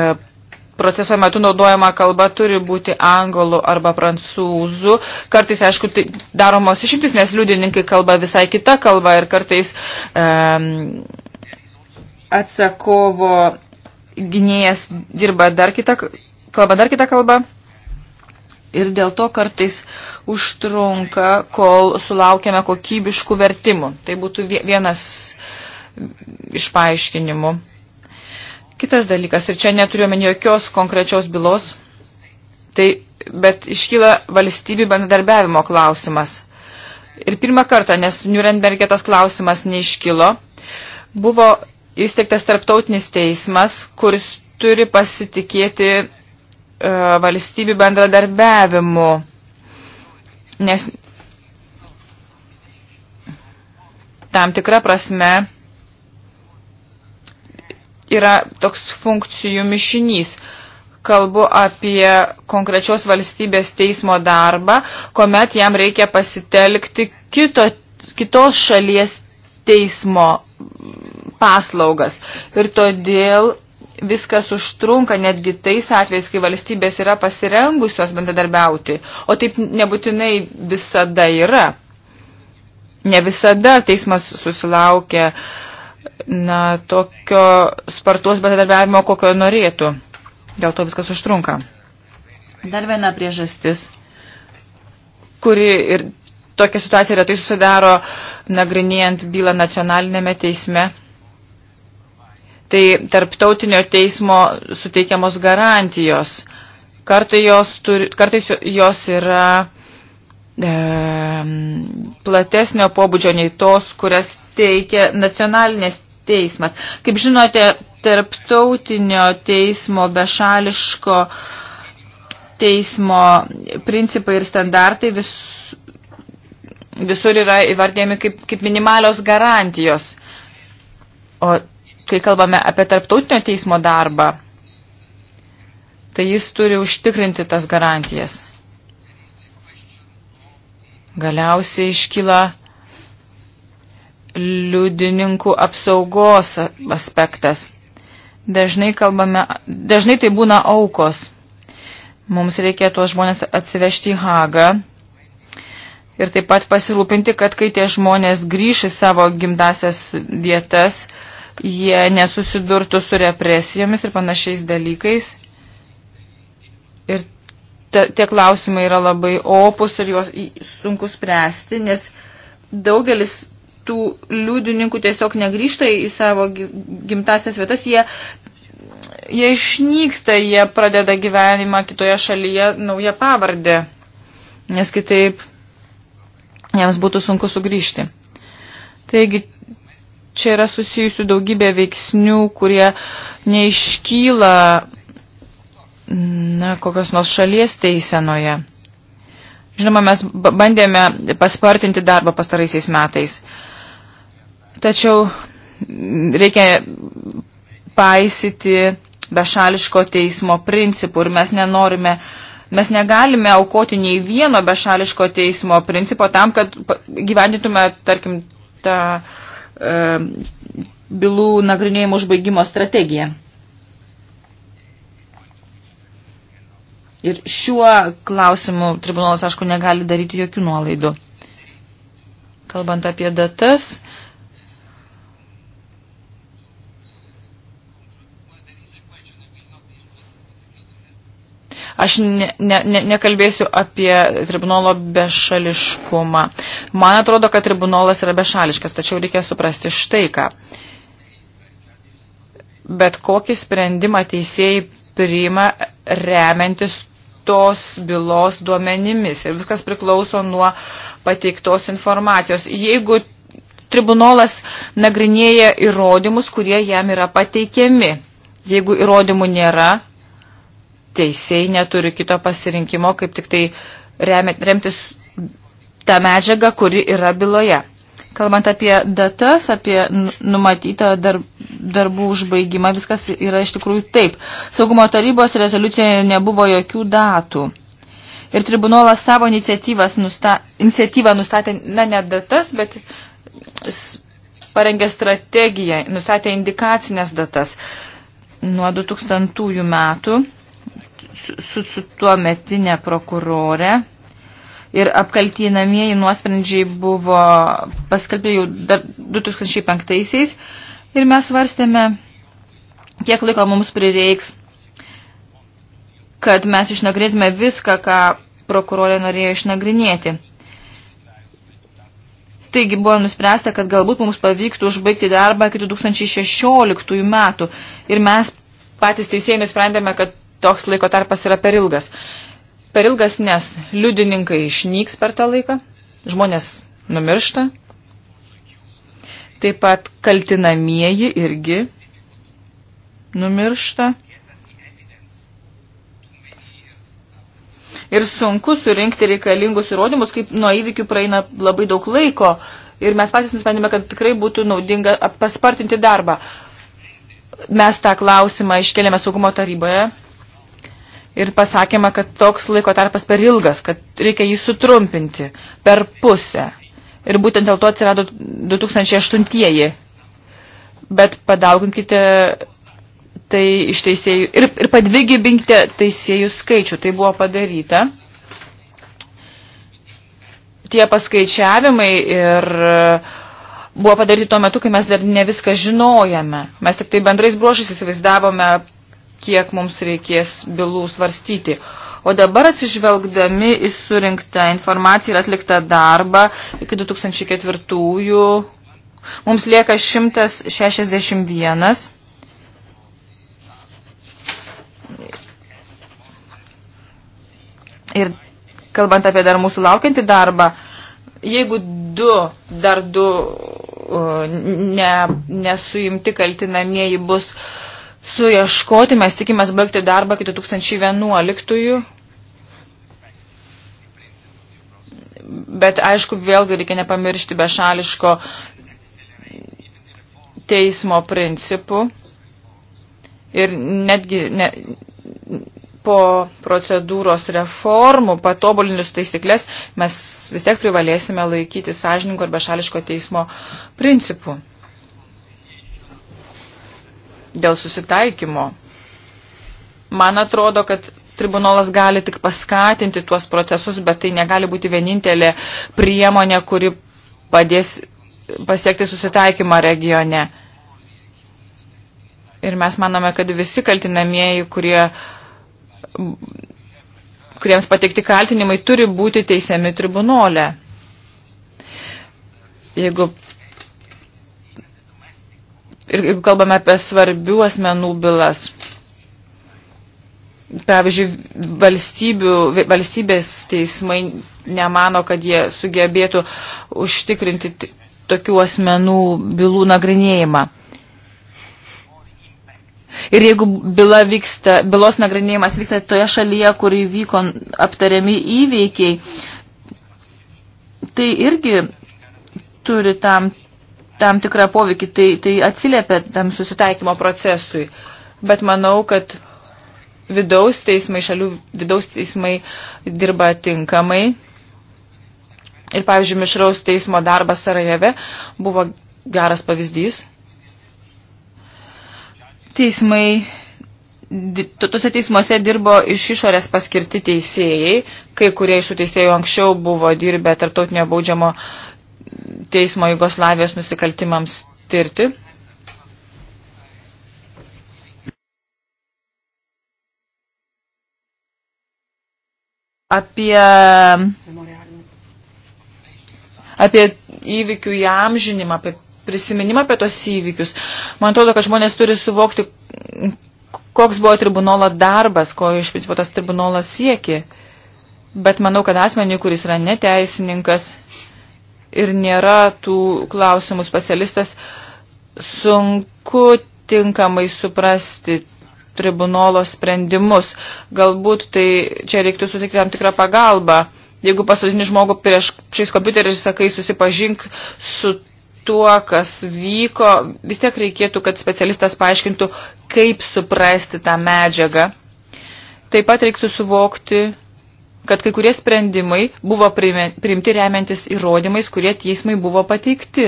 proceso metu naudojama kalba turi būti anglų arba prancūzų. Kartais, aišku, tai daromos išimtis, nes liudininkai kalba visai kita kalba ir kartais um, atsakovo gynėjas dirba dar kitą kalbą, dar kitą kalbą. Ir dėl to kartais užtrunka, kol sulaukiame kokybiškų vertimų. Tai būtų vienas iš paaiškinimų. Kitas dalykas, ir čia neturiuomen jokios konkrečios bylos, tai, bet iškyla valstybių bendarbiavimo klausimas. Ir pirmą kartą, nes Nurembergė tas klausimas neiškilo, buvo įsteigtas tarptautinis teismas, kuris turi pasitikėti e, valstybių bendradarbiavimu. Nes tam tikra prasme yra toks funkcijų mišinys. Kalbu apie konkrečios valstybės teismo darbą, kuomet jam reikia pasitelkti kito, kitos šalies teismo paslaugas. Ir todėl viskas užtrunka netgi tais atvejais, kai valstybės yra pasirengusios bendradarbiauti, o taip nebūtinai visada yra. Ne visada teismas susilaukia uh, na, tokio spartos bendradarbiavimo, kokio norėtų. Dėl to viskas užtrunka. Dar viena priežastis, kuri ir tokia situacija retai susidaro nagrinėjant bylą nacionalinėme teisme. Tai tarptautinio teismo suteikiamos garantijos. Kartai jos turi, kartais jos yra e, platesnio pobūdžio nei tos, kurias teikia nacionalinės teismas. Kaip žinote, tarptautinio teismo bešališko teismo principai ir standartai vis, visur yra įvardėjami kaip, kaip minimalios garantijos. O kai kalbame apie tarptautinio teismo darbą, tai jis turi užtikrinti tas garantijas. Galiausiai iškyla liudininkų apsaugos aspektas. Dažnai, kalbame, dažnai tai būna aukos. Mums reikia tuos žmonės atsivežti į Hagą ir taip pat pasirūpinti, kad kai tie žmonės grįš į savo gimtasias vietas, jie nesusidurtų su represijomis ir panašiais dalykais. Ir tie klausimai yra labai opus ir juos sunku spręsti, nes daugelis tų liudininkų tiesiog negrįžta į savo gimtasias vietas, jie, jie išnyksta, jie pradeda gyvenimą kitoje šalyje naują pavardę, nes kitaip jiems būtų sunku sugrįžti. Taigi čia yra susijusių daugybė veiksnių, kurie neiškyla na, kokios nors šalies teisenoje. Žinoma, mes bandėme paspartinti darbą pastaraisiais metais. Tačiau reikia paisyti bešališko teismo principų ir mes nenorime, mes negalime aukoti nei vieno bešališko teismo principo tam, kad gyvendytume, tarkim, tą e, bylų nagrinėjimo užbaigimo strategiją. Ir šiuo klausimu tribunolas, aišku, negali daryti jokių nuolaidų. Kalbant apie datas, e, Aš ne, ne, nekalbėsiu apie tribunolo bešališkumą. Man atrodo, kad tribunolas yra bešališkas, tačiau reikia suprasti štai ką. Bet kokį sprendimą teisėjai priima remiantis tos bylos duomenimis ir viskas priklauso nuo pateiktos informacijos. Jeigu tribunolas nagrinėja įrodymus, kurie jam yra pateikiami, jeigu įrodymų nėra, teisėjai neturi kito pasirinkimo, kaip tik tai remtis tą medžiagą, kuri yra byloje. Kalbant apie datas, apie numatytą dar, darbų užbaigimą, viskas yra iš tikrųjų taip. Saugumo tarybos rezoliucijoje nebuvo jokių datų. Ir tribunolas savo nusta, iniciatyvą nustatė, na, ne datas, bet parengė strategiją, nustatė indikacinės datas nuo 2000 metų su, su tuo metinė prokurorė. Ir apkaltinamieji nuosprendžiai buvo paskelbti jau 2005-aisiais. Ir mes svarstėme, kiek laiko mums prireiks, kad mes išnagrinėtume viską, ką prokurorė norėjo išnagrinėti. Taigi buvo nuspręsta, kad galbūt mums pavyktų užbaigti darbą iki 2016 metų. Ir mes patys teisėjai nusprendėme, kad toks laiko tarpas yra per ilgas. Per ilgas, nes liudininkai išnyks per tą laiką, žmonės numiršta, taip pat kaltinamieji irgi numiršta. Ir sunku surinkti reikalingus įrodymus, kaip nuo įvykių praeina labai daug laiko. Ir mes patys nusprendėme, kad tikrai būtų naudinga paspartinti darbą. Mes tą klausimą iškėlėme saugumo taryboje ir pasakėme, kad toks laiko tarpas per ilgas, kad reikia jį sutrumpinti per pusę. Ir būtent dėl to atsirado 2008-ieji. Bet padauginkite tai iš teisėjų ir, ir padvigibinkite teisėjų skaičių. Tai buvo padaryta. Tie paskaičiavimai ir e, buvo padaryti tuo metu, kai mes dar ne viską žinojame. Mes tik tai bendrais bruožais įsivaizdavome kiek mums reikės bylų svarstyti. O dabar atsižvelgdami į surinktą informaciją ir atliktą darbą iki 2004-ųjų, mums lieka 161. Ir kalbant apie dar mūsų laukiantį darbą, jeigu du, dar du uh, ne, nesuimti kaltinamieji bus uh, suieškoti, mes tikimės baigti darbą iki 2011-ųjų. Bet aišku, vėlgi reikia nepamiršti bešališko teismo principų. Ir netgi ne, po procedūros reformų, patobulinius taisyklės, mes vis tiek privalėsime laikyti sąžininko ir bešališko teismo principų dėl susitaikymo. Man atrodo, kad tribunolas gali tik paskatinti tuos procesus, bet tai negali būti vienintelė priemonė, kuri padės pasiekti susitaikymą regione. Ir mes manome, kad visi kaltinamieji, kurie, kuriems pateikti kaltinimai, turi būti teisiami tribunolė. Jeigu ir kalbame apie svarbių asmenų bylas. Pavyzdžiui, valstybės teismai nemano, kad jie sugebėtų užtikrinti tokių asmenų bylų nagrinėjimą. Ir jeigu byla vyksta, bylos nagrinėjimas vyksta toje šalyje, kur įvyko aptariami įveikiai, tai irgi turi tam tam tikrą poveikį, tai, tai atsiliepia tam susitaikymo procesui. Bet manau, kad vidaus teismai, šalių vidaus teismai dirba tinkamai. Ir, pavyzdžiui, mišraus teismo darbas Sarajeve buvo geras pavyzdys. Teismai, tuose teismuose dirbo iš išorės paskirti teisėjai, kai kurie iš tų teisėjų anksčiau buvo dirbę tarptautinio baudžiamo uh, teismo Jugoslavijos nusikaltimams tirti. Apie, apie įvykių įamžinimą, apie prisiminimą apie tos įvykius. Man atrodo, kad žmonės turi suvokti, koks buvo tribunolo darbas, ko iš principo tas tribunolas sieki. Bet manau, kad asmeniui, kuris yra neteisininkas, teisininkas, ir nėra tų klausimų specialistas, sunku tinkamai suprasti tribunolo sprendimus. Galbūt tai čia reiktų sutikti tam tikrą pagalbą. Jeigu pasodini žmogų prieš šiais kompiuteriais sakai, susipažink su tuo, kas vyko, vis tiek reikėtų, kad specialistas paaiškintų, kaip suprasti tą medžiagą. Taip pat reiktų suvokti, kad kai kurie sprendimai buvo priimti remiantis įrodymais, kurie teismai buvo pateikti.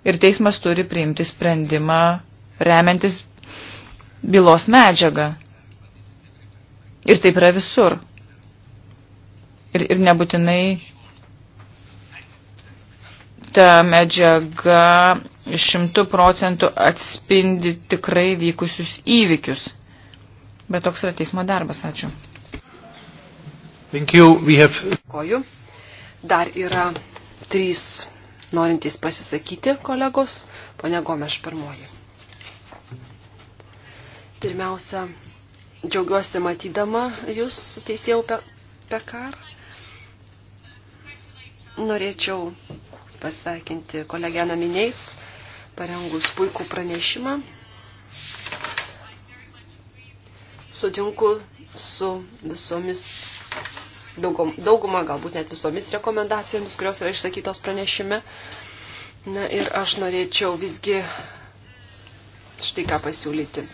Ir teismas turi priimti sprendimą remiantis bylos medžiagą. Ir taip yra visur. Ir, ir nebūtinai ta medžiaga šimtų procentų atspindi tikrai vykusius įvykius. Bet toks yra teismo darbas. Ačiū. Thank you. We have... Koju. Dar yra trys norintys pasisakyti kolegos. Pone Gomeš pirmoji. Pirmiausia, džiaugiuosi matydama jūs, teisėjau pe Pekar. Norėčiau pasveikinti kolegę Naminėts, parengus puikų pranešimą. sutinku su visomis daugumą, galbūt net visomis rekomendacijomis, kurios yra išsakytos pranešime. Na ir aš norėčiau visgi štai ką pasiūlyti.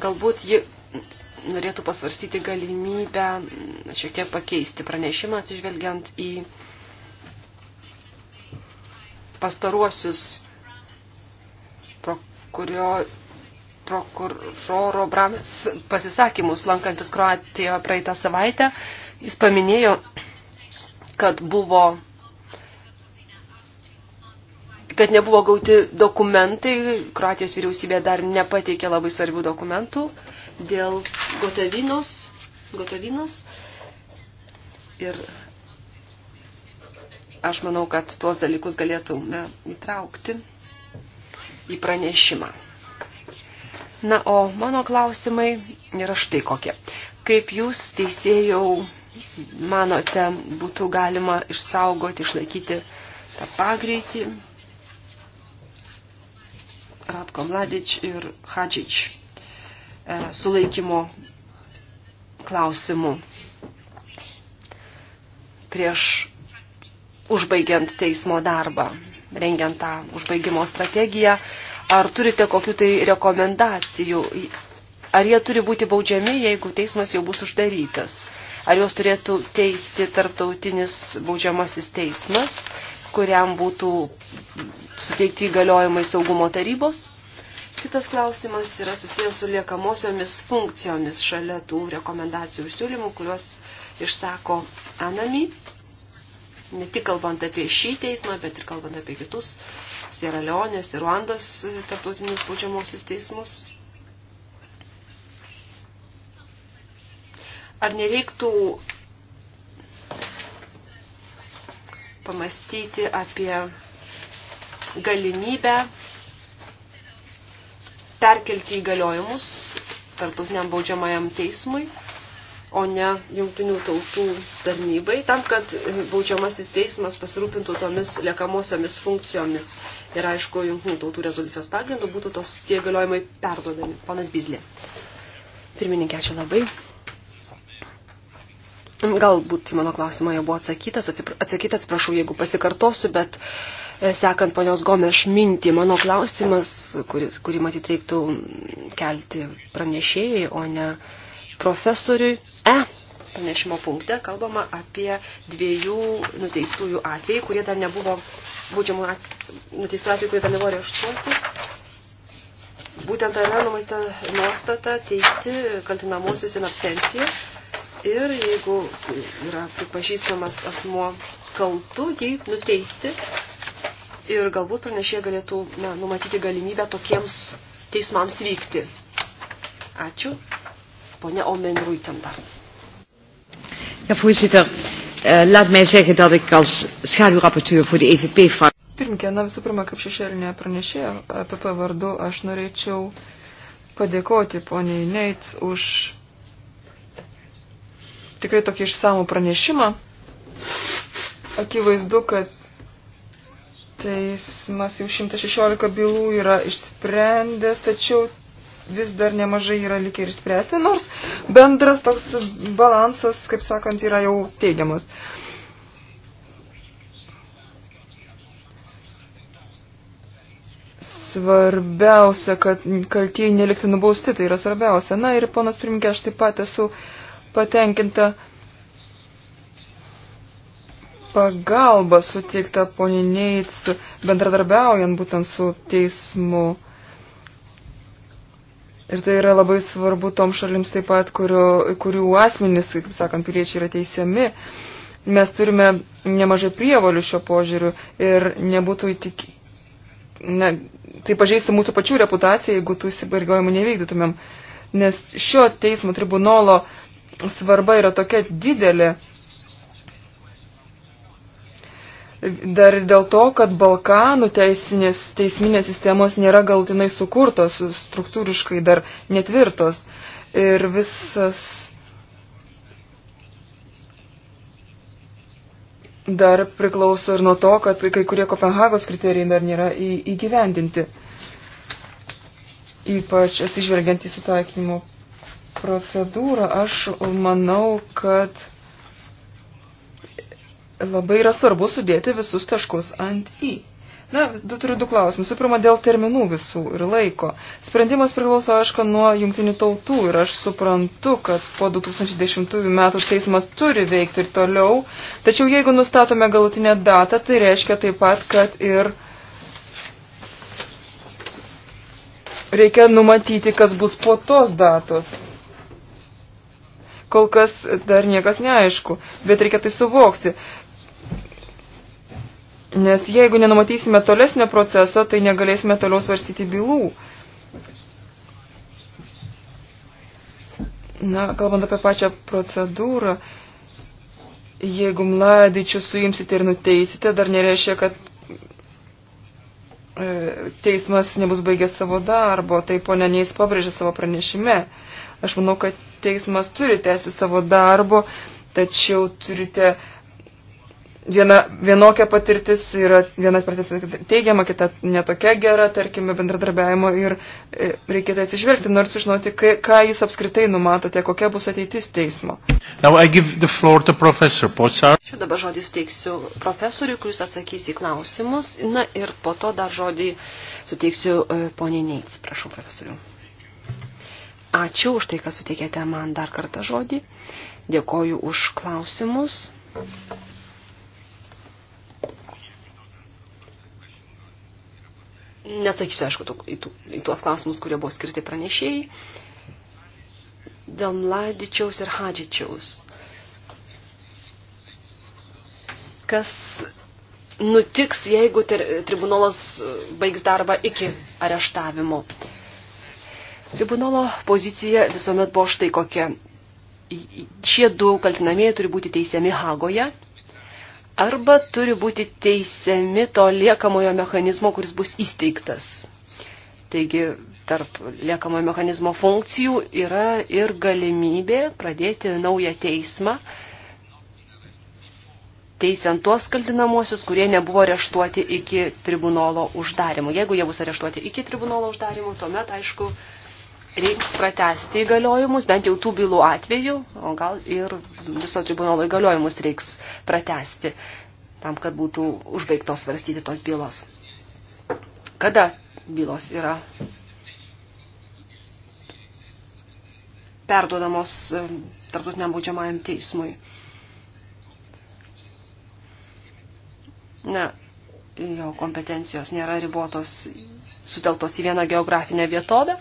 Galbūt ji norėtų pasvarstyti galimybę šiek tiek pakeisti pranešimą atsižvelgiant į pastaruosius, pro kurio prokuroro Bramės pasisakymus, lankantis Kroatijoje praeitą savaitę. Jis paminėjo, kad buvo kad nebuvo gauti dokumentai, Kroatijos vyriausybė dar nepateikė labai svarbių dokumentų dėl Gotavinos, Gotavinos. Ir aš manau, kad tuos dalykus galėtume įtraukti į pranešimą. Na, o mano klausimai yra štai kokie. Kaip jūs teisėjau manote, būtų galima išsaugoti, išlaikyti tą pagreitį Ratko Mladič ir Hadžič e, sulaikymo klausimų prieš užbaigiant teismo darbą, rengiant tą užbaigimo strategiją Ar turite kokiu tai rekomendacijų? Ar jie turi būti baudžiami, jeigu teismas jau bus uždarytas? Ar juos turėtų teisti tarptautinis baudžiamasis teismas, kuriam būtų suteikti įgaliojimai saugumo tarybos? Kitas klausimas yra susijęs su liekamosiomis funkcijomis šalia tų rekomendacijų ir siūlymų, kuriuos išsako Anami ne tik kalbant apie šį teismą, bet ir kalbant apie kitus Sierra Leonės ir Ruandos tarptautinius baudžiamosius teismus. Ar nereiktų pamastyti apie galimybę perkelti įgaliojimus tarptautiniam baudžiamajam teismui o ne jungtinių tautų tarnybai, tam, kad baudžiamasis teismas pasirūpintų tomis liekamosiomis funkcijomis. Ir aišku, jungtinių tautų rezoliucijos pagrindų būtų tos tie galiojimai perduodami. Panas Bizlė. Pirmininkė, ačiū labai. Galbūt mano klausimą jau buvo atsakytas, atsakyta, atsiprašau, jeigu pasikartosiu, bet e, sekant ponios Gomeš mintį, mano klausimas, kuris, kurį matyt reiktų kelti pranešėjai, o ne uh, profesoriui E pranešimo punkte kalbama apie dviejų nuteistųjų atvejų, kurie dar nebuvo būdžiamų nuteistų atvejų, kurie dar nebuvo areštuoti. Būtent tai yra numatyta nuostata teisti kaltinamosius in absenciją ir jeigu yra pripažįstamas asmuo kaltu, jį nuteisti ir galbūt pranešė galėtų na, numatyti galimybę tokiems teismams vykti. Ačiū. Pone Omen Ruiten dar. Ja, voorzitter, uh, laat mij zeggen dat ik als schaduwrapporteur voor de EVP-fractie. Pirmkė, na visų pirma, kaip šešėlinė pranešėja apie pavardu, aš norėčiau padėkoti poniai Neits už tikrai tokį išsamų pranešimą. Akivaizdu, kad teismas jau 116 bylų yra išsprendęs, tačiau vis dar nemažai yra likę ir spręsti, nors bendras toks balansas, kaip sakant, yra jau teigiamas. Svarbiausia, kad kaltieji nelikti nubausti, tai yra svarbiausia. Na ir ponas pirminkė, aš taip pat esu patenkinta pagalba suteikta poniniais bendradarbiaujant būtent su teismu. Ir tai yra labai svarbu tom šalims taip pat, kurio, kurių asmenys, kaip sakant, piliečiai yra teisiami. Mes turime nemažai prievalių šio požiūriu ir nebūtų tik. Ne, tai pažeistų mūsų pačių reputaciją, jeigu tų įsipareigojimų nevykdytumėm. Nes šio teismo tribunolo svarba yra tokia didelė, Dar ir dėl to, kad Balkanų teisinės, teisminės sistemos nėra galtinai sukurtos, struktūriškai dar netvirtos. Ir visas dar priklauso ir nuo to, kad kai kurie Kopenhagos kriterijai dar nėra į, įgyvendinti. Ypač atsižvelgiant į sutaikymo procedūrą, aš manau, kad labai yra svarbu sudėti visus taškus ant į. Na, du, turiu du klausimus. Visų pirma, dėl terminų visų ir laiko. Sprendimas priklauso, aišku, nuo jungtinių tautų ir aš suprantu, kad po 2010 metų teismas turi veikti ir toliau. Tačiau jeigu nustatome galutinę datą, tai reiškia taip pat, kad ir reikia numatyti, kas bus po tos datos. Kol kas dar niekas neaišku, bet reikia tai suvokti. Nes jeigu nenumatysime tolesnio proceso, tai negalėsime toliau svarstyti bylų. Na, kalbant apie pačią procedūrą, jeigu mladičių suimsite ir nuteisite, dar nereiškia, kad e, teismas nebus baigęs savo darbo, tai ponė Neis pabrėžė savo pranešime. Aš manau, kad teismas turi tęsti savo darbo, tačiau turite viena, vienokia patirtis yra viena patirtis teigiama, kita netokia gera, tarkime, bendradarbiavimo ir e, reikėtų atsižvelgti, nors sužinoti, kai, ką jūs apskritai numatote, tai kokia bus ateitis teismo. Šiuo dabar žodį suteiksiu profesoriui, kuris atsakys į klausimus, na ir po to dar žodį suteiksiu e, poniai Neits, prašau profesoriu. Ačiū už tai, kad suteikėte man dar kartą žodį. Dėkoju už klausimus. Thank you. Neatsakysiu, aišku, į, tų, į tuos klausimus, kurie buvo skirti pranešėjai. Dėl Ladičiaus ir Hadžičiaus. Kas nutiks, jeigu ter, tribunolas baigs darbą iki areštavimo? Tribunolo pozicija visuomet buvo štai kokia. Šie du kaltinamieji turi būti teisiami Hagoje arba turi būti teisiami to liekamojo mechanizmo, kuris bus įsteigtas. Taigi tarp liekamojo mechanizmo funkcijų yra ir galimybė pradėti naują teismą, teisiant tuos kaltinamosius, kurie nebuvo areštuoti iki tribunolo uždarimo. Jeigu jie bus areštuoti iki tribunolo uždarimo, tuomet, aišku, reiks pratesti įgaliojimus, bent jau tų bylų atveju, o gal ir viso tribunolo įgaliojimus reiks pratesti, tam, kad būtų užbaigtos svarstyti tos bylos. Kada bylos yra perduodamos e, tarptautiniam baudžiamajam teismui? Na, jo kompetencijos nėra ribotos suteltos į vieną geografinę vietovę.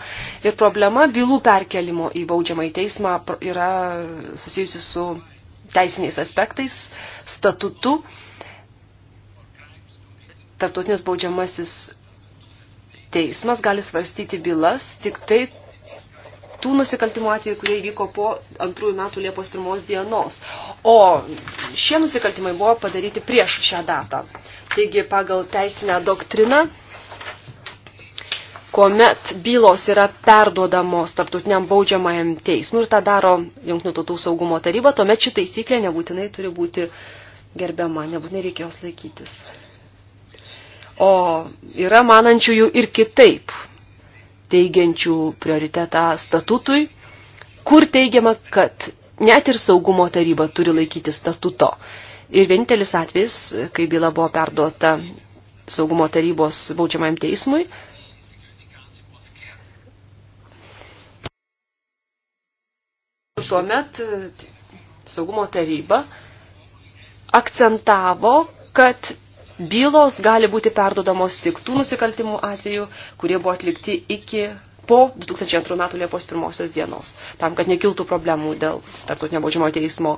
Ir problema bylų perkelimo į baudžiamą į teismą yra susijusi su teisiniais aspektais, statutu. Tarptautinis baudžiamasis teismas gali svarstyti bylas tik tai tų nusikaltimų atveju, kurie įvyko po antrųjų metų Liepos pirmos dienos. O šie nusikaltimai buvo padaryti prieš šią datą. Taigi pagal teisinę doktriną kuomet bylos yra perduodamos tarptautiniam baudžiamajam teismui ir tą daro Junktinių tautų saugumo taryba, tuomet ši taisyklė nebūtinai turi būti gerbiama, nebūtinai reikia jos laikytis. O yra manančiųjų ir kitaip, teigiančių prioritetą statutui, kur teigiama, kad net ir saugumo taryba turi laikyti statuto. Ir vienintelis atvejis, kai byla buvo perduota saugumo tarybos baudžiamajam teismui, Tuomet e, saugumo taryba akcentavo, kad bylos gali būti perdodamos tik tų nusikaltimų atveju, kurie buvo atlikti iki po 2002 metų Liepos 1 dienos, tam, kad nekiltų problemų dėl tarptautinio baudžiamo teismo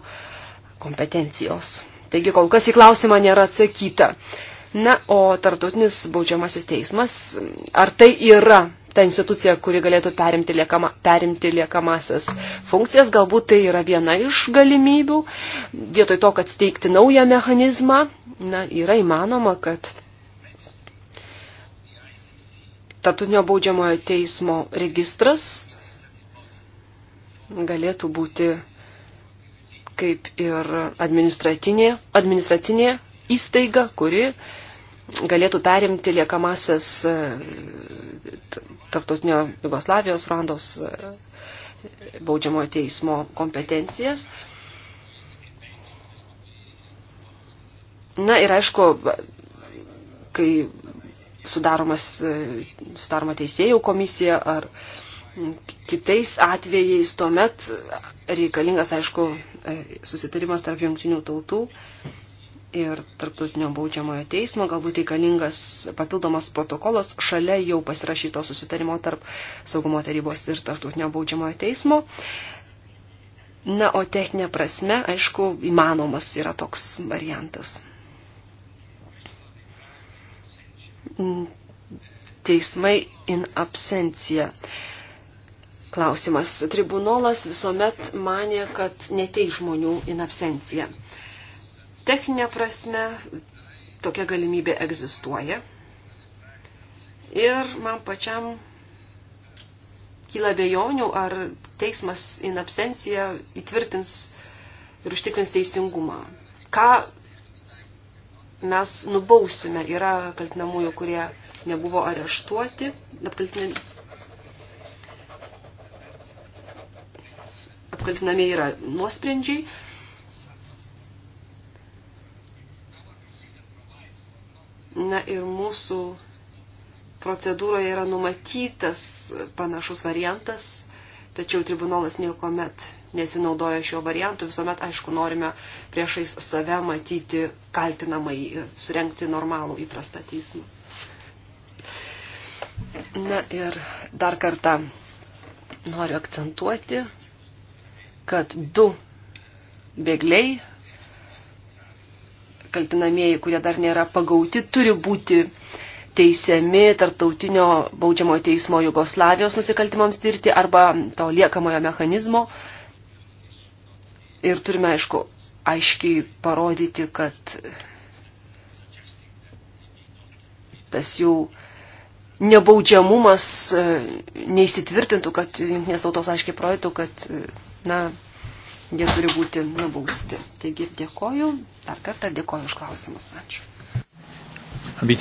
kompetencijos. Taigi kol kas į klausimą nėra atsakyta. Na, o tarptautinis baudžiamasis teismas, ar tai yra ta institucija, kuri galėtų perimti, liekama, perimti liekamasias funkcijas. Galbūt tai yra viena iš galimybių. Vietoj to, kad steigti naują mechanizmą, na, yra įmanoma, kad Tartutinio baudžiamojo teismo registras galėtų būti kaip ir administracinė, administracinė įstaiga, kuri uh, galėtų perimti liekamasias e, tarptautinio Jugoslavijos randos e, baudžiamojo teismo kompetencijas. Na ir aišku, kai sudaromas, e, sudaroma teisėjų komisija ar kitais atvejais, tuomet reikalingas, aišku, susitarimas tarp jungtinių tautų ir tarptautinio baudžiamojo teismo, galbūt reikalingas papildomas protokolas šalia jau pasirašyto susitarimo tarp saugumo tarybos ir tarptautinio baudžiamojo teismo. Na, o techninė prasme, aišku, įmanomas yra toks variantas. Mm, teismai in absencija. Klausimas. Tribunolas visuomet manė, kad netei žmonių in absencija. Techninė prasme tokia galimybė egzistuoja. Ir man pačiam kyla bejonių, ar teismas in absencija įtvirtins ir užtikrins teisingumą. Ką mes nubausime, yra kaltinamųjų, kurie nebuvo areštuoti, apkaltinami yra nuosprendžiai, Na ir mūsų procedūroje yra numatytas panašus variantas, tačiau tribunolas niekuomet nesinaudoja šio variantu. Visuomet, aišku, norime priešais save matyti kaltinamai, surenkti normalų įprastą teismą. Na ir dar kartą noriu akcentuoti, kad du bėgliai kaltinamieji, kurie dar nėra pagauti, turi būti teisiami tarptautinio baudžiamojo teismo Jugoslavijos nusikaltimams tirti arba to liekamojo mechanizmo. Ir turime, aišku, aiškiai parodyti, kad tas jau nebaudžiamumas e, neįsitvirtintų, kad jungtinės tautos aiškiai projektų, kad, e, na, jie turi būti nubausti. Taigi dėkoju, dar kartą dėkoju už klausimus. Ačiū.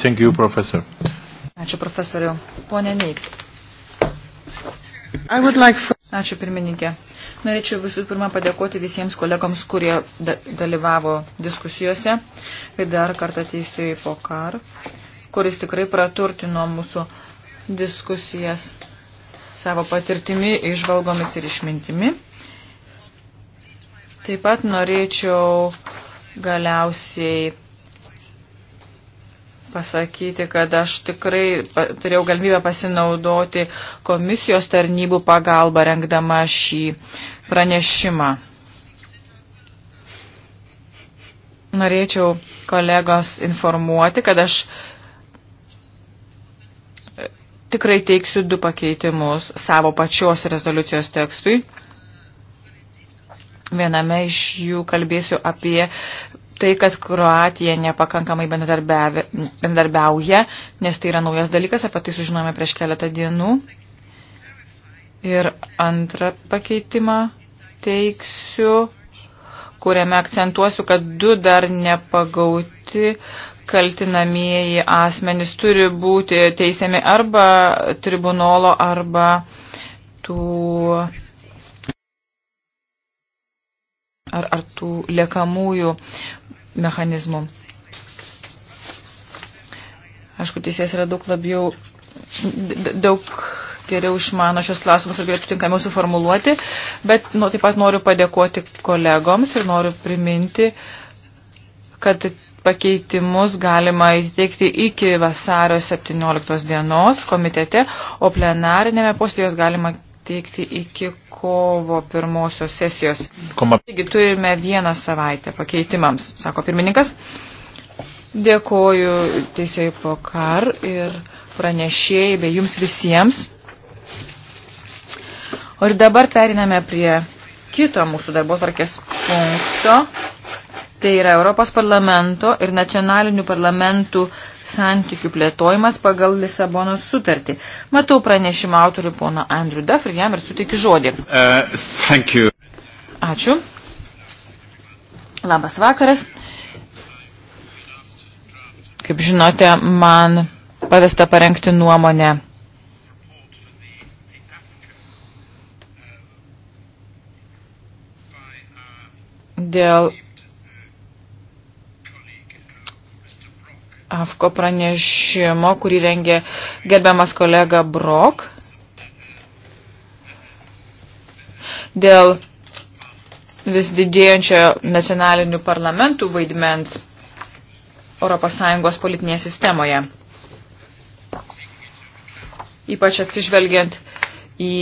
Thank you, professor. Ačiū profesoriu. Pone Neiks. Like for... Ačiū pirmininkė. Norėčiau visų pirma padėkoti visiems kolegoms, kurie da dalyvavo diskusijose. Ir dar kartą teisiu į Pokar, kuris tikrai praturtino mūsų diskusijas savo patirtimi, išvalgomis ir išmintimi. Taip pat norėčiau galiausiai pasakyti, kad aš tikrai turėjau galimybę pasinaudoti komisijos tarnybų pagalbą rengdama šį pranešimą. Norėčiau kolegos informuoti, kad aš e, tikrai teiksiu du pakeitimus savo pačios rezoliucijos tekstui Viename iš jų kalbėsiu apie tai, kad Kroatija nepakankamai bendarbiauja, nes tai yra naujas dalykas, apie tai sužinojome prieš keletą dienų. Ir antrą pakeitimą teiksiu, kuriame akcentuosiu, kad du dar nepagauti kaltinamieji asmenys turi būti teisiami arba tribunolo, arba tų ar, ar tų liekamųjų mechanizmų. Aišku, teisės yra daug labiau, daug geriau išmano šios klausimus ir galėtų tinkamiau suformuluoti, bet nu, taip pat noriu padėkoti kolegoms ir noriu priminti, kad pakeitimus galima įteikti iki vasario 17 dienos komitete, o plenarinėme posėdėje galima pateikti iki kovo pirmosios sesijos. Taigi turime vieną savaitę pakeitimams, sako pirmininkas. Dėkoju teisėjų pokar ir pranešėjai bei jums visiems. O ir dabar periname prie kito mūsų darbo tvarkės punkto. Tai yra Europos parlamento ir nacionalinių parlamentų santykių plėtojimas pagal Lisabonos sutartį. Matau pranešimą autorių pono Andrew Duff ir jam ir suteikiu žodį. Uh, Ačiū. Labas vakaras. Kaip žinote, man pavesta parengti nuomonę dėl AFKO pranešimo, kurį rengė gerbiamas kolega Brok dėl vis didėjančio nacionalinių parlamentų vaidmens ES politinėje sistemoje. Ypač atsižvelgiant į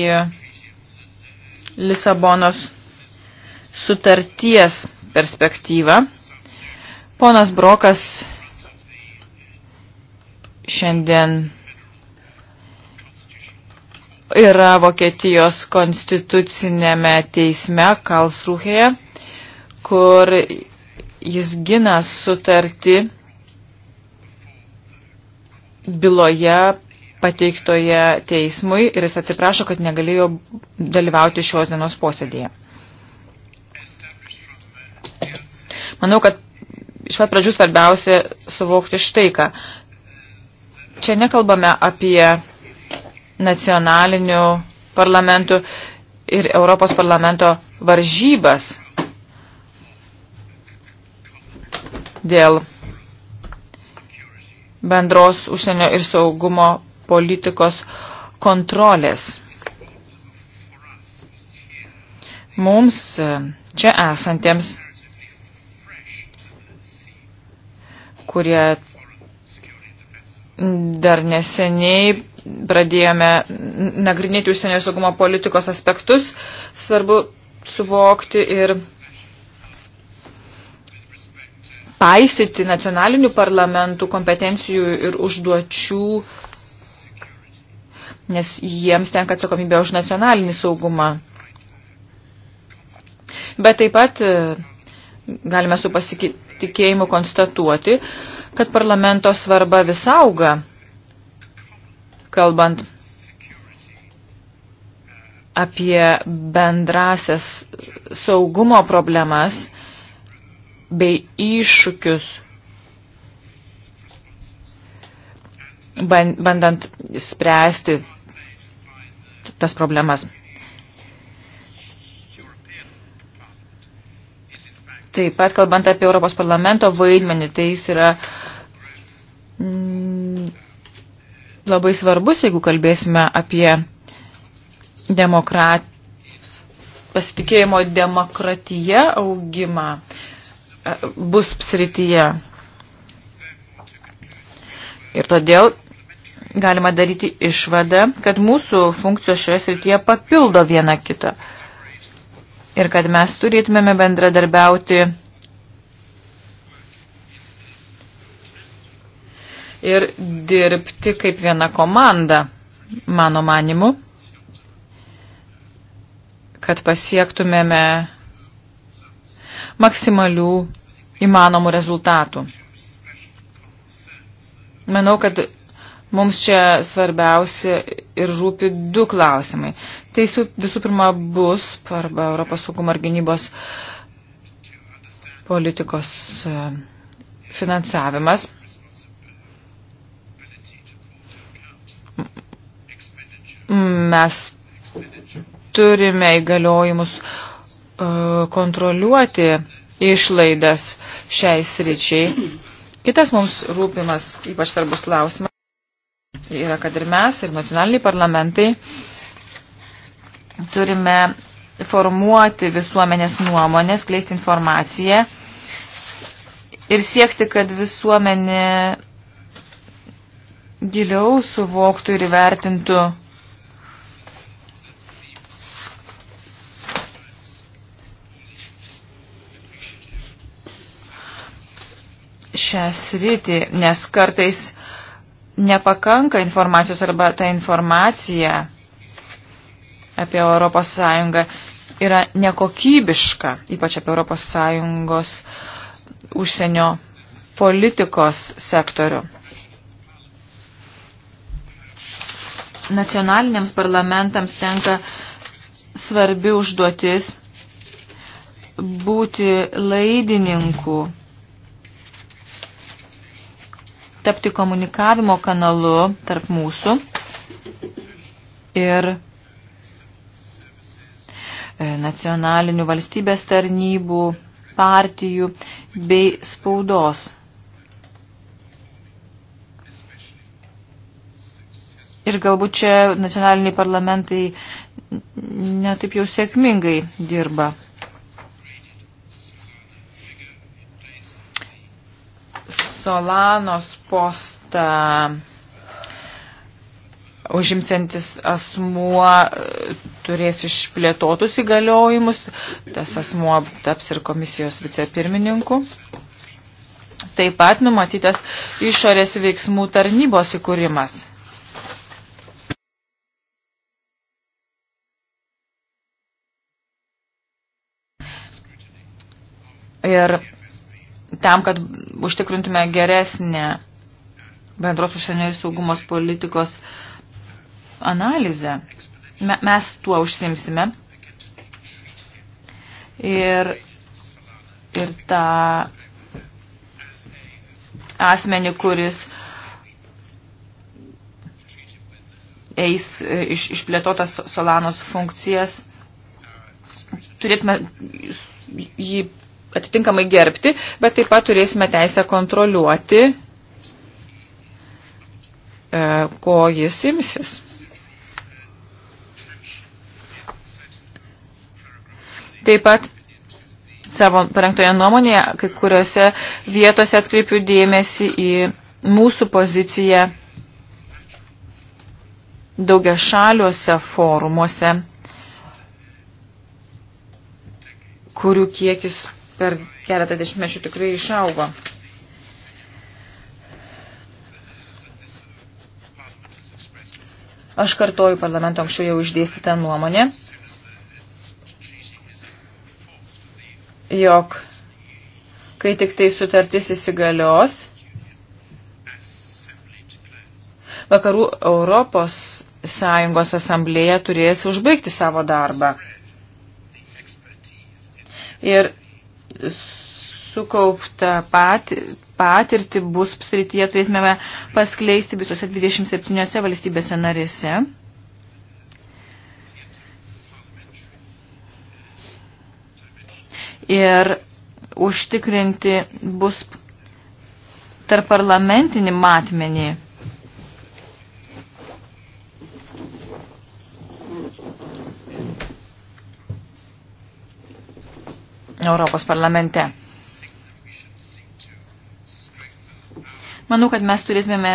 Lisabonos sutarties perspektyvą. Ponas Brokas šiandien yra Vokietijos konstitucinėme teisme Kalsrūhėje, kur jis gina sutartį byloje pateiktoje teismui ir jis atsiprašo, kad negalėjo dalyvauti šios dienos posėdėje. Manau, kad iš pat pradžių svarbiausia suvokti štai ką. Čia nekalbame apie nacionalinių parlamentų ir Europos parlamento varžybas dėl bendros užsienio ir saugumo politikos kontrolės. Mums čia esantiems, kurie dar neseniai pradėjome nagrinėti užsienio saugumo politikos aspektus. Svarbu suvokti ir paisyti nacionalinių parlamentų kompetencijų ir užduočių, nes jiems tenka atsakomybė už nacionalinį saugumą. Bet taip pat e, galime su pasitikėjimu konstatuoti, kad parlamento svarba vis auga, kalbant apie bendrasias saugumo problemas bei iššūkius, bandant spręsti tas problemas. Taip pat kalbant apie Europos parlamento vaidmenį, tai jis yra uh, Mm, labai svarbus, jeigu kalbėsime apie demokrat... pasitikėjimo demokratiją augimą e, bus srityje. Ir todėl galima daryti išvadą, kad mūsų funkcijos šioje srityje papildo vieną kitą. Ir kad mes turėtumėme bendradarbiauti ir dirbti kaip viena komanda, mano manimu, kad pasiektumėme maksimalių įmanomų rezultatų. Manau, kad mums čia svarbiausia ir rūpi du klausimai. Tai visų pirma bus arba Europos saugumo ir gynybos politikos e, finansavimas. mes turime įgaliojimus e, kontroliuoti išlaidas šiai sričiai. Kitas mums rūpimas, ypač svarbus klausimas, yra, kad ir mes, ir nacionaliniai parlamentai turime formuoti visuomenės nuomonės, kleisti informaciją ir siekti, kad visuomenė giliau suvoktų ir vertintų šią sritį, nes kartais nepakanka informacijos arba ta informacija apie Europos Sąjungą yra nekokybiška, ypač apie Europos Sąjungos užsienio politikos sektorių. Nacionaliniams parlamentams tenka svarbi užduotis būti laidininku tapti komunikavimo kanalu tarp mūsų ir e, nacionalinių valstybės tarnybų, partijų bei spaudos. Ir galbūt čia nacionaliniai parlamentai netaip jau sėkmingai dirba. Solanos postą užimsiantis asmuo e, turės išplėtotus įgaliojimus, tas asmuo taps ir komisijos vicepirmininku. Taip pat numatytas išorės veiksmų tarnybos įkūrimas. Ir tam, kad užtikrintume geresnę bendros užsienio ir saugumos politikos analizę. Me, mes tuo užsimsime. Ir, ir tą asmenį, kuris eis e, iš, išplėtotas Solanos funkcijas, turėtume jį atitinkamai gerbti, bet taip pat turėsime teisę kontroliuoti, e, ko jis imsis. Taip pat savo parengtoje nuomonėje, kai kuriuose vietose atkreipiu dėmesį į mūsų poziciją daugia šaliuose forumuose, kurių kiekis per keletą dešimtmečių tikrai išaugo. Aš kartoju parlamento anksčiau jau išdėstytą nuomonę, jog kai tik tai sutartis įsigalios, vakarų Europos Sąjungos asamblėje turės užbaigti savo darbą. Ir sukauptą patį, patirtį bus srityje turėtume paskleisti visose 27 valstybėse narėse. Ir užtikrinti bus tarp parlamentinį matmenį. Europos parlamente. Manau, kad mes turėtume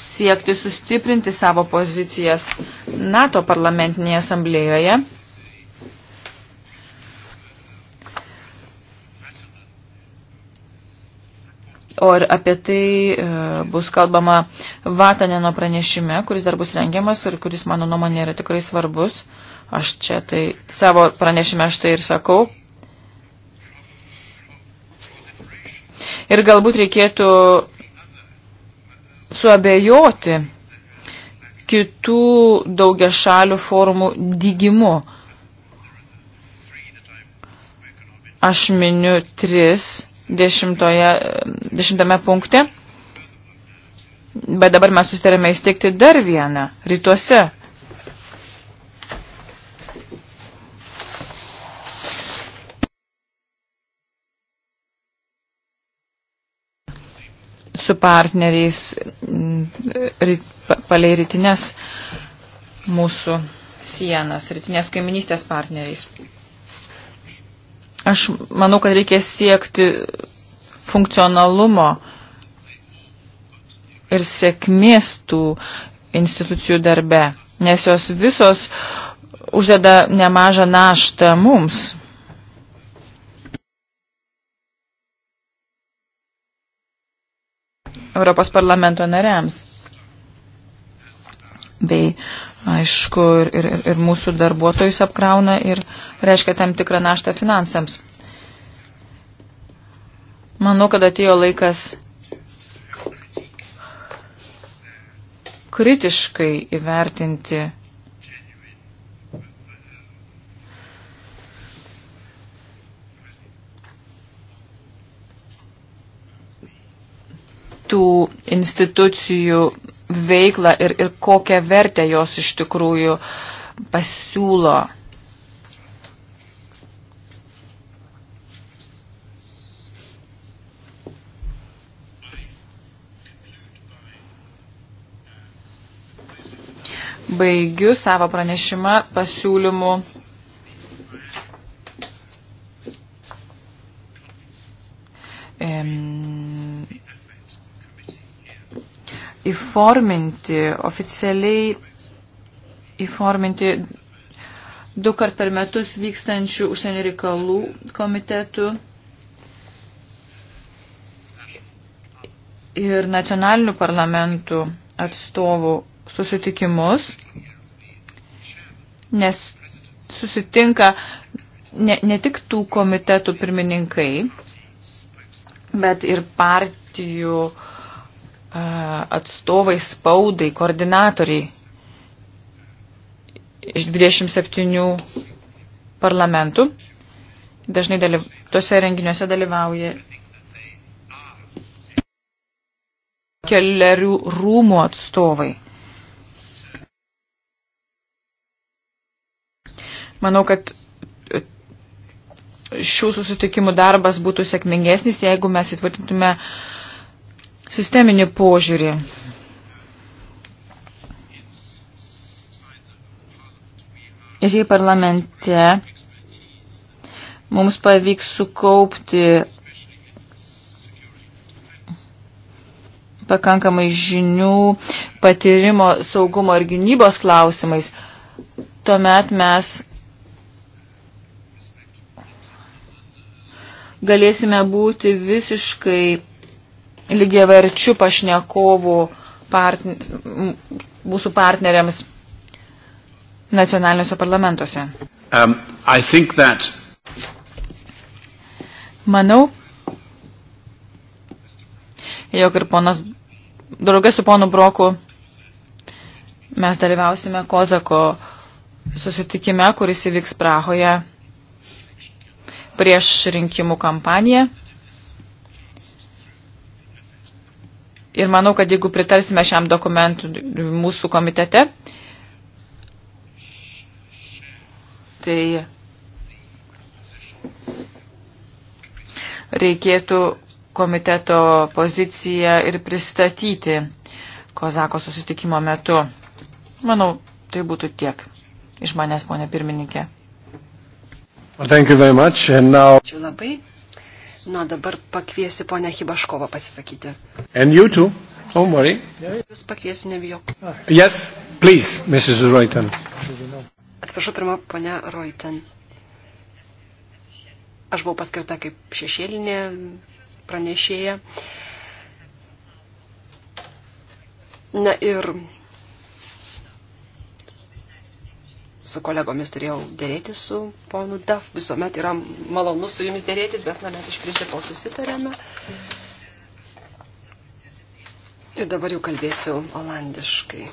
siekti sustiprinti savo pozicijas NATO parlamentinėje asamblėjoje. O ir apie tai e, bus kalbama Vataneno pranešime, kuris dar bus rengiamas ir kuris, mano nuomonė, yra tikrai svarbus. Aš čia tai savo pranešime aš tai ir sakau, ir galbūt reikėtų suabejoti kitų daugia šalių formų dygimu. Aš miniu tris dešimtoje, dešimtame punkte, bet dabar mes susitarėme įsteigti dar vieną rytuose su partneriais mm, palei rytinės mūsų sienas, rytinės kaiminystės partneriais. Aš manau, kad reikia siekti funkcionalumo ir sėkmės tų institucijų darbe, nes jos visos uždeda nemažą naštą mums. Europos parlamento nariams. Bei, aišku, ir, ir, ir mūsų darbuotojus apkrauna ir reiškia tam tikrą naštą finansams. Manau, kad atėjo laikas kritiškai įvertinti tų institucijų veiklą ir, ir kokią vertę jos iš tikrųjų pasiūlo. Baigiu savo pranešimą pasiūlymų em, įforminti, oficialiai įforminti du kart per metus vykstančių užsienio reikalų komitetų ir nacionalinių parlamentų atstovų susitikimus, nes susitinka ne, ne tik tų komitetų pirmininkai, bet ir partijų uh, atstovai spaudai, koordinatoriai iš 27 parlamentų. Dažnai dalyv... tuose renginiuose dalyvauja keliarių rūmų atstovai. Manau, kad šių susitikimų darbas būtų sėkmingesnis, jeigu mes įtvirtintume uh, sisteminį požiūrį. Ir jei parlamente mums pavyks sukaupti pakankamai žinių, patyrimo saugumo ir gynybos klausimais, tuomet mes galėsime būti visiškai lygiaverčių pašnekovų partn mūsų partneriams nacionaliniuose parlamentuose. Um, that... Manau, jog ir ponas, draugės su ponu Broku, mes dalyvausime Kozako susitikime, kuris įvyks Prahoje prieš rinkimų kampaniją. Ir manau, kad jeigu pritarsime šiam dokumentui mūsų komitete, tai reikėtų komiteto poziciją ir pristatyti Kozako susitikimo metu. Manau, tai būtų tiek iš manęs, ponė pirmininkė. Well, thank you very much. And now... Ačiū labai. Na, dabar pakviesiu ponę Hibaškovą pasisakyti. And you too. Don't worry. Jūs pakviesiu, nebijok. Yes, please, Mrs. Reuten. Atsiprašau, pirmą ponę Reuten. Aš buvau paskirta kaip šešėlinė pranešėja. Na ir su kolegomis turėjau dėrėti su ponu Daf. Visuomet yra malonu su jumis dėrėtis, bet na, mes iš principo susitarėme. Ir dabar jau kalbėsiu olandiškai.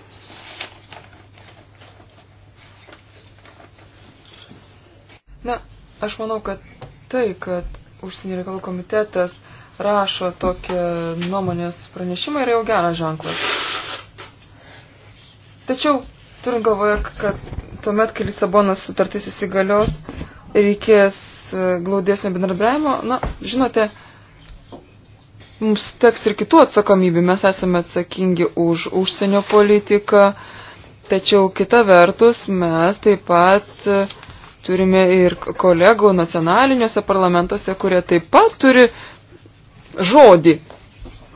Na, aš manau, kad tai, kad užsienio reikalų komitetas rašo tokią nuomonės pranešimą yra jau geras ženklas. Tačiau turint galvoje, kad tuomet, kai Lisabonos sutartis įsigalios, reikės e, glaudėsnio bendradarbiavimo. Na, žinote, mums teks ir kitų atsakomybių. Mes esame atsakingi už užsienio politiką, tačiau kita vertus mes taip pat e, turime ir kolegų nacionaliniuose parlamentuose, kurie taip pat turi žodį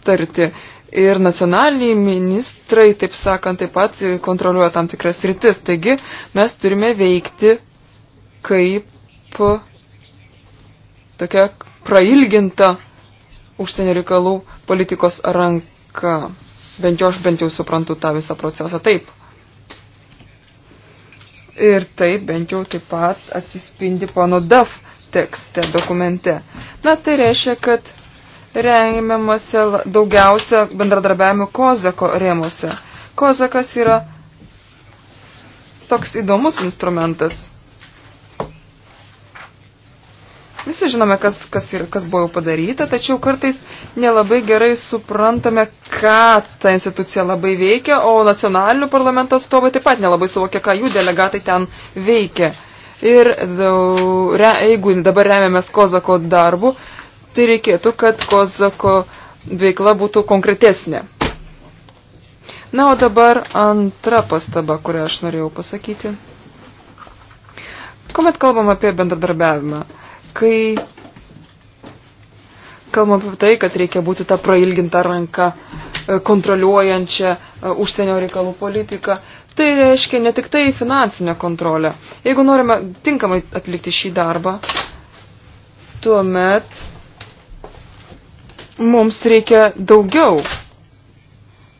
tarti ir nacionaliniai ministrai, taip sakant, taip pat kontroliuoja tam tikras rytis. Taigi mes turime veikti kaip tokia prailginta užsienio reikalų politikos ranka. Bent jau aš bent jau suprantu tą visą procesą taip. Ir taip bent jau taip pat atsispindi pono DAF tekste, dokumente. Na, tai reiškia, kad rengiamasi daugiausia bendradarbiavimo Kozako rėmuose. Kozakas yra toks įdomus instrumentas. Visi žinome, kas, kas, yra, kas buvo jau padaryta, tačiau kartais nelabai gerai suprantame, ką ta institucija labai veikia, o nacionalinių parlamento atstovai taip pat nelabai suvokia, ką jų delegatai ten veikia. Ir daug, re, jeigu dabar remiamės Kozako darbu, tai reikėtų, kad Kozako veikla būtų konkretesnė. Na, o dabar antra pastaba, kurią aš norėjau pasakyti. Komet kalbam apie bendradarbiavimą, kai kalbam apie tai, kad reikia būti tą prailgintą ranką e, kontroliuojančią e, užsienio reikalų politiką, tai reiškia ne tik tai finansinę kontrolę. Jeigu norime tinkamai atlikti šį darbą, tuomet mums reikia daugiau.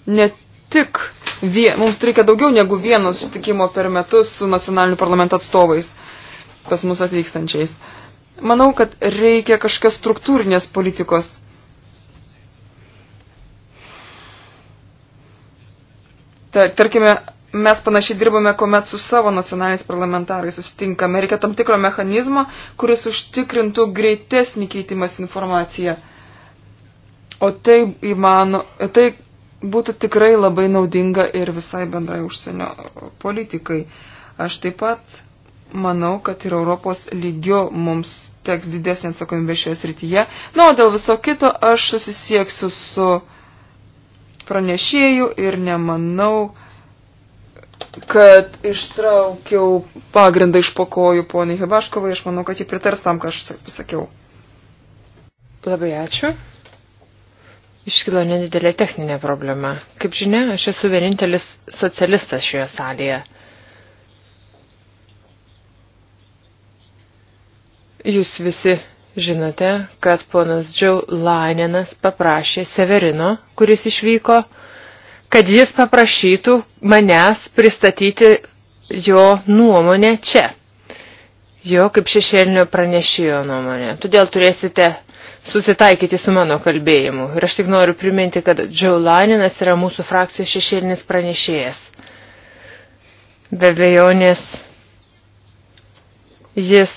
Ne tik, vien, mums reikia daugiau negu vieno susitikimo per metus su nacionaliniu parlamento atstovais pas mus atvykstančiais. Manau, kad reikia kažkokios struktūrinės politikos. Tar, tarkime, mes panašiai dirbame, kuomet su savo nacionaliniais parlamentarais susitinkame. Reikia tam tikro mechanizmo, kuris užtikrintų greitesnį keitimas informaciją. O tai, įmano, tai būtų tikrai labai naudinga ir visai bendrai užsienio politikai. Aš taip pat manau, kad ir Europos lygiu mums teks didesnė atsakomybė šioje srityje. Na, o dėl viso kito aš susisieksiu su pranešėjų ir nemanau, kad ištraukiau pagrindą iš pokojų poniai Hebaškovai. Aš manau, kad ji pritars tam, ką aš pasakiau. Labai ačiū iškilo nedidelė techninė problema. Kaip žinia, aš esu vienintelis socialistas šioje salėje. Jūs visi žinote, kad ponas Džiau Lainenas paprašė Severino, kuris išvyko, kad jis paprašytų manęs pristatyti jo nuomonę čia. Jo kaip šešėlinio pranešėjo nuomonė. Todėl turėsite susitaikyti su mano kalbėjimu. Ir aš tik noriu priminti, kad Džiaulaninas yra mūsų frakcijos šešėlinis pranešėjas. Be abejonės jis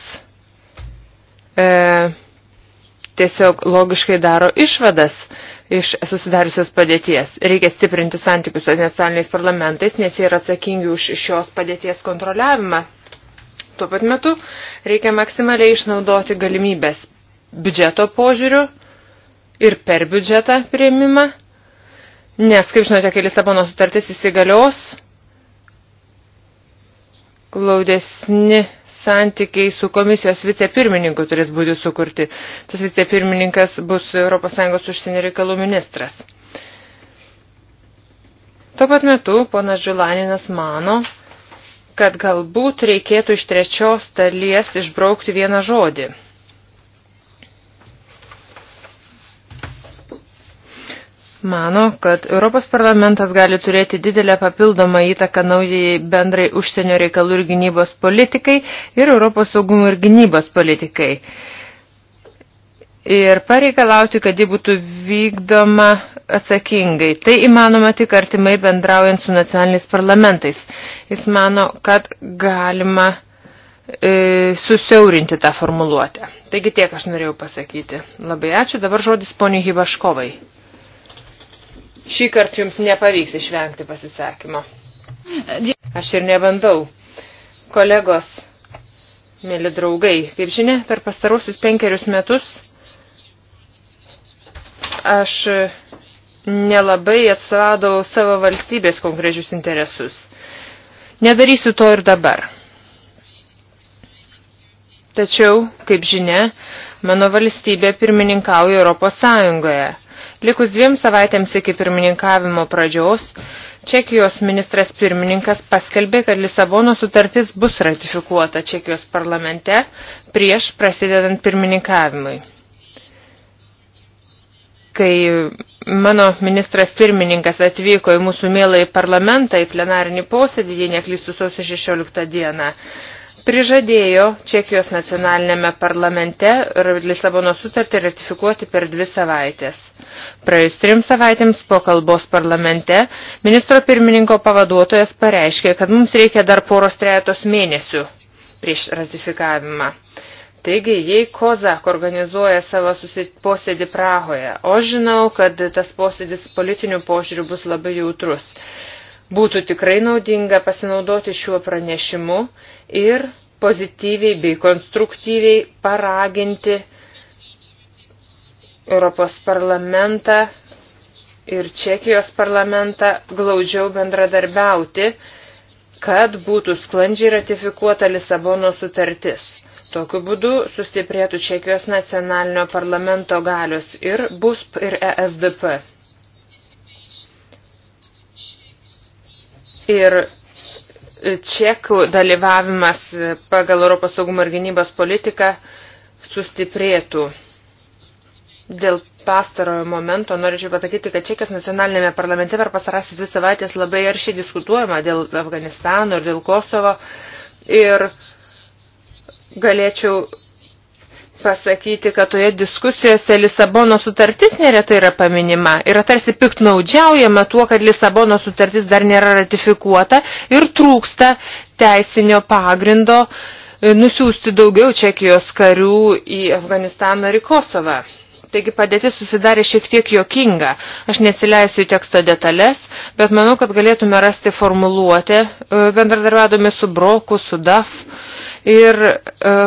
e, tiesiog logiškai daro išvadas iš susidariusios padėties. Reikia stiprinti santykius su nacionaliniais parlamentais, nes jie yra atsakingi už šios padėties kontroliavimą. Tuo pat metu reikia maksimaliai išnaudoti galimybės biudžeto požiūriu ir per biudžetą prieimimą, nes, kaip žinote, kai Lisabono sutartis įsigalios, glaudesni santykiai su komisijos vicepirmininku turės būti sukurti. Tas vicepirmininkas bus ES užsienio reikalų ministras. Tuo pat metu ponas Džulaninas mano, kad galbūt reikėtų iš trečios dalies išbraukti vieną žodį – mano, kad Europos parlamentas gali turėti didelę papildomą įtaką naujai bendrai užsienio reikalų ir gynybos politikai ir Europos saugumo ir gynybos politikai. Ir pareikalauti, kad ji būtų vykdoma atsakingai. Tai įmanoma tik artimai bendraujant su nacionaliniais parlamentais. Jis mano, kad galima e, susiaurinti tą formuluotę. Taigi tiek aš norėjau pasakyti. Labai ačiū. Dabar žodis poniai Hibaškovai šį kartą jums nepavyks išvengti pasisakymo. Aš ir nebandau. Kolegos, mėly draugai, kaip žinia, per pastarusius penkerius metus aš nelabai atsvadau savo valstybės konkrečius interesus. Nedarysiu to ir dabar. Tačiau, kaip žinia, mano valstybė pirmininkauja Europos Sąjungoje – Likus dviem savaitėms iki pirmininkavimo pradžios, Čekijos ministras pirmininkas paskelbė, kad Lisabono sutartis bus ratifikuota Čekijos parlamente prieš prasidedant pirmininkavimui. Kai mano ministras pirmininkas atvyko į mūsų mėlą į parlamentą, į plenarinį posėdį, jei neklystų sausio 16 dieną, prižadėjo Čekijos nacionalinėme parlamente Lisabono sutartį ratifikuoti per dvi savaitės. Praėjus trim savaitėms po kalbos parlamente ministro pirmininko pavaduotojas pareiškė, kad mums reikia dar poros trejatos mėnesių prieš ratifikavimą. Taigi, jei Kozak organizuoja savo posėdį Prahoje, o žinau, kad tas posėdis politinių požiūrių bus labai jautrus, Būtų tikrai naudinga pasinaudoti šiuo pranešimu ir pozityviai bei konstruktyviai paraginti Europos parlamentą ir Čekijos parlamentą glaudžiau bendradarbiauti, kad būtų sklandžiai ratifikuota Lisabono sutartis. Tokiu būdu sustiprėtų Čekijos nacionalinio parlamento galios ir BUSP ir ESDP. ir čekų dalyvavimas pagal Europos saugumo ir gynybos politiką sustiprėtų. Dėl pastarojo momento norėčiau pasakyti, kad Čekijos nacionalinėme parlamente per pasarasis dvi savaitės labai aršiai diskutuojama dėl Afganistano ir dėl Kosovo. Ir galėčiau pasakyti, kad toje diskusijose Lisabono sutartis neretai yra paminima. Yra tarsi piktnaudžiaujama tuo, kad Lisabono sutartis dar nėra ratifikuota ir trūksta teisinio pagrindo e, nusiųsti daugiau Čekijos karių į Afganistaną ir į Kosovą. Taigi padėtis susidarė šiek tiek jokinga. Aš nesileisiu į teksto detalės, bet manau, kad galėtume rasti formuluotę e, bendradarbiaudami su Broku, su DAF ir e,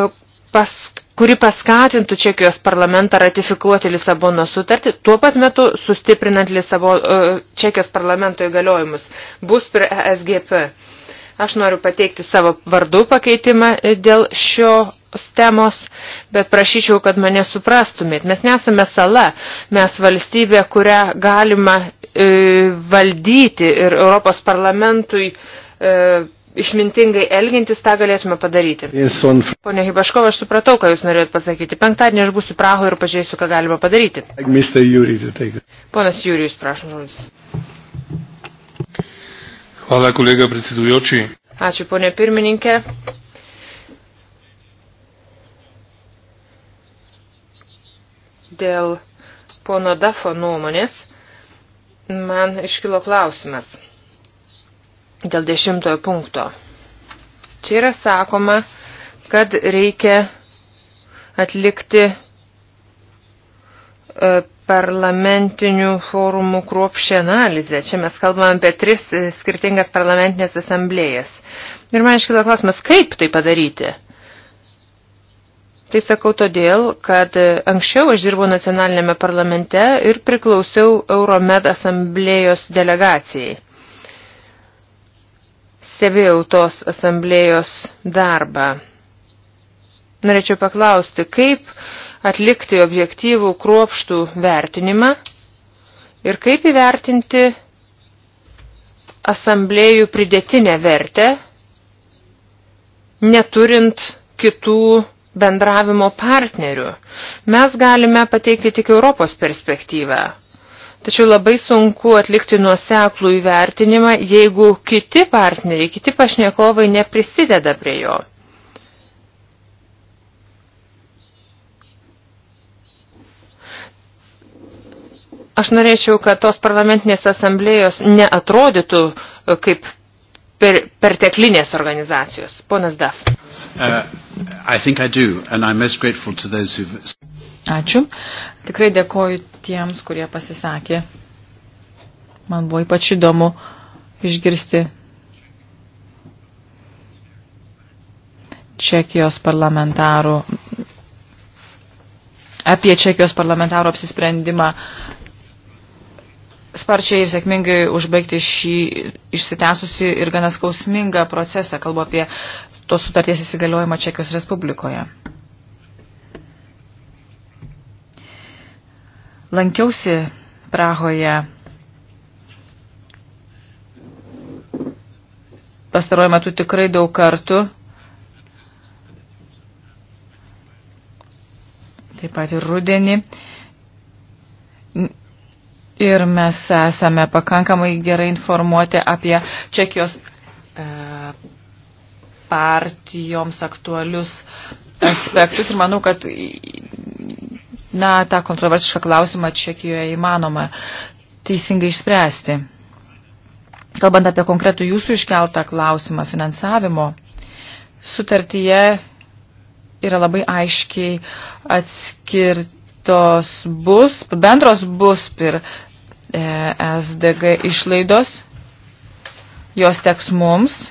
pas, kuri paskatintų Čekijos parlamentą ratifikuoti Lisabono sutartį, tuo pat metu sustiprinant Lisabo, e, Čekijos parlamento įgaliojimus, bus prie ESGP. Aš noriu pateikti savo vardų pakeitimą e, dėl šio temos, bet prašyčiau, kad mane suprastumėt. Mes nesame sala, mes valstybė, kurią galima e, valdyti ir Europos parlamentui e, išmintingai elgintis, tą galėtume padaryti. Pone Hibaškov, aš supratau, ką jūs norėjot pasakyti. Penktadienį aš būsiu Praho ir pažiūrėsiu, ką galima padaryti. Ponas Jūrijus, prašom žodis. Hvala, kolega predsedujoči. Ačiū, ponė pirmininkė. Dėl pono Dafo nuomonės man iškilo klausimas dėl dešimtojo punkto. Čia yra sakoma, kad reikia atlikti e, parlamentinių forumų kruopšį analizę. Čia mes kalbame apie tris e, skirtingas parlamentinės asamblėjas. Ir man iškila klausimas, kaip tai padaryti? Tai sakau todėl, kad e, anksčiau aš dirbau nacionalinėme parlamente ir priklausiau Euromed asamblėjos delegacijai. Sevijautos asamblėjos darbą. Norėčiau paklausti, kaip atlikti objektyvų kruopštų vertinimą ir kaip įvertinti asamblėjų pridėtinę vertę, neturint kitų bendravimo partnerių. Mes galime pateikti tik Europos perspektyvą. Tačiau labai sunku atlikti nuoseklų įvertinimą, jeigu kiti partneriai, kiti pašnekovai neprisideda prie jo. Aš norėčiau, kad tos parlamentinės asamblėjos neatrodytų e, kaip per, perteklinės organizacijos. Ponas Daf. Uh, I I do, Ačiū. Tikrai dėkoju tiems, kurie pasisakė. Man buvo ypač įdomu išgirsti Čekijos parlamentarų apie Čekijos parlamentarų apsisprendimą sparčiai ir sėkmingai užbaigti šį išsitęsusi ir gana skausmingą procesą, kalbu apie tos sutarties įsigaliojimą Čekijos Respublikoje. lankiausi Prahoje pastaruoju metu tikrai daug kartų. Taip pat ir rudenį. Ir mes esame pakankamai gerai informuoti apie Čekijos e, partijoms aktualius aspektus. Ir manau, kad na, tą kontroversišką klausimą Čekijoje įmanoma teisingai išspręsti. Kalbant apie konkretų jūsų iškeltą klausimą finansavimo, sutartyje yra labai aiškiai atskirtos bus, bendros bus ir e, SDG išlaidos, jos teks mums.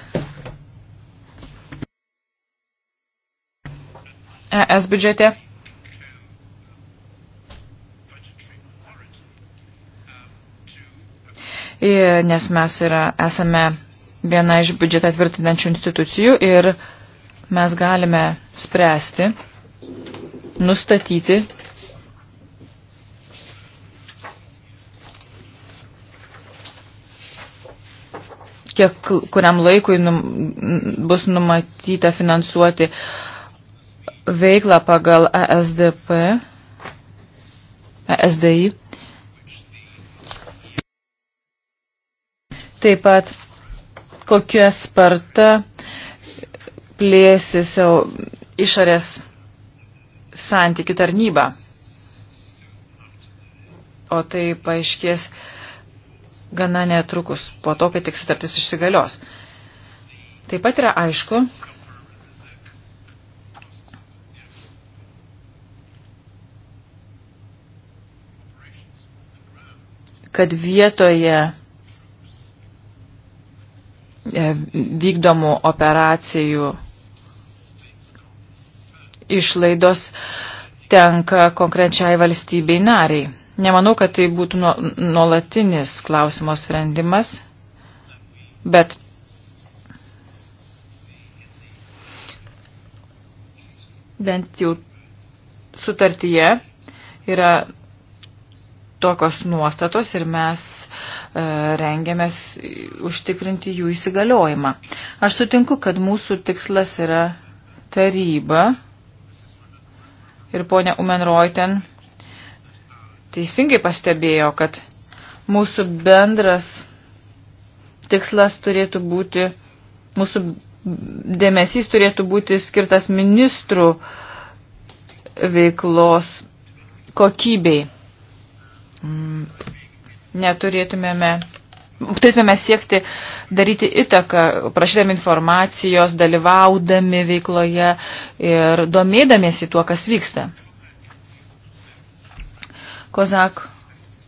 ES biudžete nes mes yra, esame viena iš biudžetą tvirtinančių institucijų ir mes galime spręsti, nustatyti kiek kuriam laikui num, bus numatyta finansuoti veiklą pagal ESDP, ESDI. Taip pat, kokia sparta plėsis jau išorės santykių tarnyba. O tai paaiškės gana netrukus po to, kai tik sutartis išsigalios. Taip pat yra aišku, kad vietoje E, vykdomų operacijų išlaidos tenka konkrečiai valstybei nariai. Nemanau, kad tai būtų nuolatinis klausimo sprendimas, bet bent jau sutartyje yra tokios nuostatos ir mes e, rengiamės užtikrinti jų įsigaliojimą. Aš sutinku, kad mūsų tikslas yra taryba ir ponia Umenroiten teisingai pastebėjo, kad mūsų bendras tikslas turėtų būti, mūsų dėmesys turėtų būti skirtas ministrų veiklos kokybei. Mm, neturėtumėme, turėtumėme siekti daryti įtaką, prašydami informacijos, dalyvaudami veikloje ir domėdamiesi tuo, kas vyksta. Kozak,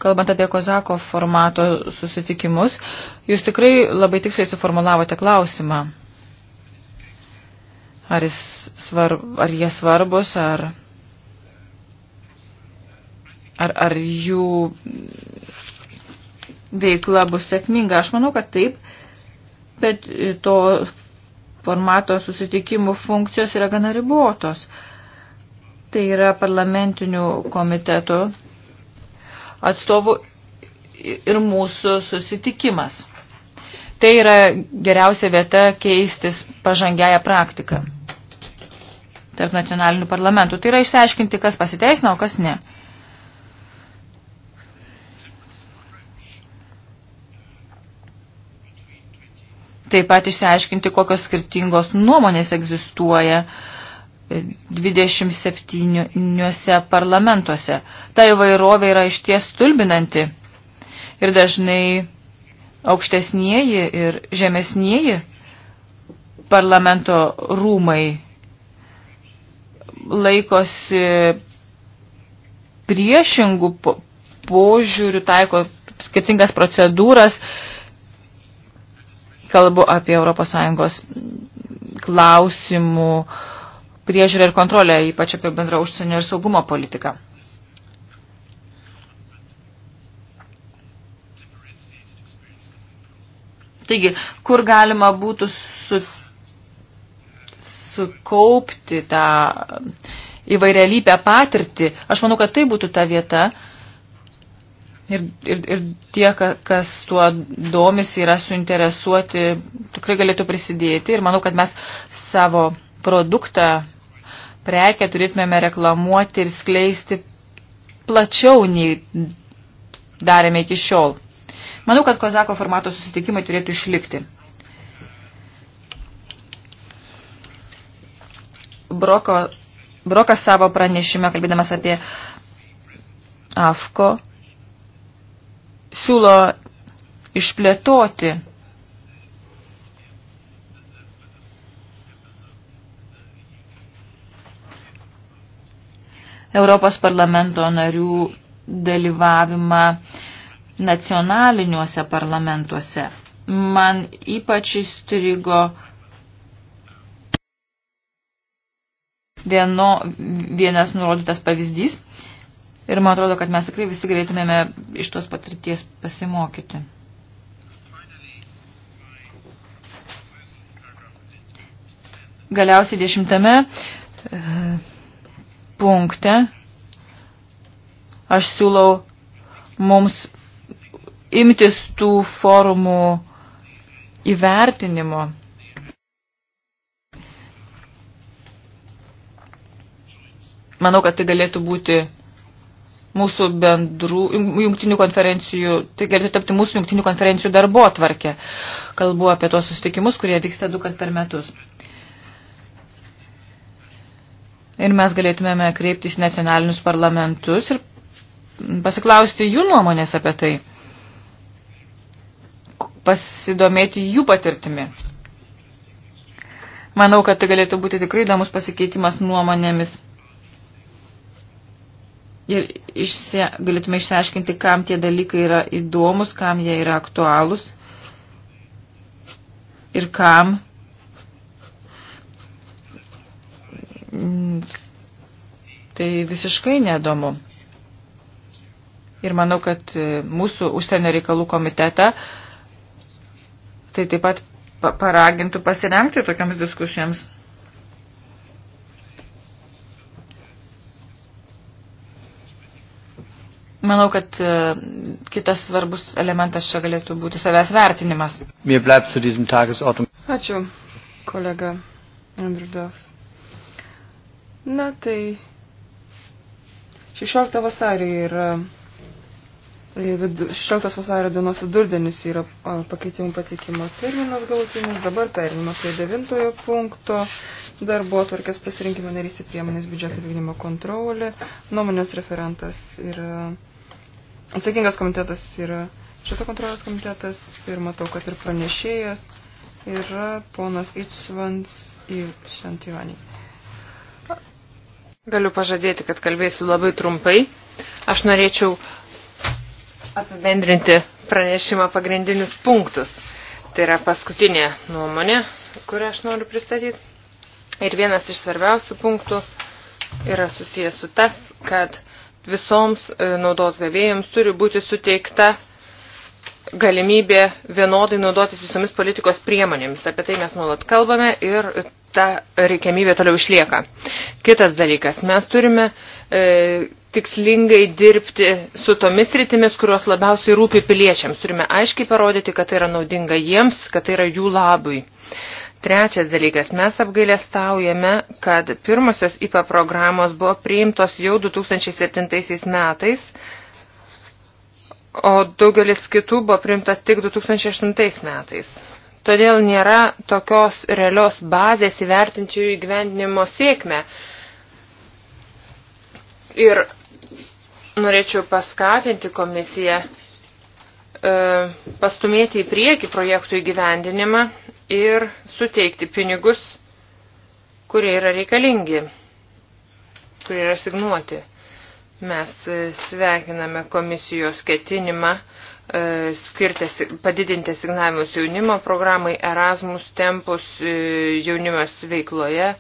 kalbant apie Kozako formato susitikimus, jūs tikrai labai tiksliai suformulavote klausimą. Ar, jis, svar, ar jie svarbus, ar ar, ar jų veikla bus sėkminga. Aš manau, kad taip, bet to formato susitikimų funkcijos yra gana ribotos. Tai yra parlamentinių komitetų atstovų ir mūsų susitikimas. Tai yra geriausia vieta keistis pažangiają praktiką tarp nacionalinių parlamentų. Tai yra išsiaiškinti, kas pasiteisina, o kas ne. Taip pat išsiaiškinti, kokios skirtingos nuomonės egzistuoja 27 parlamentuose. Ta įvairovė yra išties stulbinanti ir dažnai aukštesnieji ir žemesnieji parlamento rūmai laikosi priešingų požiūrių, taiko skirtingas procedūras, Kalbu apie ES klausimų priežiūrę ir kontrolę, ypač apie bendrą užsienio ir saugumo politiką. Taigi, kur galima būtų su, sukaupti tą įvairialypę patirtį, aš manau, kad tai būtų ta vieta, uh, Ir, ir, ir tie, kas tuo domisi, yra suinteresuoti, tikrai galėtų prisidėti. Ir manau, kad mes savo produktą, prekę turėtumėme reklamuoti ir skleisti plačiau nei darėme iki šiol. Manau, kad Kozako formato susitikimai turėtų išlikti. Broko, Brokas savo pranešime, kalbėdamas apie AFKO, siūlo išplėtoti. Europos parlamento narių dalyvavimą nacionaliniuose parlamentuose. Man ypač įstrigo vieno, vienas nurodytas pavyzdys – Ir man atrodo, kad mes tikrai visi galėtumėme iš tos patirties pasimokyti. Galiausiai dešimtame e, punkte aš siūlau mums imtis tų forumų įvertinimo. Manau, kad tai galėtų būti mūsų bendrų jungtinių konferencijų, tai galėtų tapti mūsų jungtinių konferencijų darbo tvarkė. Kalbu apie tos susitikimus, kurie vyksta du kart per metus. Ir mes galėtumėme kreiptis į nacionalinius parlamentus ir pasiklausti jų nuomonės apie tai, pasidomėti jų patirtimi. Manau, kad tai galėtų būti tikrai įdomus pasikeitimas nuomonėmis ir išsie, galėtume išsiaiškinti, kam tie dalykai yra įdomus, kam jie yra aktualūs ir kam tai visiškai nedomu. Ir manau, kad e, mūsų užsienio reikalų komitetą tai taip pat paragintų pasirengti tokiams diskusijoms. Manau, kad e, kitas svarbus elementas čia galėtų būti savęs vertinimas. Ačiū, kolega Andrudov. Na tai 16 vasarį yra 16 e, vasario dienos vidurdienis yra e, pakeitimų patikimo terminas galutinis. Dabar perinimo prie 9 punkto darbo atvarkės pasirinkimo narystė priemonės biudžeto vykdymo kontrolė. Nuomonės referentas yra Atsakingas komitetas yra šito kontrolės komitetas ir matau, kad ir pranešėjas yra ponas Ičvans į Šantijvanį. Galiu pažadėti, kad kalbėsiu labai trumpai. Aš norėčiau apibendrinti pranešimą pagrindinius punktus. Tai yra paskutinė nuomonė, kurią aš noriu pristatyti. Ir vienas iš svarbiausių punktų yra susijęs su tas, kad visoms e, naudos gavėjams turi būti suteikta galimybė vienodai naudotis visomis politikos priemonėmis. Apie tai mes nuolat kalbame ir ta reikiamybė toliau išlieka. Kitas dalykas, mes turime e, tikslingai dirbti su tomis rytimis, kurios labiausiai rūpi piliečiams. Turime aiškiai parodyti, kad tai yra naudinga jiems, kad tai yra jų labui. Trečias dalykas, mes apgailestaujame, kad pirmosios IPA programos buvo priimtos jau 2007 metais, o daugelis kitų buvo priimta tik 2008 metais. Todėl nėra tokios realios bazės įvertinti jų įgyvendinimo sėkmę. Ir norėčiau paskatinti komisiją E, pastumėti į priekį projektų įgyvendinimą ir suteikti pinigus, kurie yra reikalingi, kurie yra signuoti. Mes e, sveikiname komisijos ketinimą e, skirti, padidinti signavimus jaunimo programai Erasmus tempus jaunimas veikloje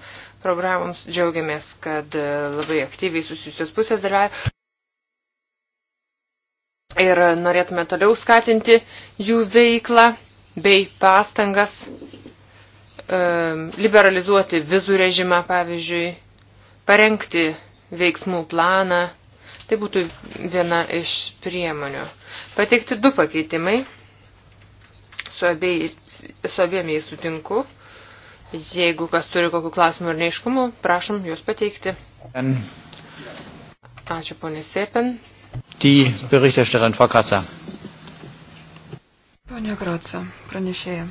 programoms. Džiaugiamės, kad labai aktyviai susijusios pusės dalyvauja ir norėtume toliau skatinti jų veiklą bei pastangas ehm, liberalizuoti vizų režimą, pavyzdžiui, parengti veiksmų planą. Tai būtų viena iš priemonių. Pateikti du pakeitimai. Su, abiej, su abiem jais sutinku. Jeigu kas turi kokių klausimų ir neiškumų, prašom juos pateikti. Ačiū, ponė Sėpen die Berichterstatterin, Frau Kratzer. Ponia Kratza, pranešėja.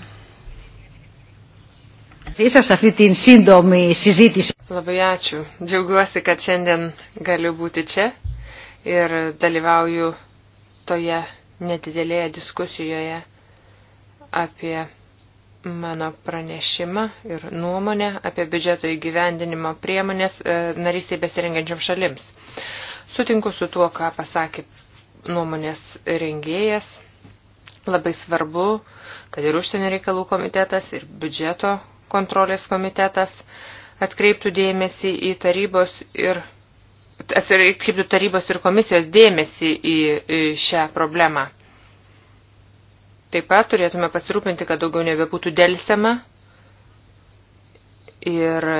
Ίσως αυτή την σύντομη συζήτηση. Labai ačiū. Džiaugiuosi, kad šiandien galiu būti čia ir dalyvauju toje nedidelėje diskusijoje apie mano pranešimą ir nuomonę apie biudžeto įgyvendinimo priemonės e, narystėje besirengiančiam šalims. Sutinku su tuo, ką pasakė nuomonės rengėjas. Labai svarbu, kad ir užsienio reikalų komitetas, ir biudžeto kontrolės komitetas atkreiptų dėmesį į tarybos ir atkreiptų tarybos ir komisijos dėmesį į, į šią problemą. Taip pat turėtume pasirūpinti, kad daugiau nebebūtų dėlsiama ir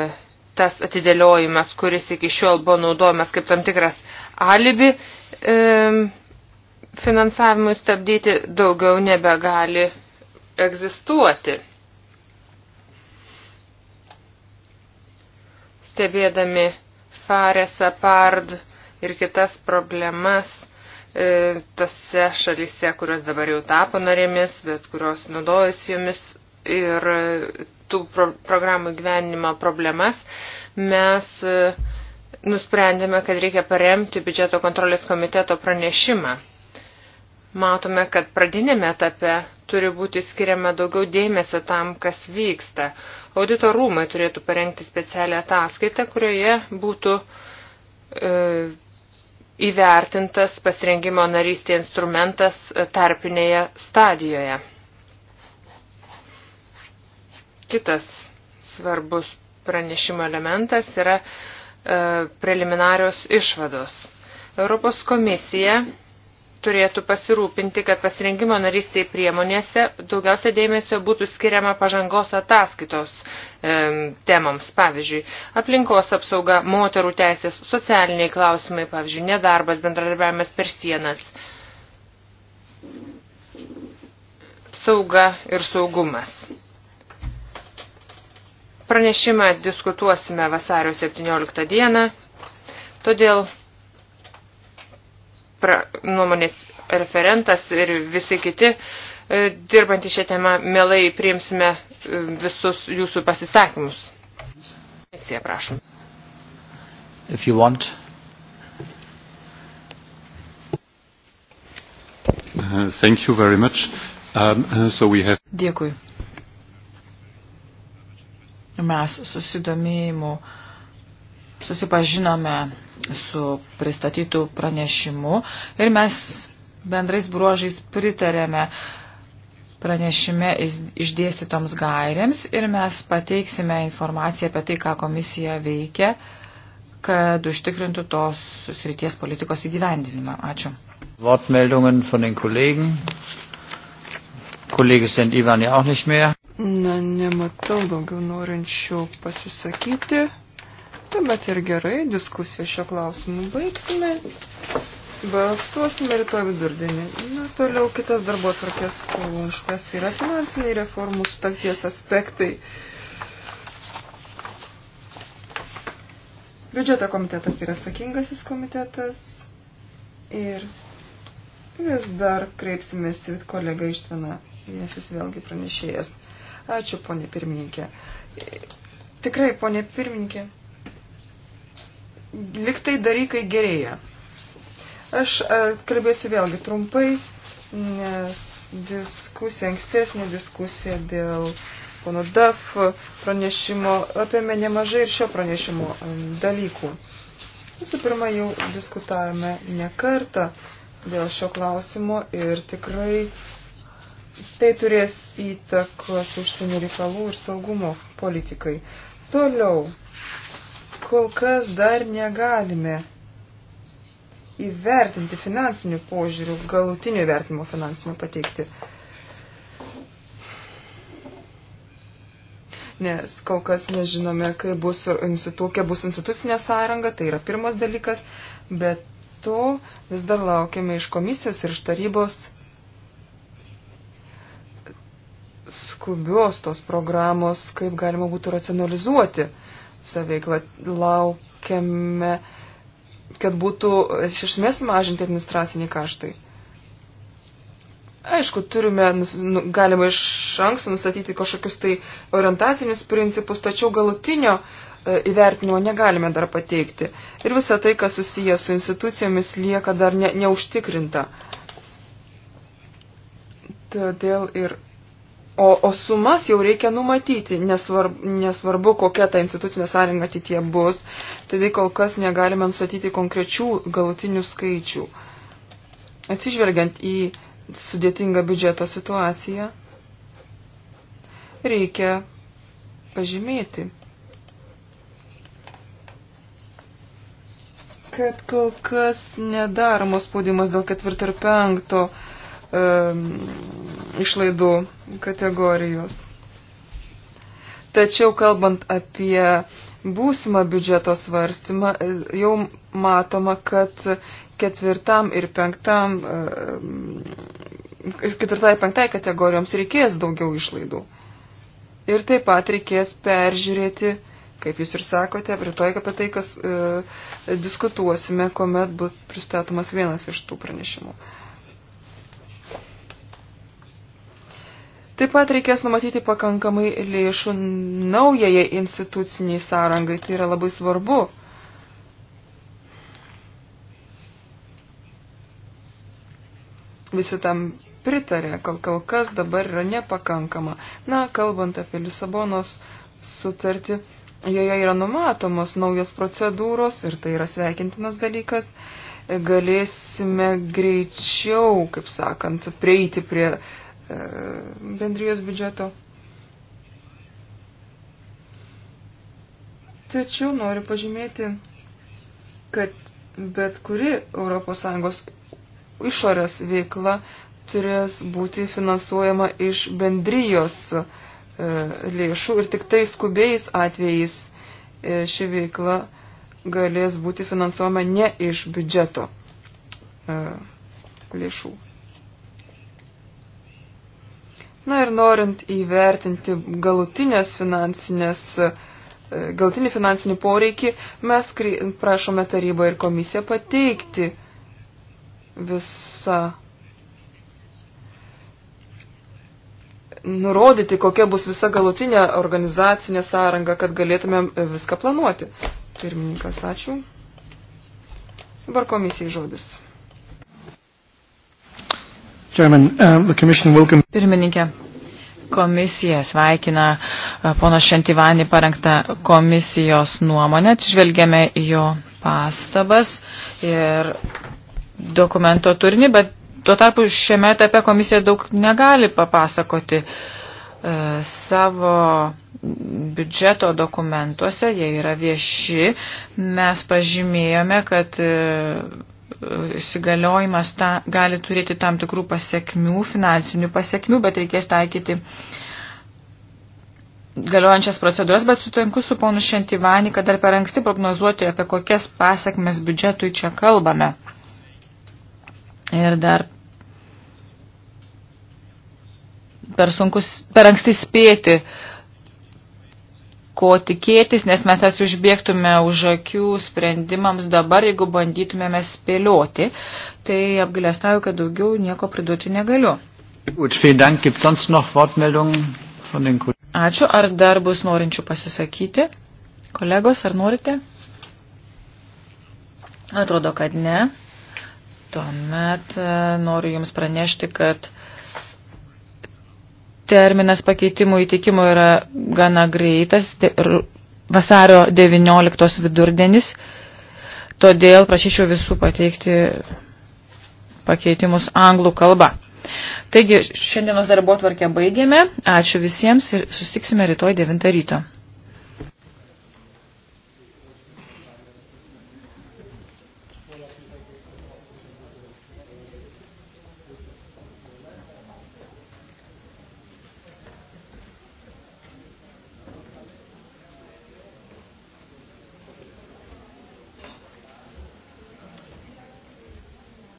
tas atidėliojimas, kuris iki šiol buvo naudojamas kaip tam tikras alibi e, finansavimui stabdyti, daugiau nebegali egzistuoti. Stebėdami Fares, Apard ir kitas problemas e, tose šalise, kurios dabar jau tapo narėmis, bet kurios naudojasi jomis ir tų pro programų gyvenimo problemas, mes e, nusprendėme, kad reikia paremti biudžeto kontrolės komiteto pranešimą. Matome, kad pradinėme etape turi būti skiriama daugiau dėmesio tam, kas vyksta. Audito rūmai turėtų parengti specialią ataskaitą, kurioje būtų e, įvertintas pasirengimo narystė instrumentas e, tarpinėje stadijoje. Kitas svarbus pranešimo elementas yra e, preliminarios išvados. Europos komisija turėtų pasirūpinti, kad pasirinkimo narystėj priemonėse daugiausia dėmesio būtų skiriama pažangos ataskaitos e, temams, pavyzdžiui, aplinkos apsauga, moterų teisės, socialiniai klausimai, pavyzdžiui, nedarbas, bendradarbiavimas per sienas, sauga ir saugumas. Pranešimą diskutuosime vasario 17 dieną, todėl pra, nuomonės referentas ir visi kiti e, dirbantys šią temą mielai priimsime e, visus jūsų pasisakymus. Komisija, prašom. If you want. Thank you very much. Um, so we have... Dėkui mes susidomėjimu susipažinome su pristatytų pranešimu ir mes bendrais bruožais pritarėme pranešime išdėstytoms gairėms ir mes pateiksime informaciją apie tai, ką komisija veikia, kad užtikrintų tos srities politikos įgyvendinimą. Ačiū. Wortmeldungen von den Kollegen. Kollege St. Ivan ja auch nicht mehr. Na, nematau daugiau norinčių pasisakyti. Tuomet ir gerai, diskusiją šio klausimu baigsime. Balsuosime rytoj vidurdienį. Na, toliau kitas darbo atvarkės punktas yra finansiniai reformų sutarties aspektai. Biudžeto komitetas yra atsakingasis komitetas ir vis dar kreipsimės į kolegą Ištvaną, nes jis vėlgi pranešėjas. Ačiū, ponė pirmininkė. Tikrai, ponė pirmininkė, liktai dalykai gerėja. Aš e, kalbėsiu vėlgi trumpai, nes diskusija, ankstesnė diskusija dėl pono DAF pranešimo apėmė nemažai ir šio pranešimo e, dalykų. Visų pirma, jau diskutavome ne kartą dėl šio klausimo ir tikrai Tai turės įtakos užsienio reikalų ir saugumo politikai. Toliau, kol kas dar negalime įvertinti finansinių požiūrių, galutinio įvertinimo finansinio pateikti. Nes kol kas nežinome, kai bus, institu, bus institucinė sąranga, tai yra pirmas dalykas, bet to vis dar laukiame iš komisijos ir iš tarybos skubios tos programos, kaip galima būtų racionalizuoti saveiklą. Laukiame, kad būtų iš esmės mažinti administraciniai kaštai. Aišku, turime, nu, galima iš anksto nustatyti kažkokius tai orientacinius principus, tačiau galutinio e, įvertinimo negalime dar pateikti. Ir visa tai, kas susiję su institucijomis, lieka dar ne, neužtikrinta. Todėl ir O, o sumas jau reikia numatyti, nesvarbu, nesvarbu kokia ta institucinė sąranga ateitie bus, taigi kol kas negalime nustatyti konkrečių galutinių skaičių. Atsižvelgiant į sudėtingą biudžeto situaciją, reikia pažymėti, kad kol kas nedaromas spaudimas dėl ketvirto ir penkto um, išlaidų kategorijos. Tačiau kalbant apie būsimą biudžeto svarstymą, e, jau matoma, kad ketvirtam ir penktam, e, ketvirtai ir penktai kategorijoms reikės daugiau išlaidų. Ir taip pat reikės peržiūrėti, kaip jūs ir sakote, rytoj apie tai, kas e, diskutuosime, kuomet bus pristatomas vienas iš tų pranešimų. E, Taip pat reikės numatyti pakankamai lėšų naujai instituciniai sąrangai, tai yra labai svarbu. Visi tam pritarė, kol kol kas dabar yra nepakankama. Na, kalbant apie Lisabonos sutartį, joje yra numatomos naujos procedūros ir tai yra sveikintinas dalykas. Galėsime greičiau, kaip sakant, prieiti prie E, bendrijos biudžeto. Tačiau noriu pažymėti, kad bet kuri ES išorės veikla turės būti finansuojama iš bendrijos e, lėšų ir tik tai skubiais atvejais e, ši veikla galės būti finansuojama ne iš biudžeto lėšų. Na ir norint įvertinti galutinės finansinės, e, galutinį finansinį poreikį, mes prašome tarybą ir komisiją pateikti visą. Nurodyti, kokia bus visa galutinė organizacinė sąranga, kad galėtumėm viską planuoti. Pirmininkas, ačiū. Dabar komisijai žodis. Chairman, um, the Commission welcome. Pirmininkė, komisija sveikina uh, pono Šentivanį parengtą komisijos nuomonę. Atsižvelgėme į jo pastabas ir dokumento turinį, bet tuo tarpu šiame etape komisija daug negali papasakoti uh, savo biudžeto dokumentuose, jie yra vieši, mes pažymėjome, kad įsigaliojimas ta, gali turėti tam tikrų pasiekmių, finansinių pasiekmių, bet reikės taikyti galiojančias procedūras, bet sutinku su ponu Šentivani, kad dar per anksti prognozuoti, apie kokias pasiekmes biudžetui čia kalbame. Ir dar per, sunkus, per anksti spėti, uh, ko tikėtis, nes mes jas užbėgtume už akių sprendimams dabar, jeigu bandytumėme spėlioti. Tai apgalėstauju, kad daugiau nieko pridurti negaliu. Ačiū, ar dar bus norinčių pasisakyti? Kolegos, ar norite? Atrodo, kad ne. Tuomet e, noriu Jums pranešti, kad Terminas pakeitimų įtikimo yra gana greitas, vasario 19 vidurdienis, todėl prašyčiau visų pateikti pakeitimus anglų kalba. Taigi, šiandienos darbo tvarkę baigėme. Ačiū visiems ir susitiksime rytoj 9 ryto.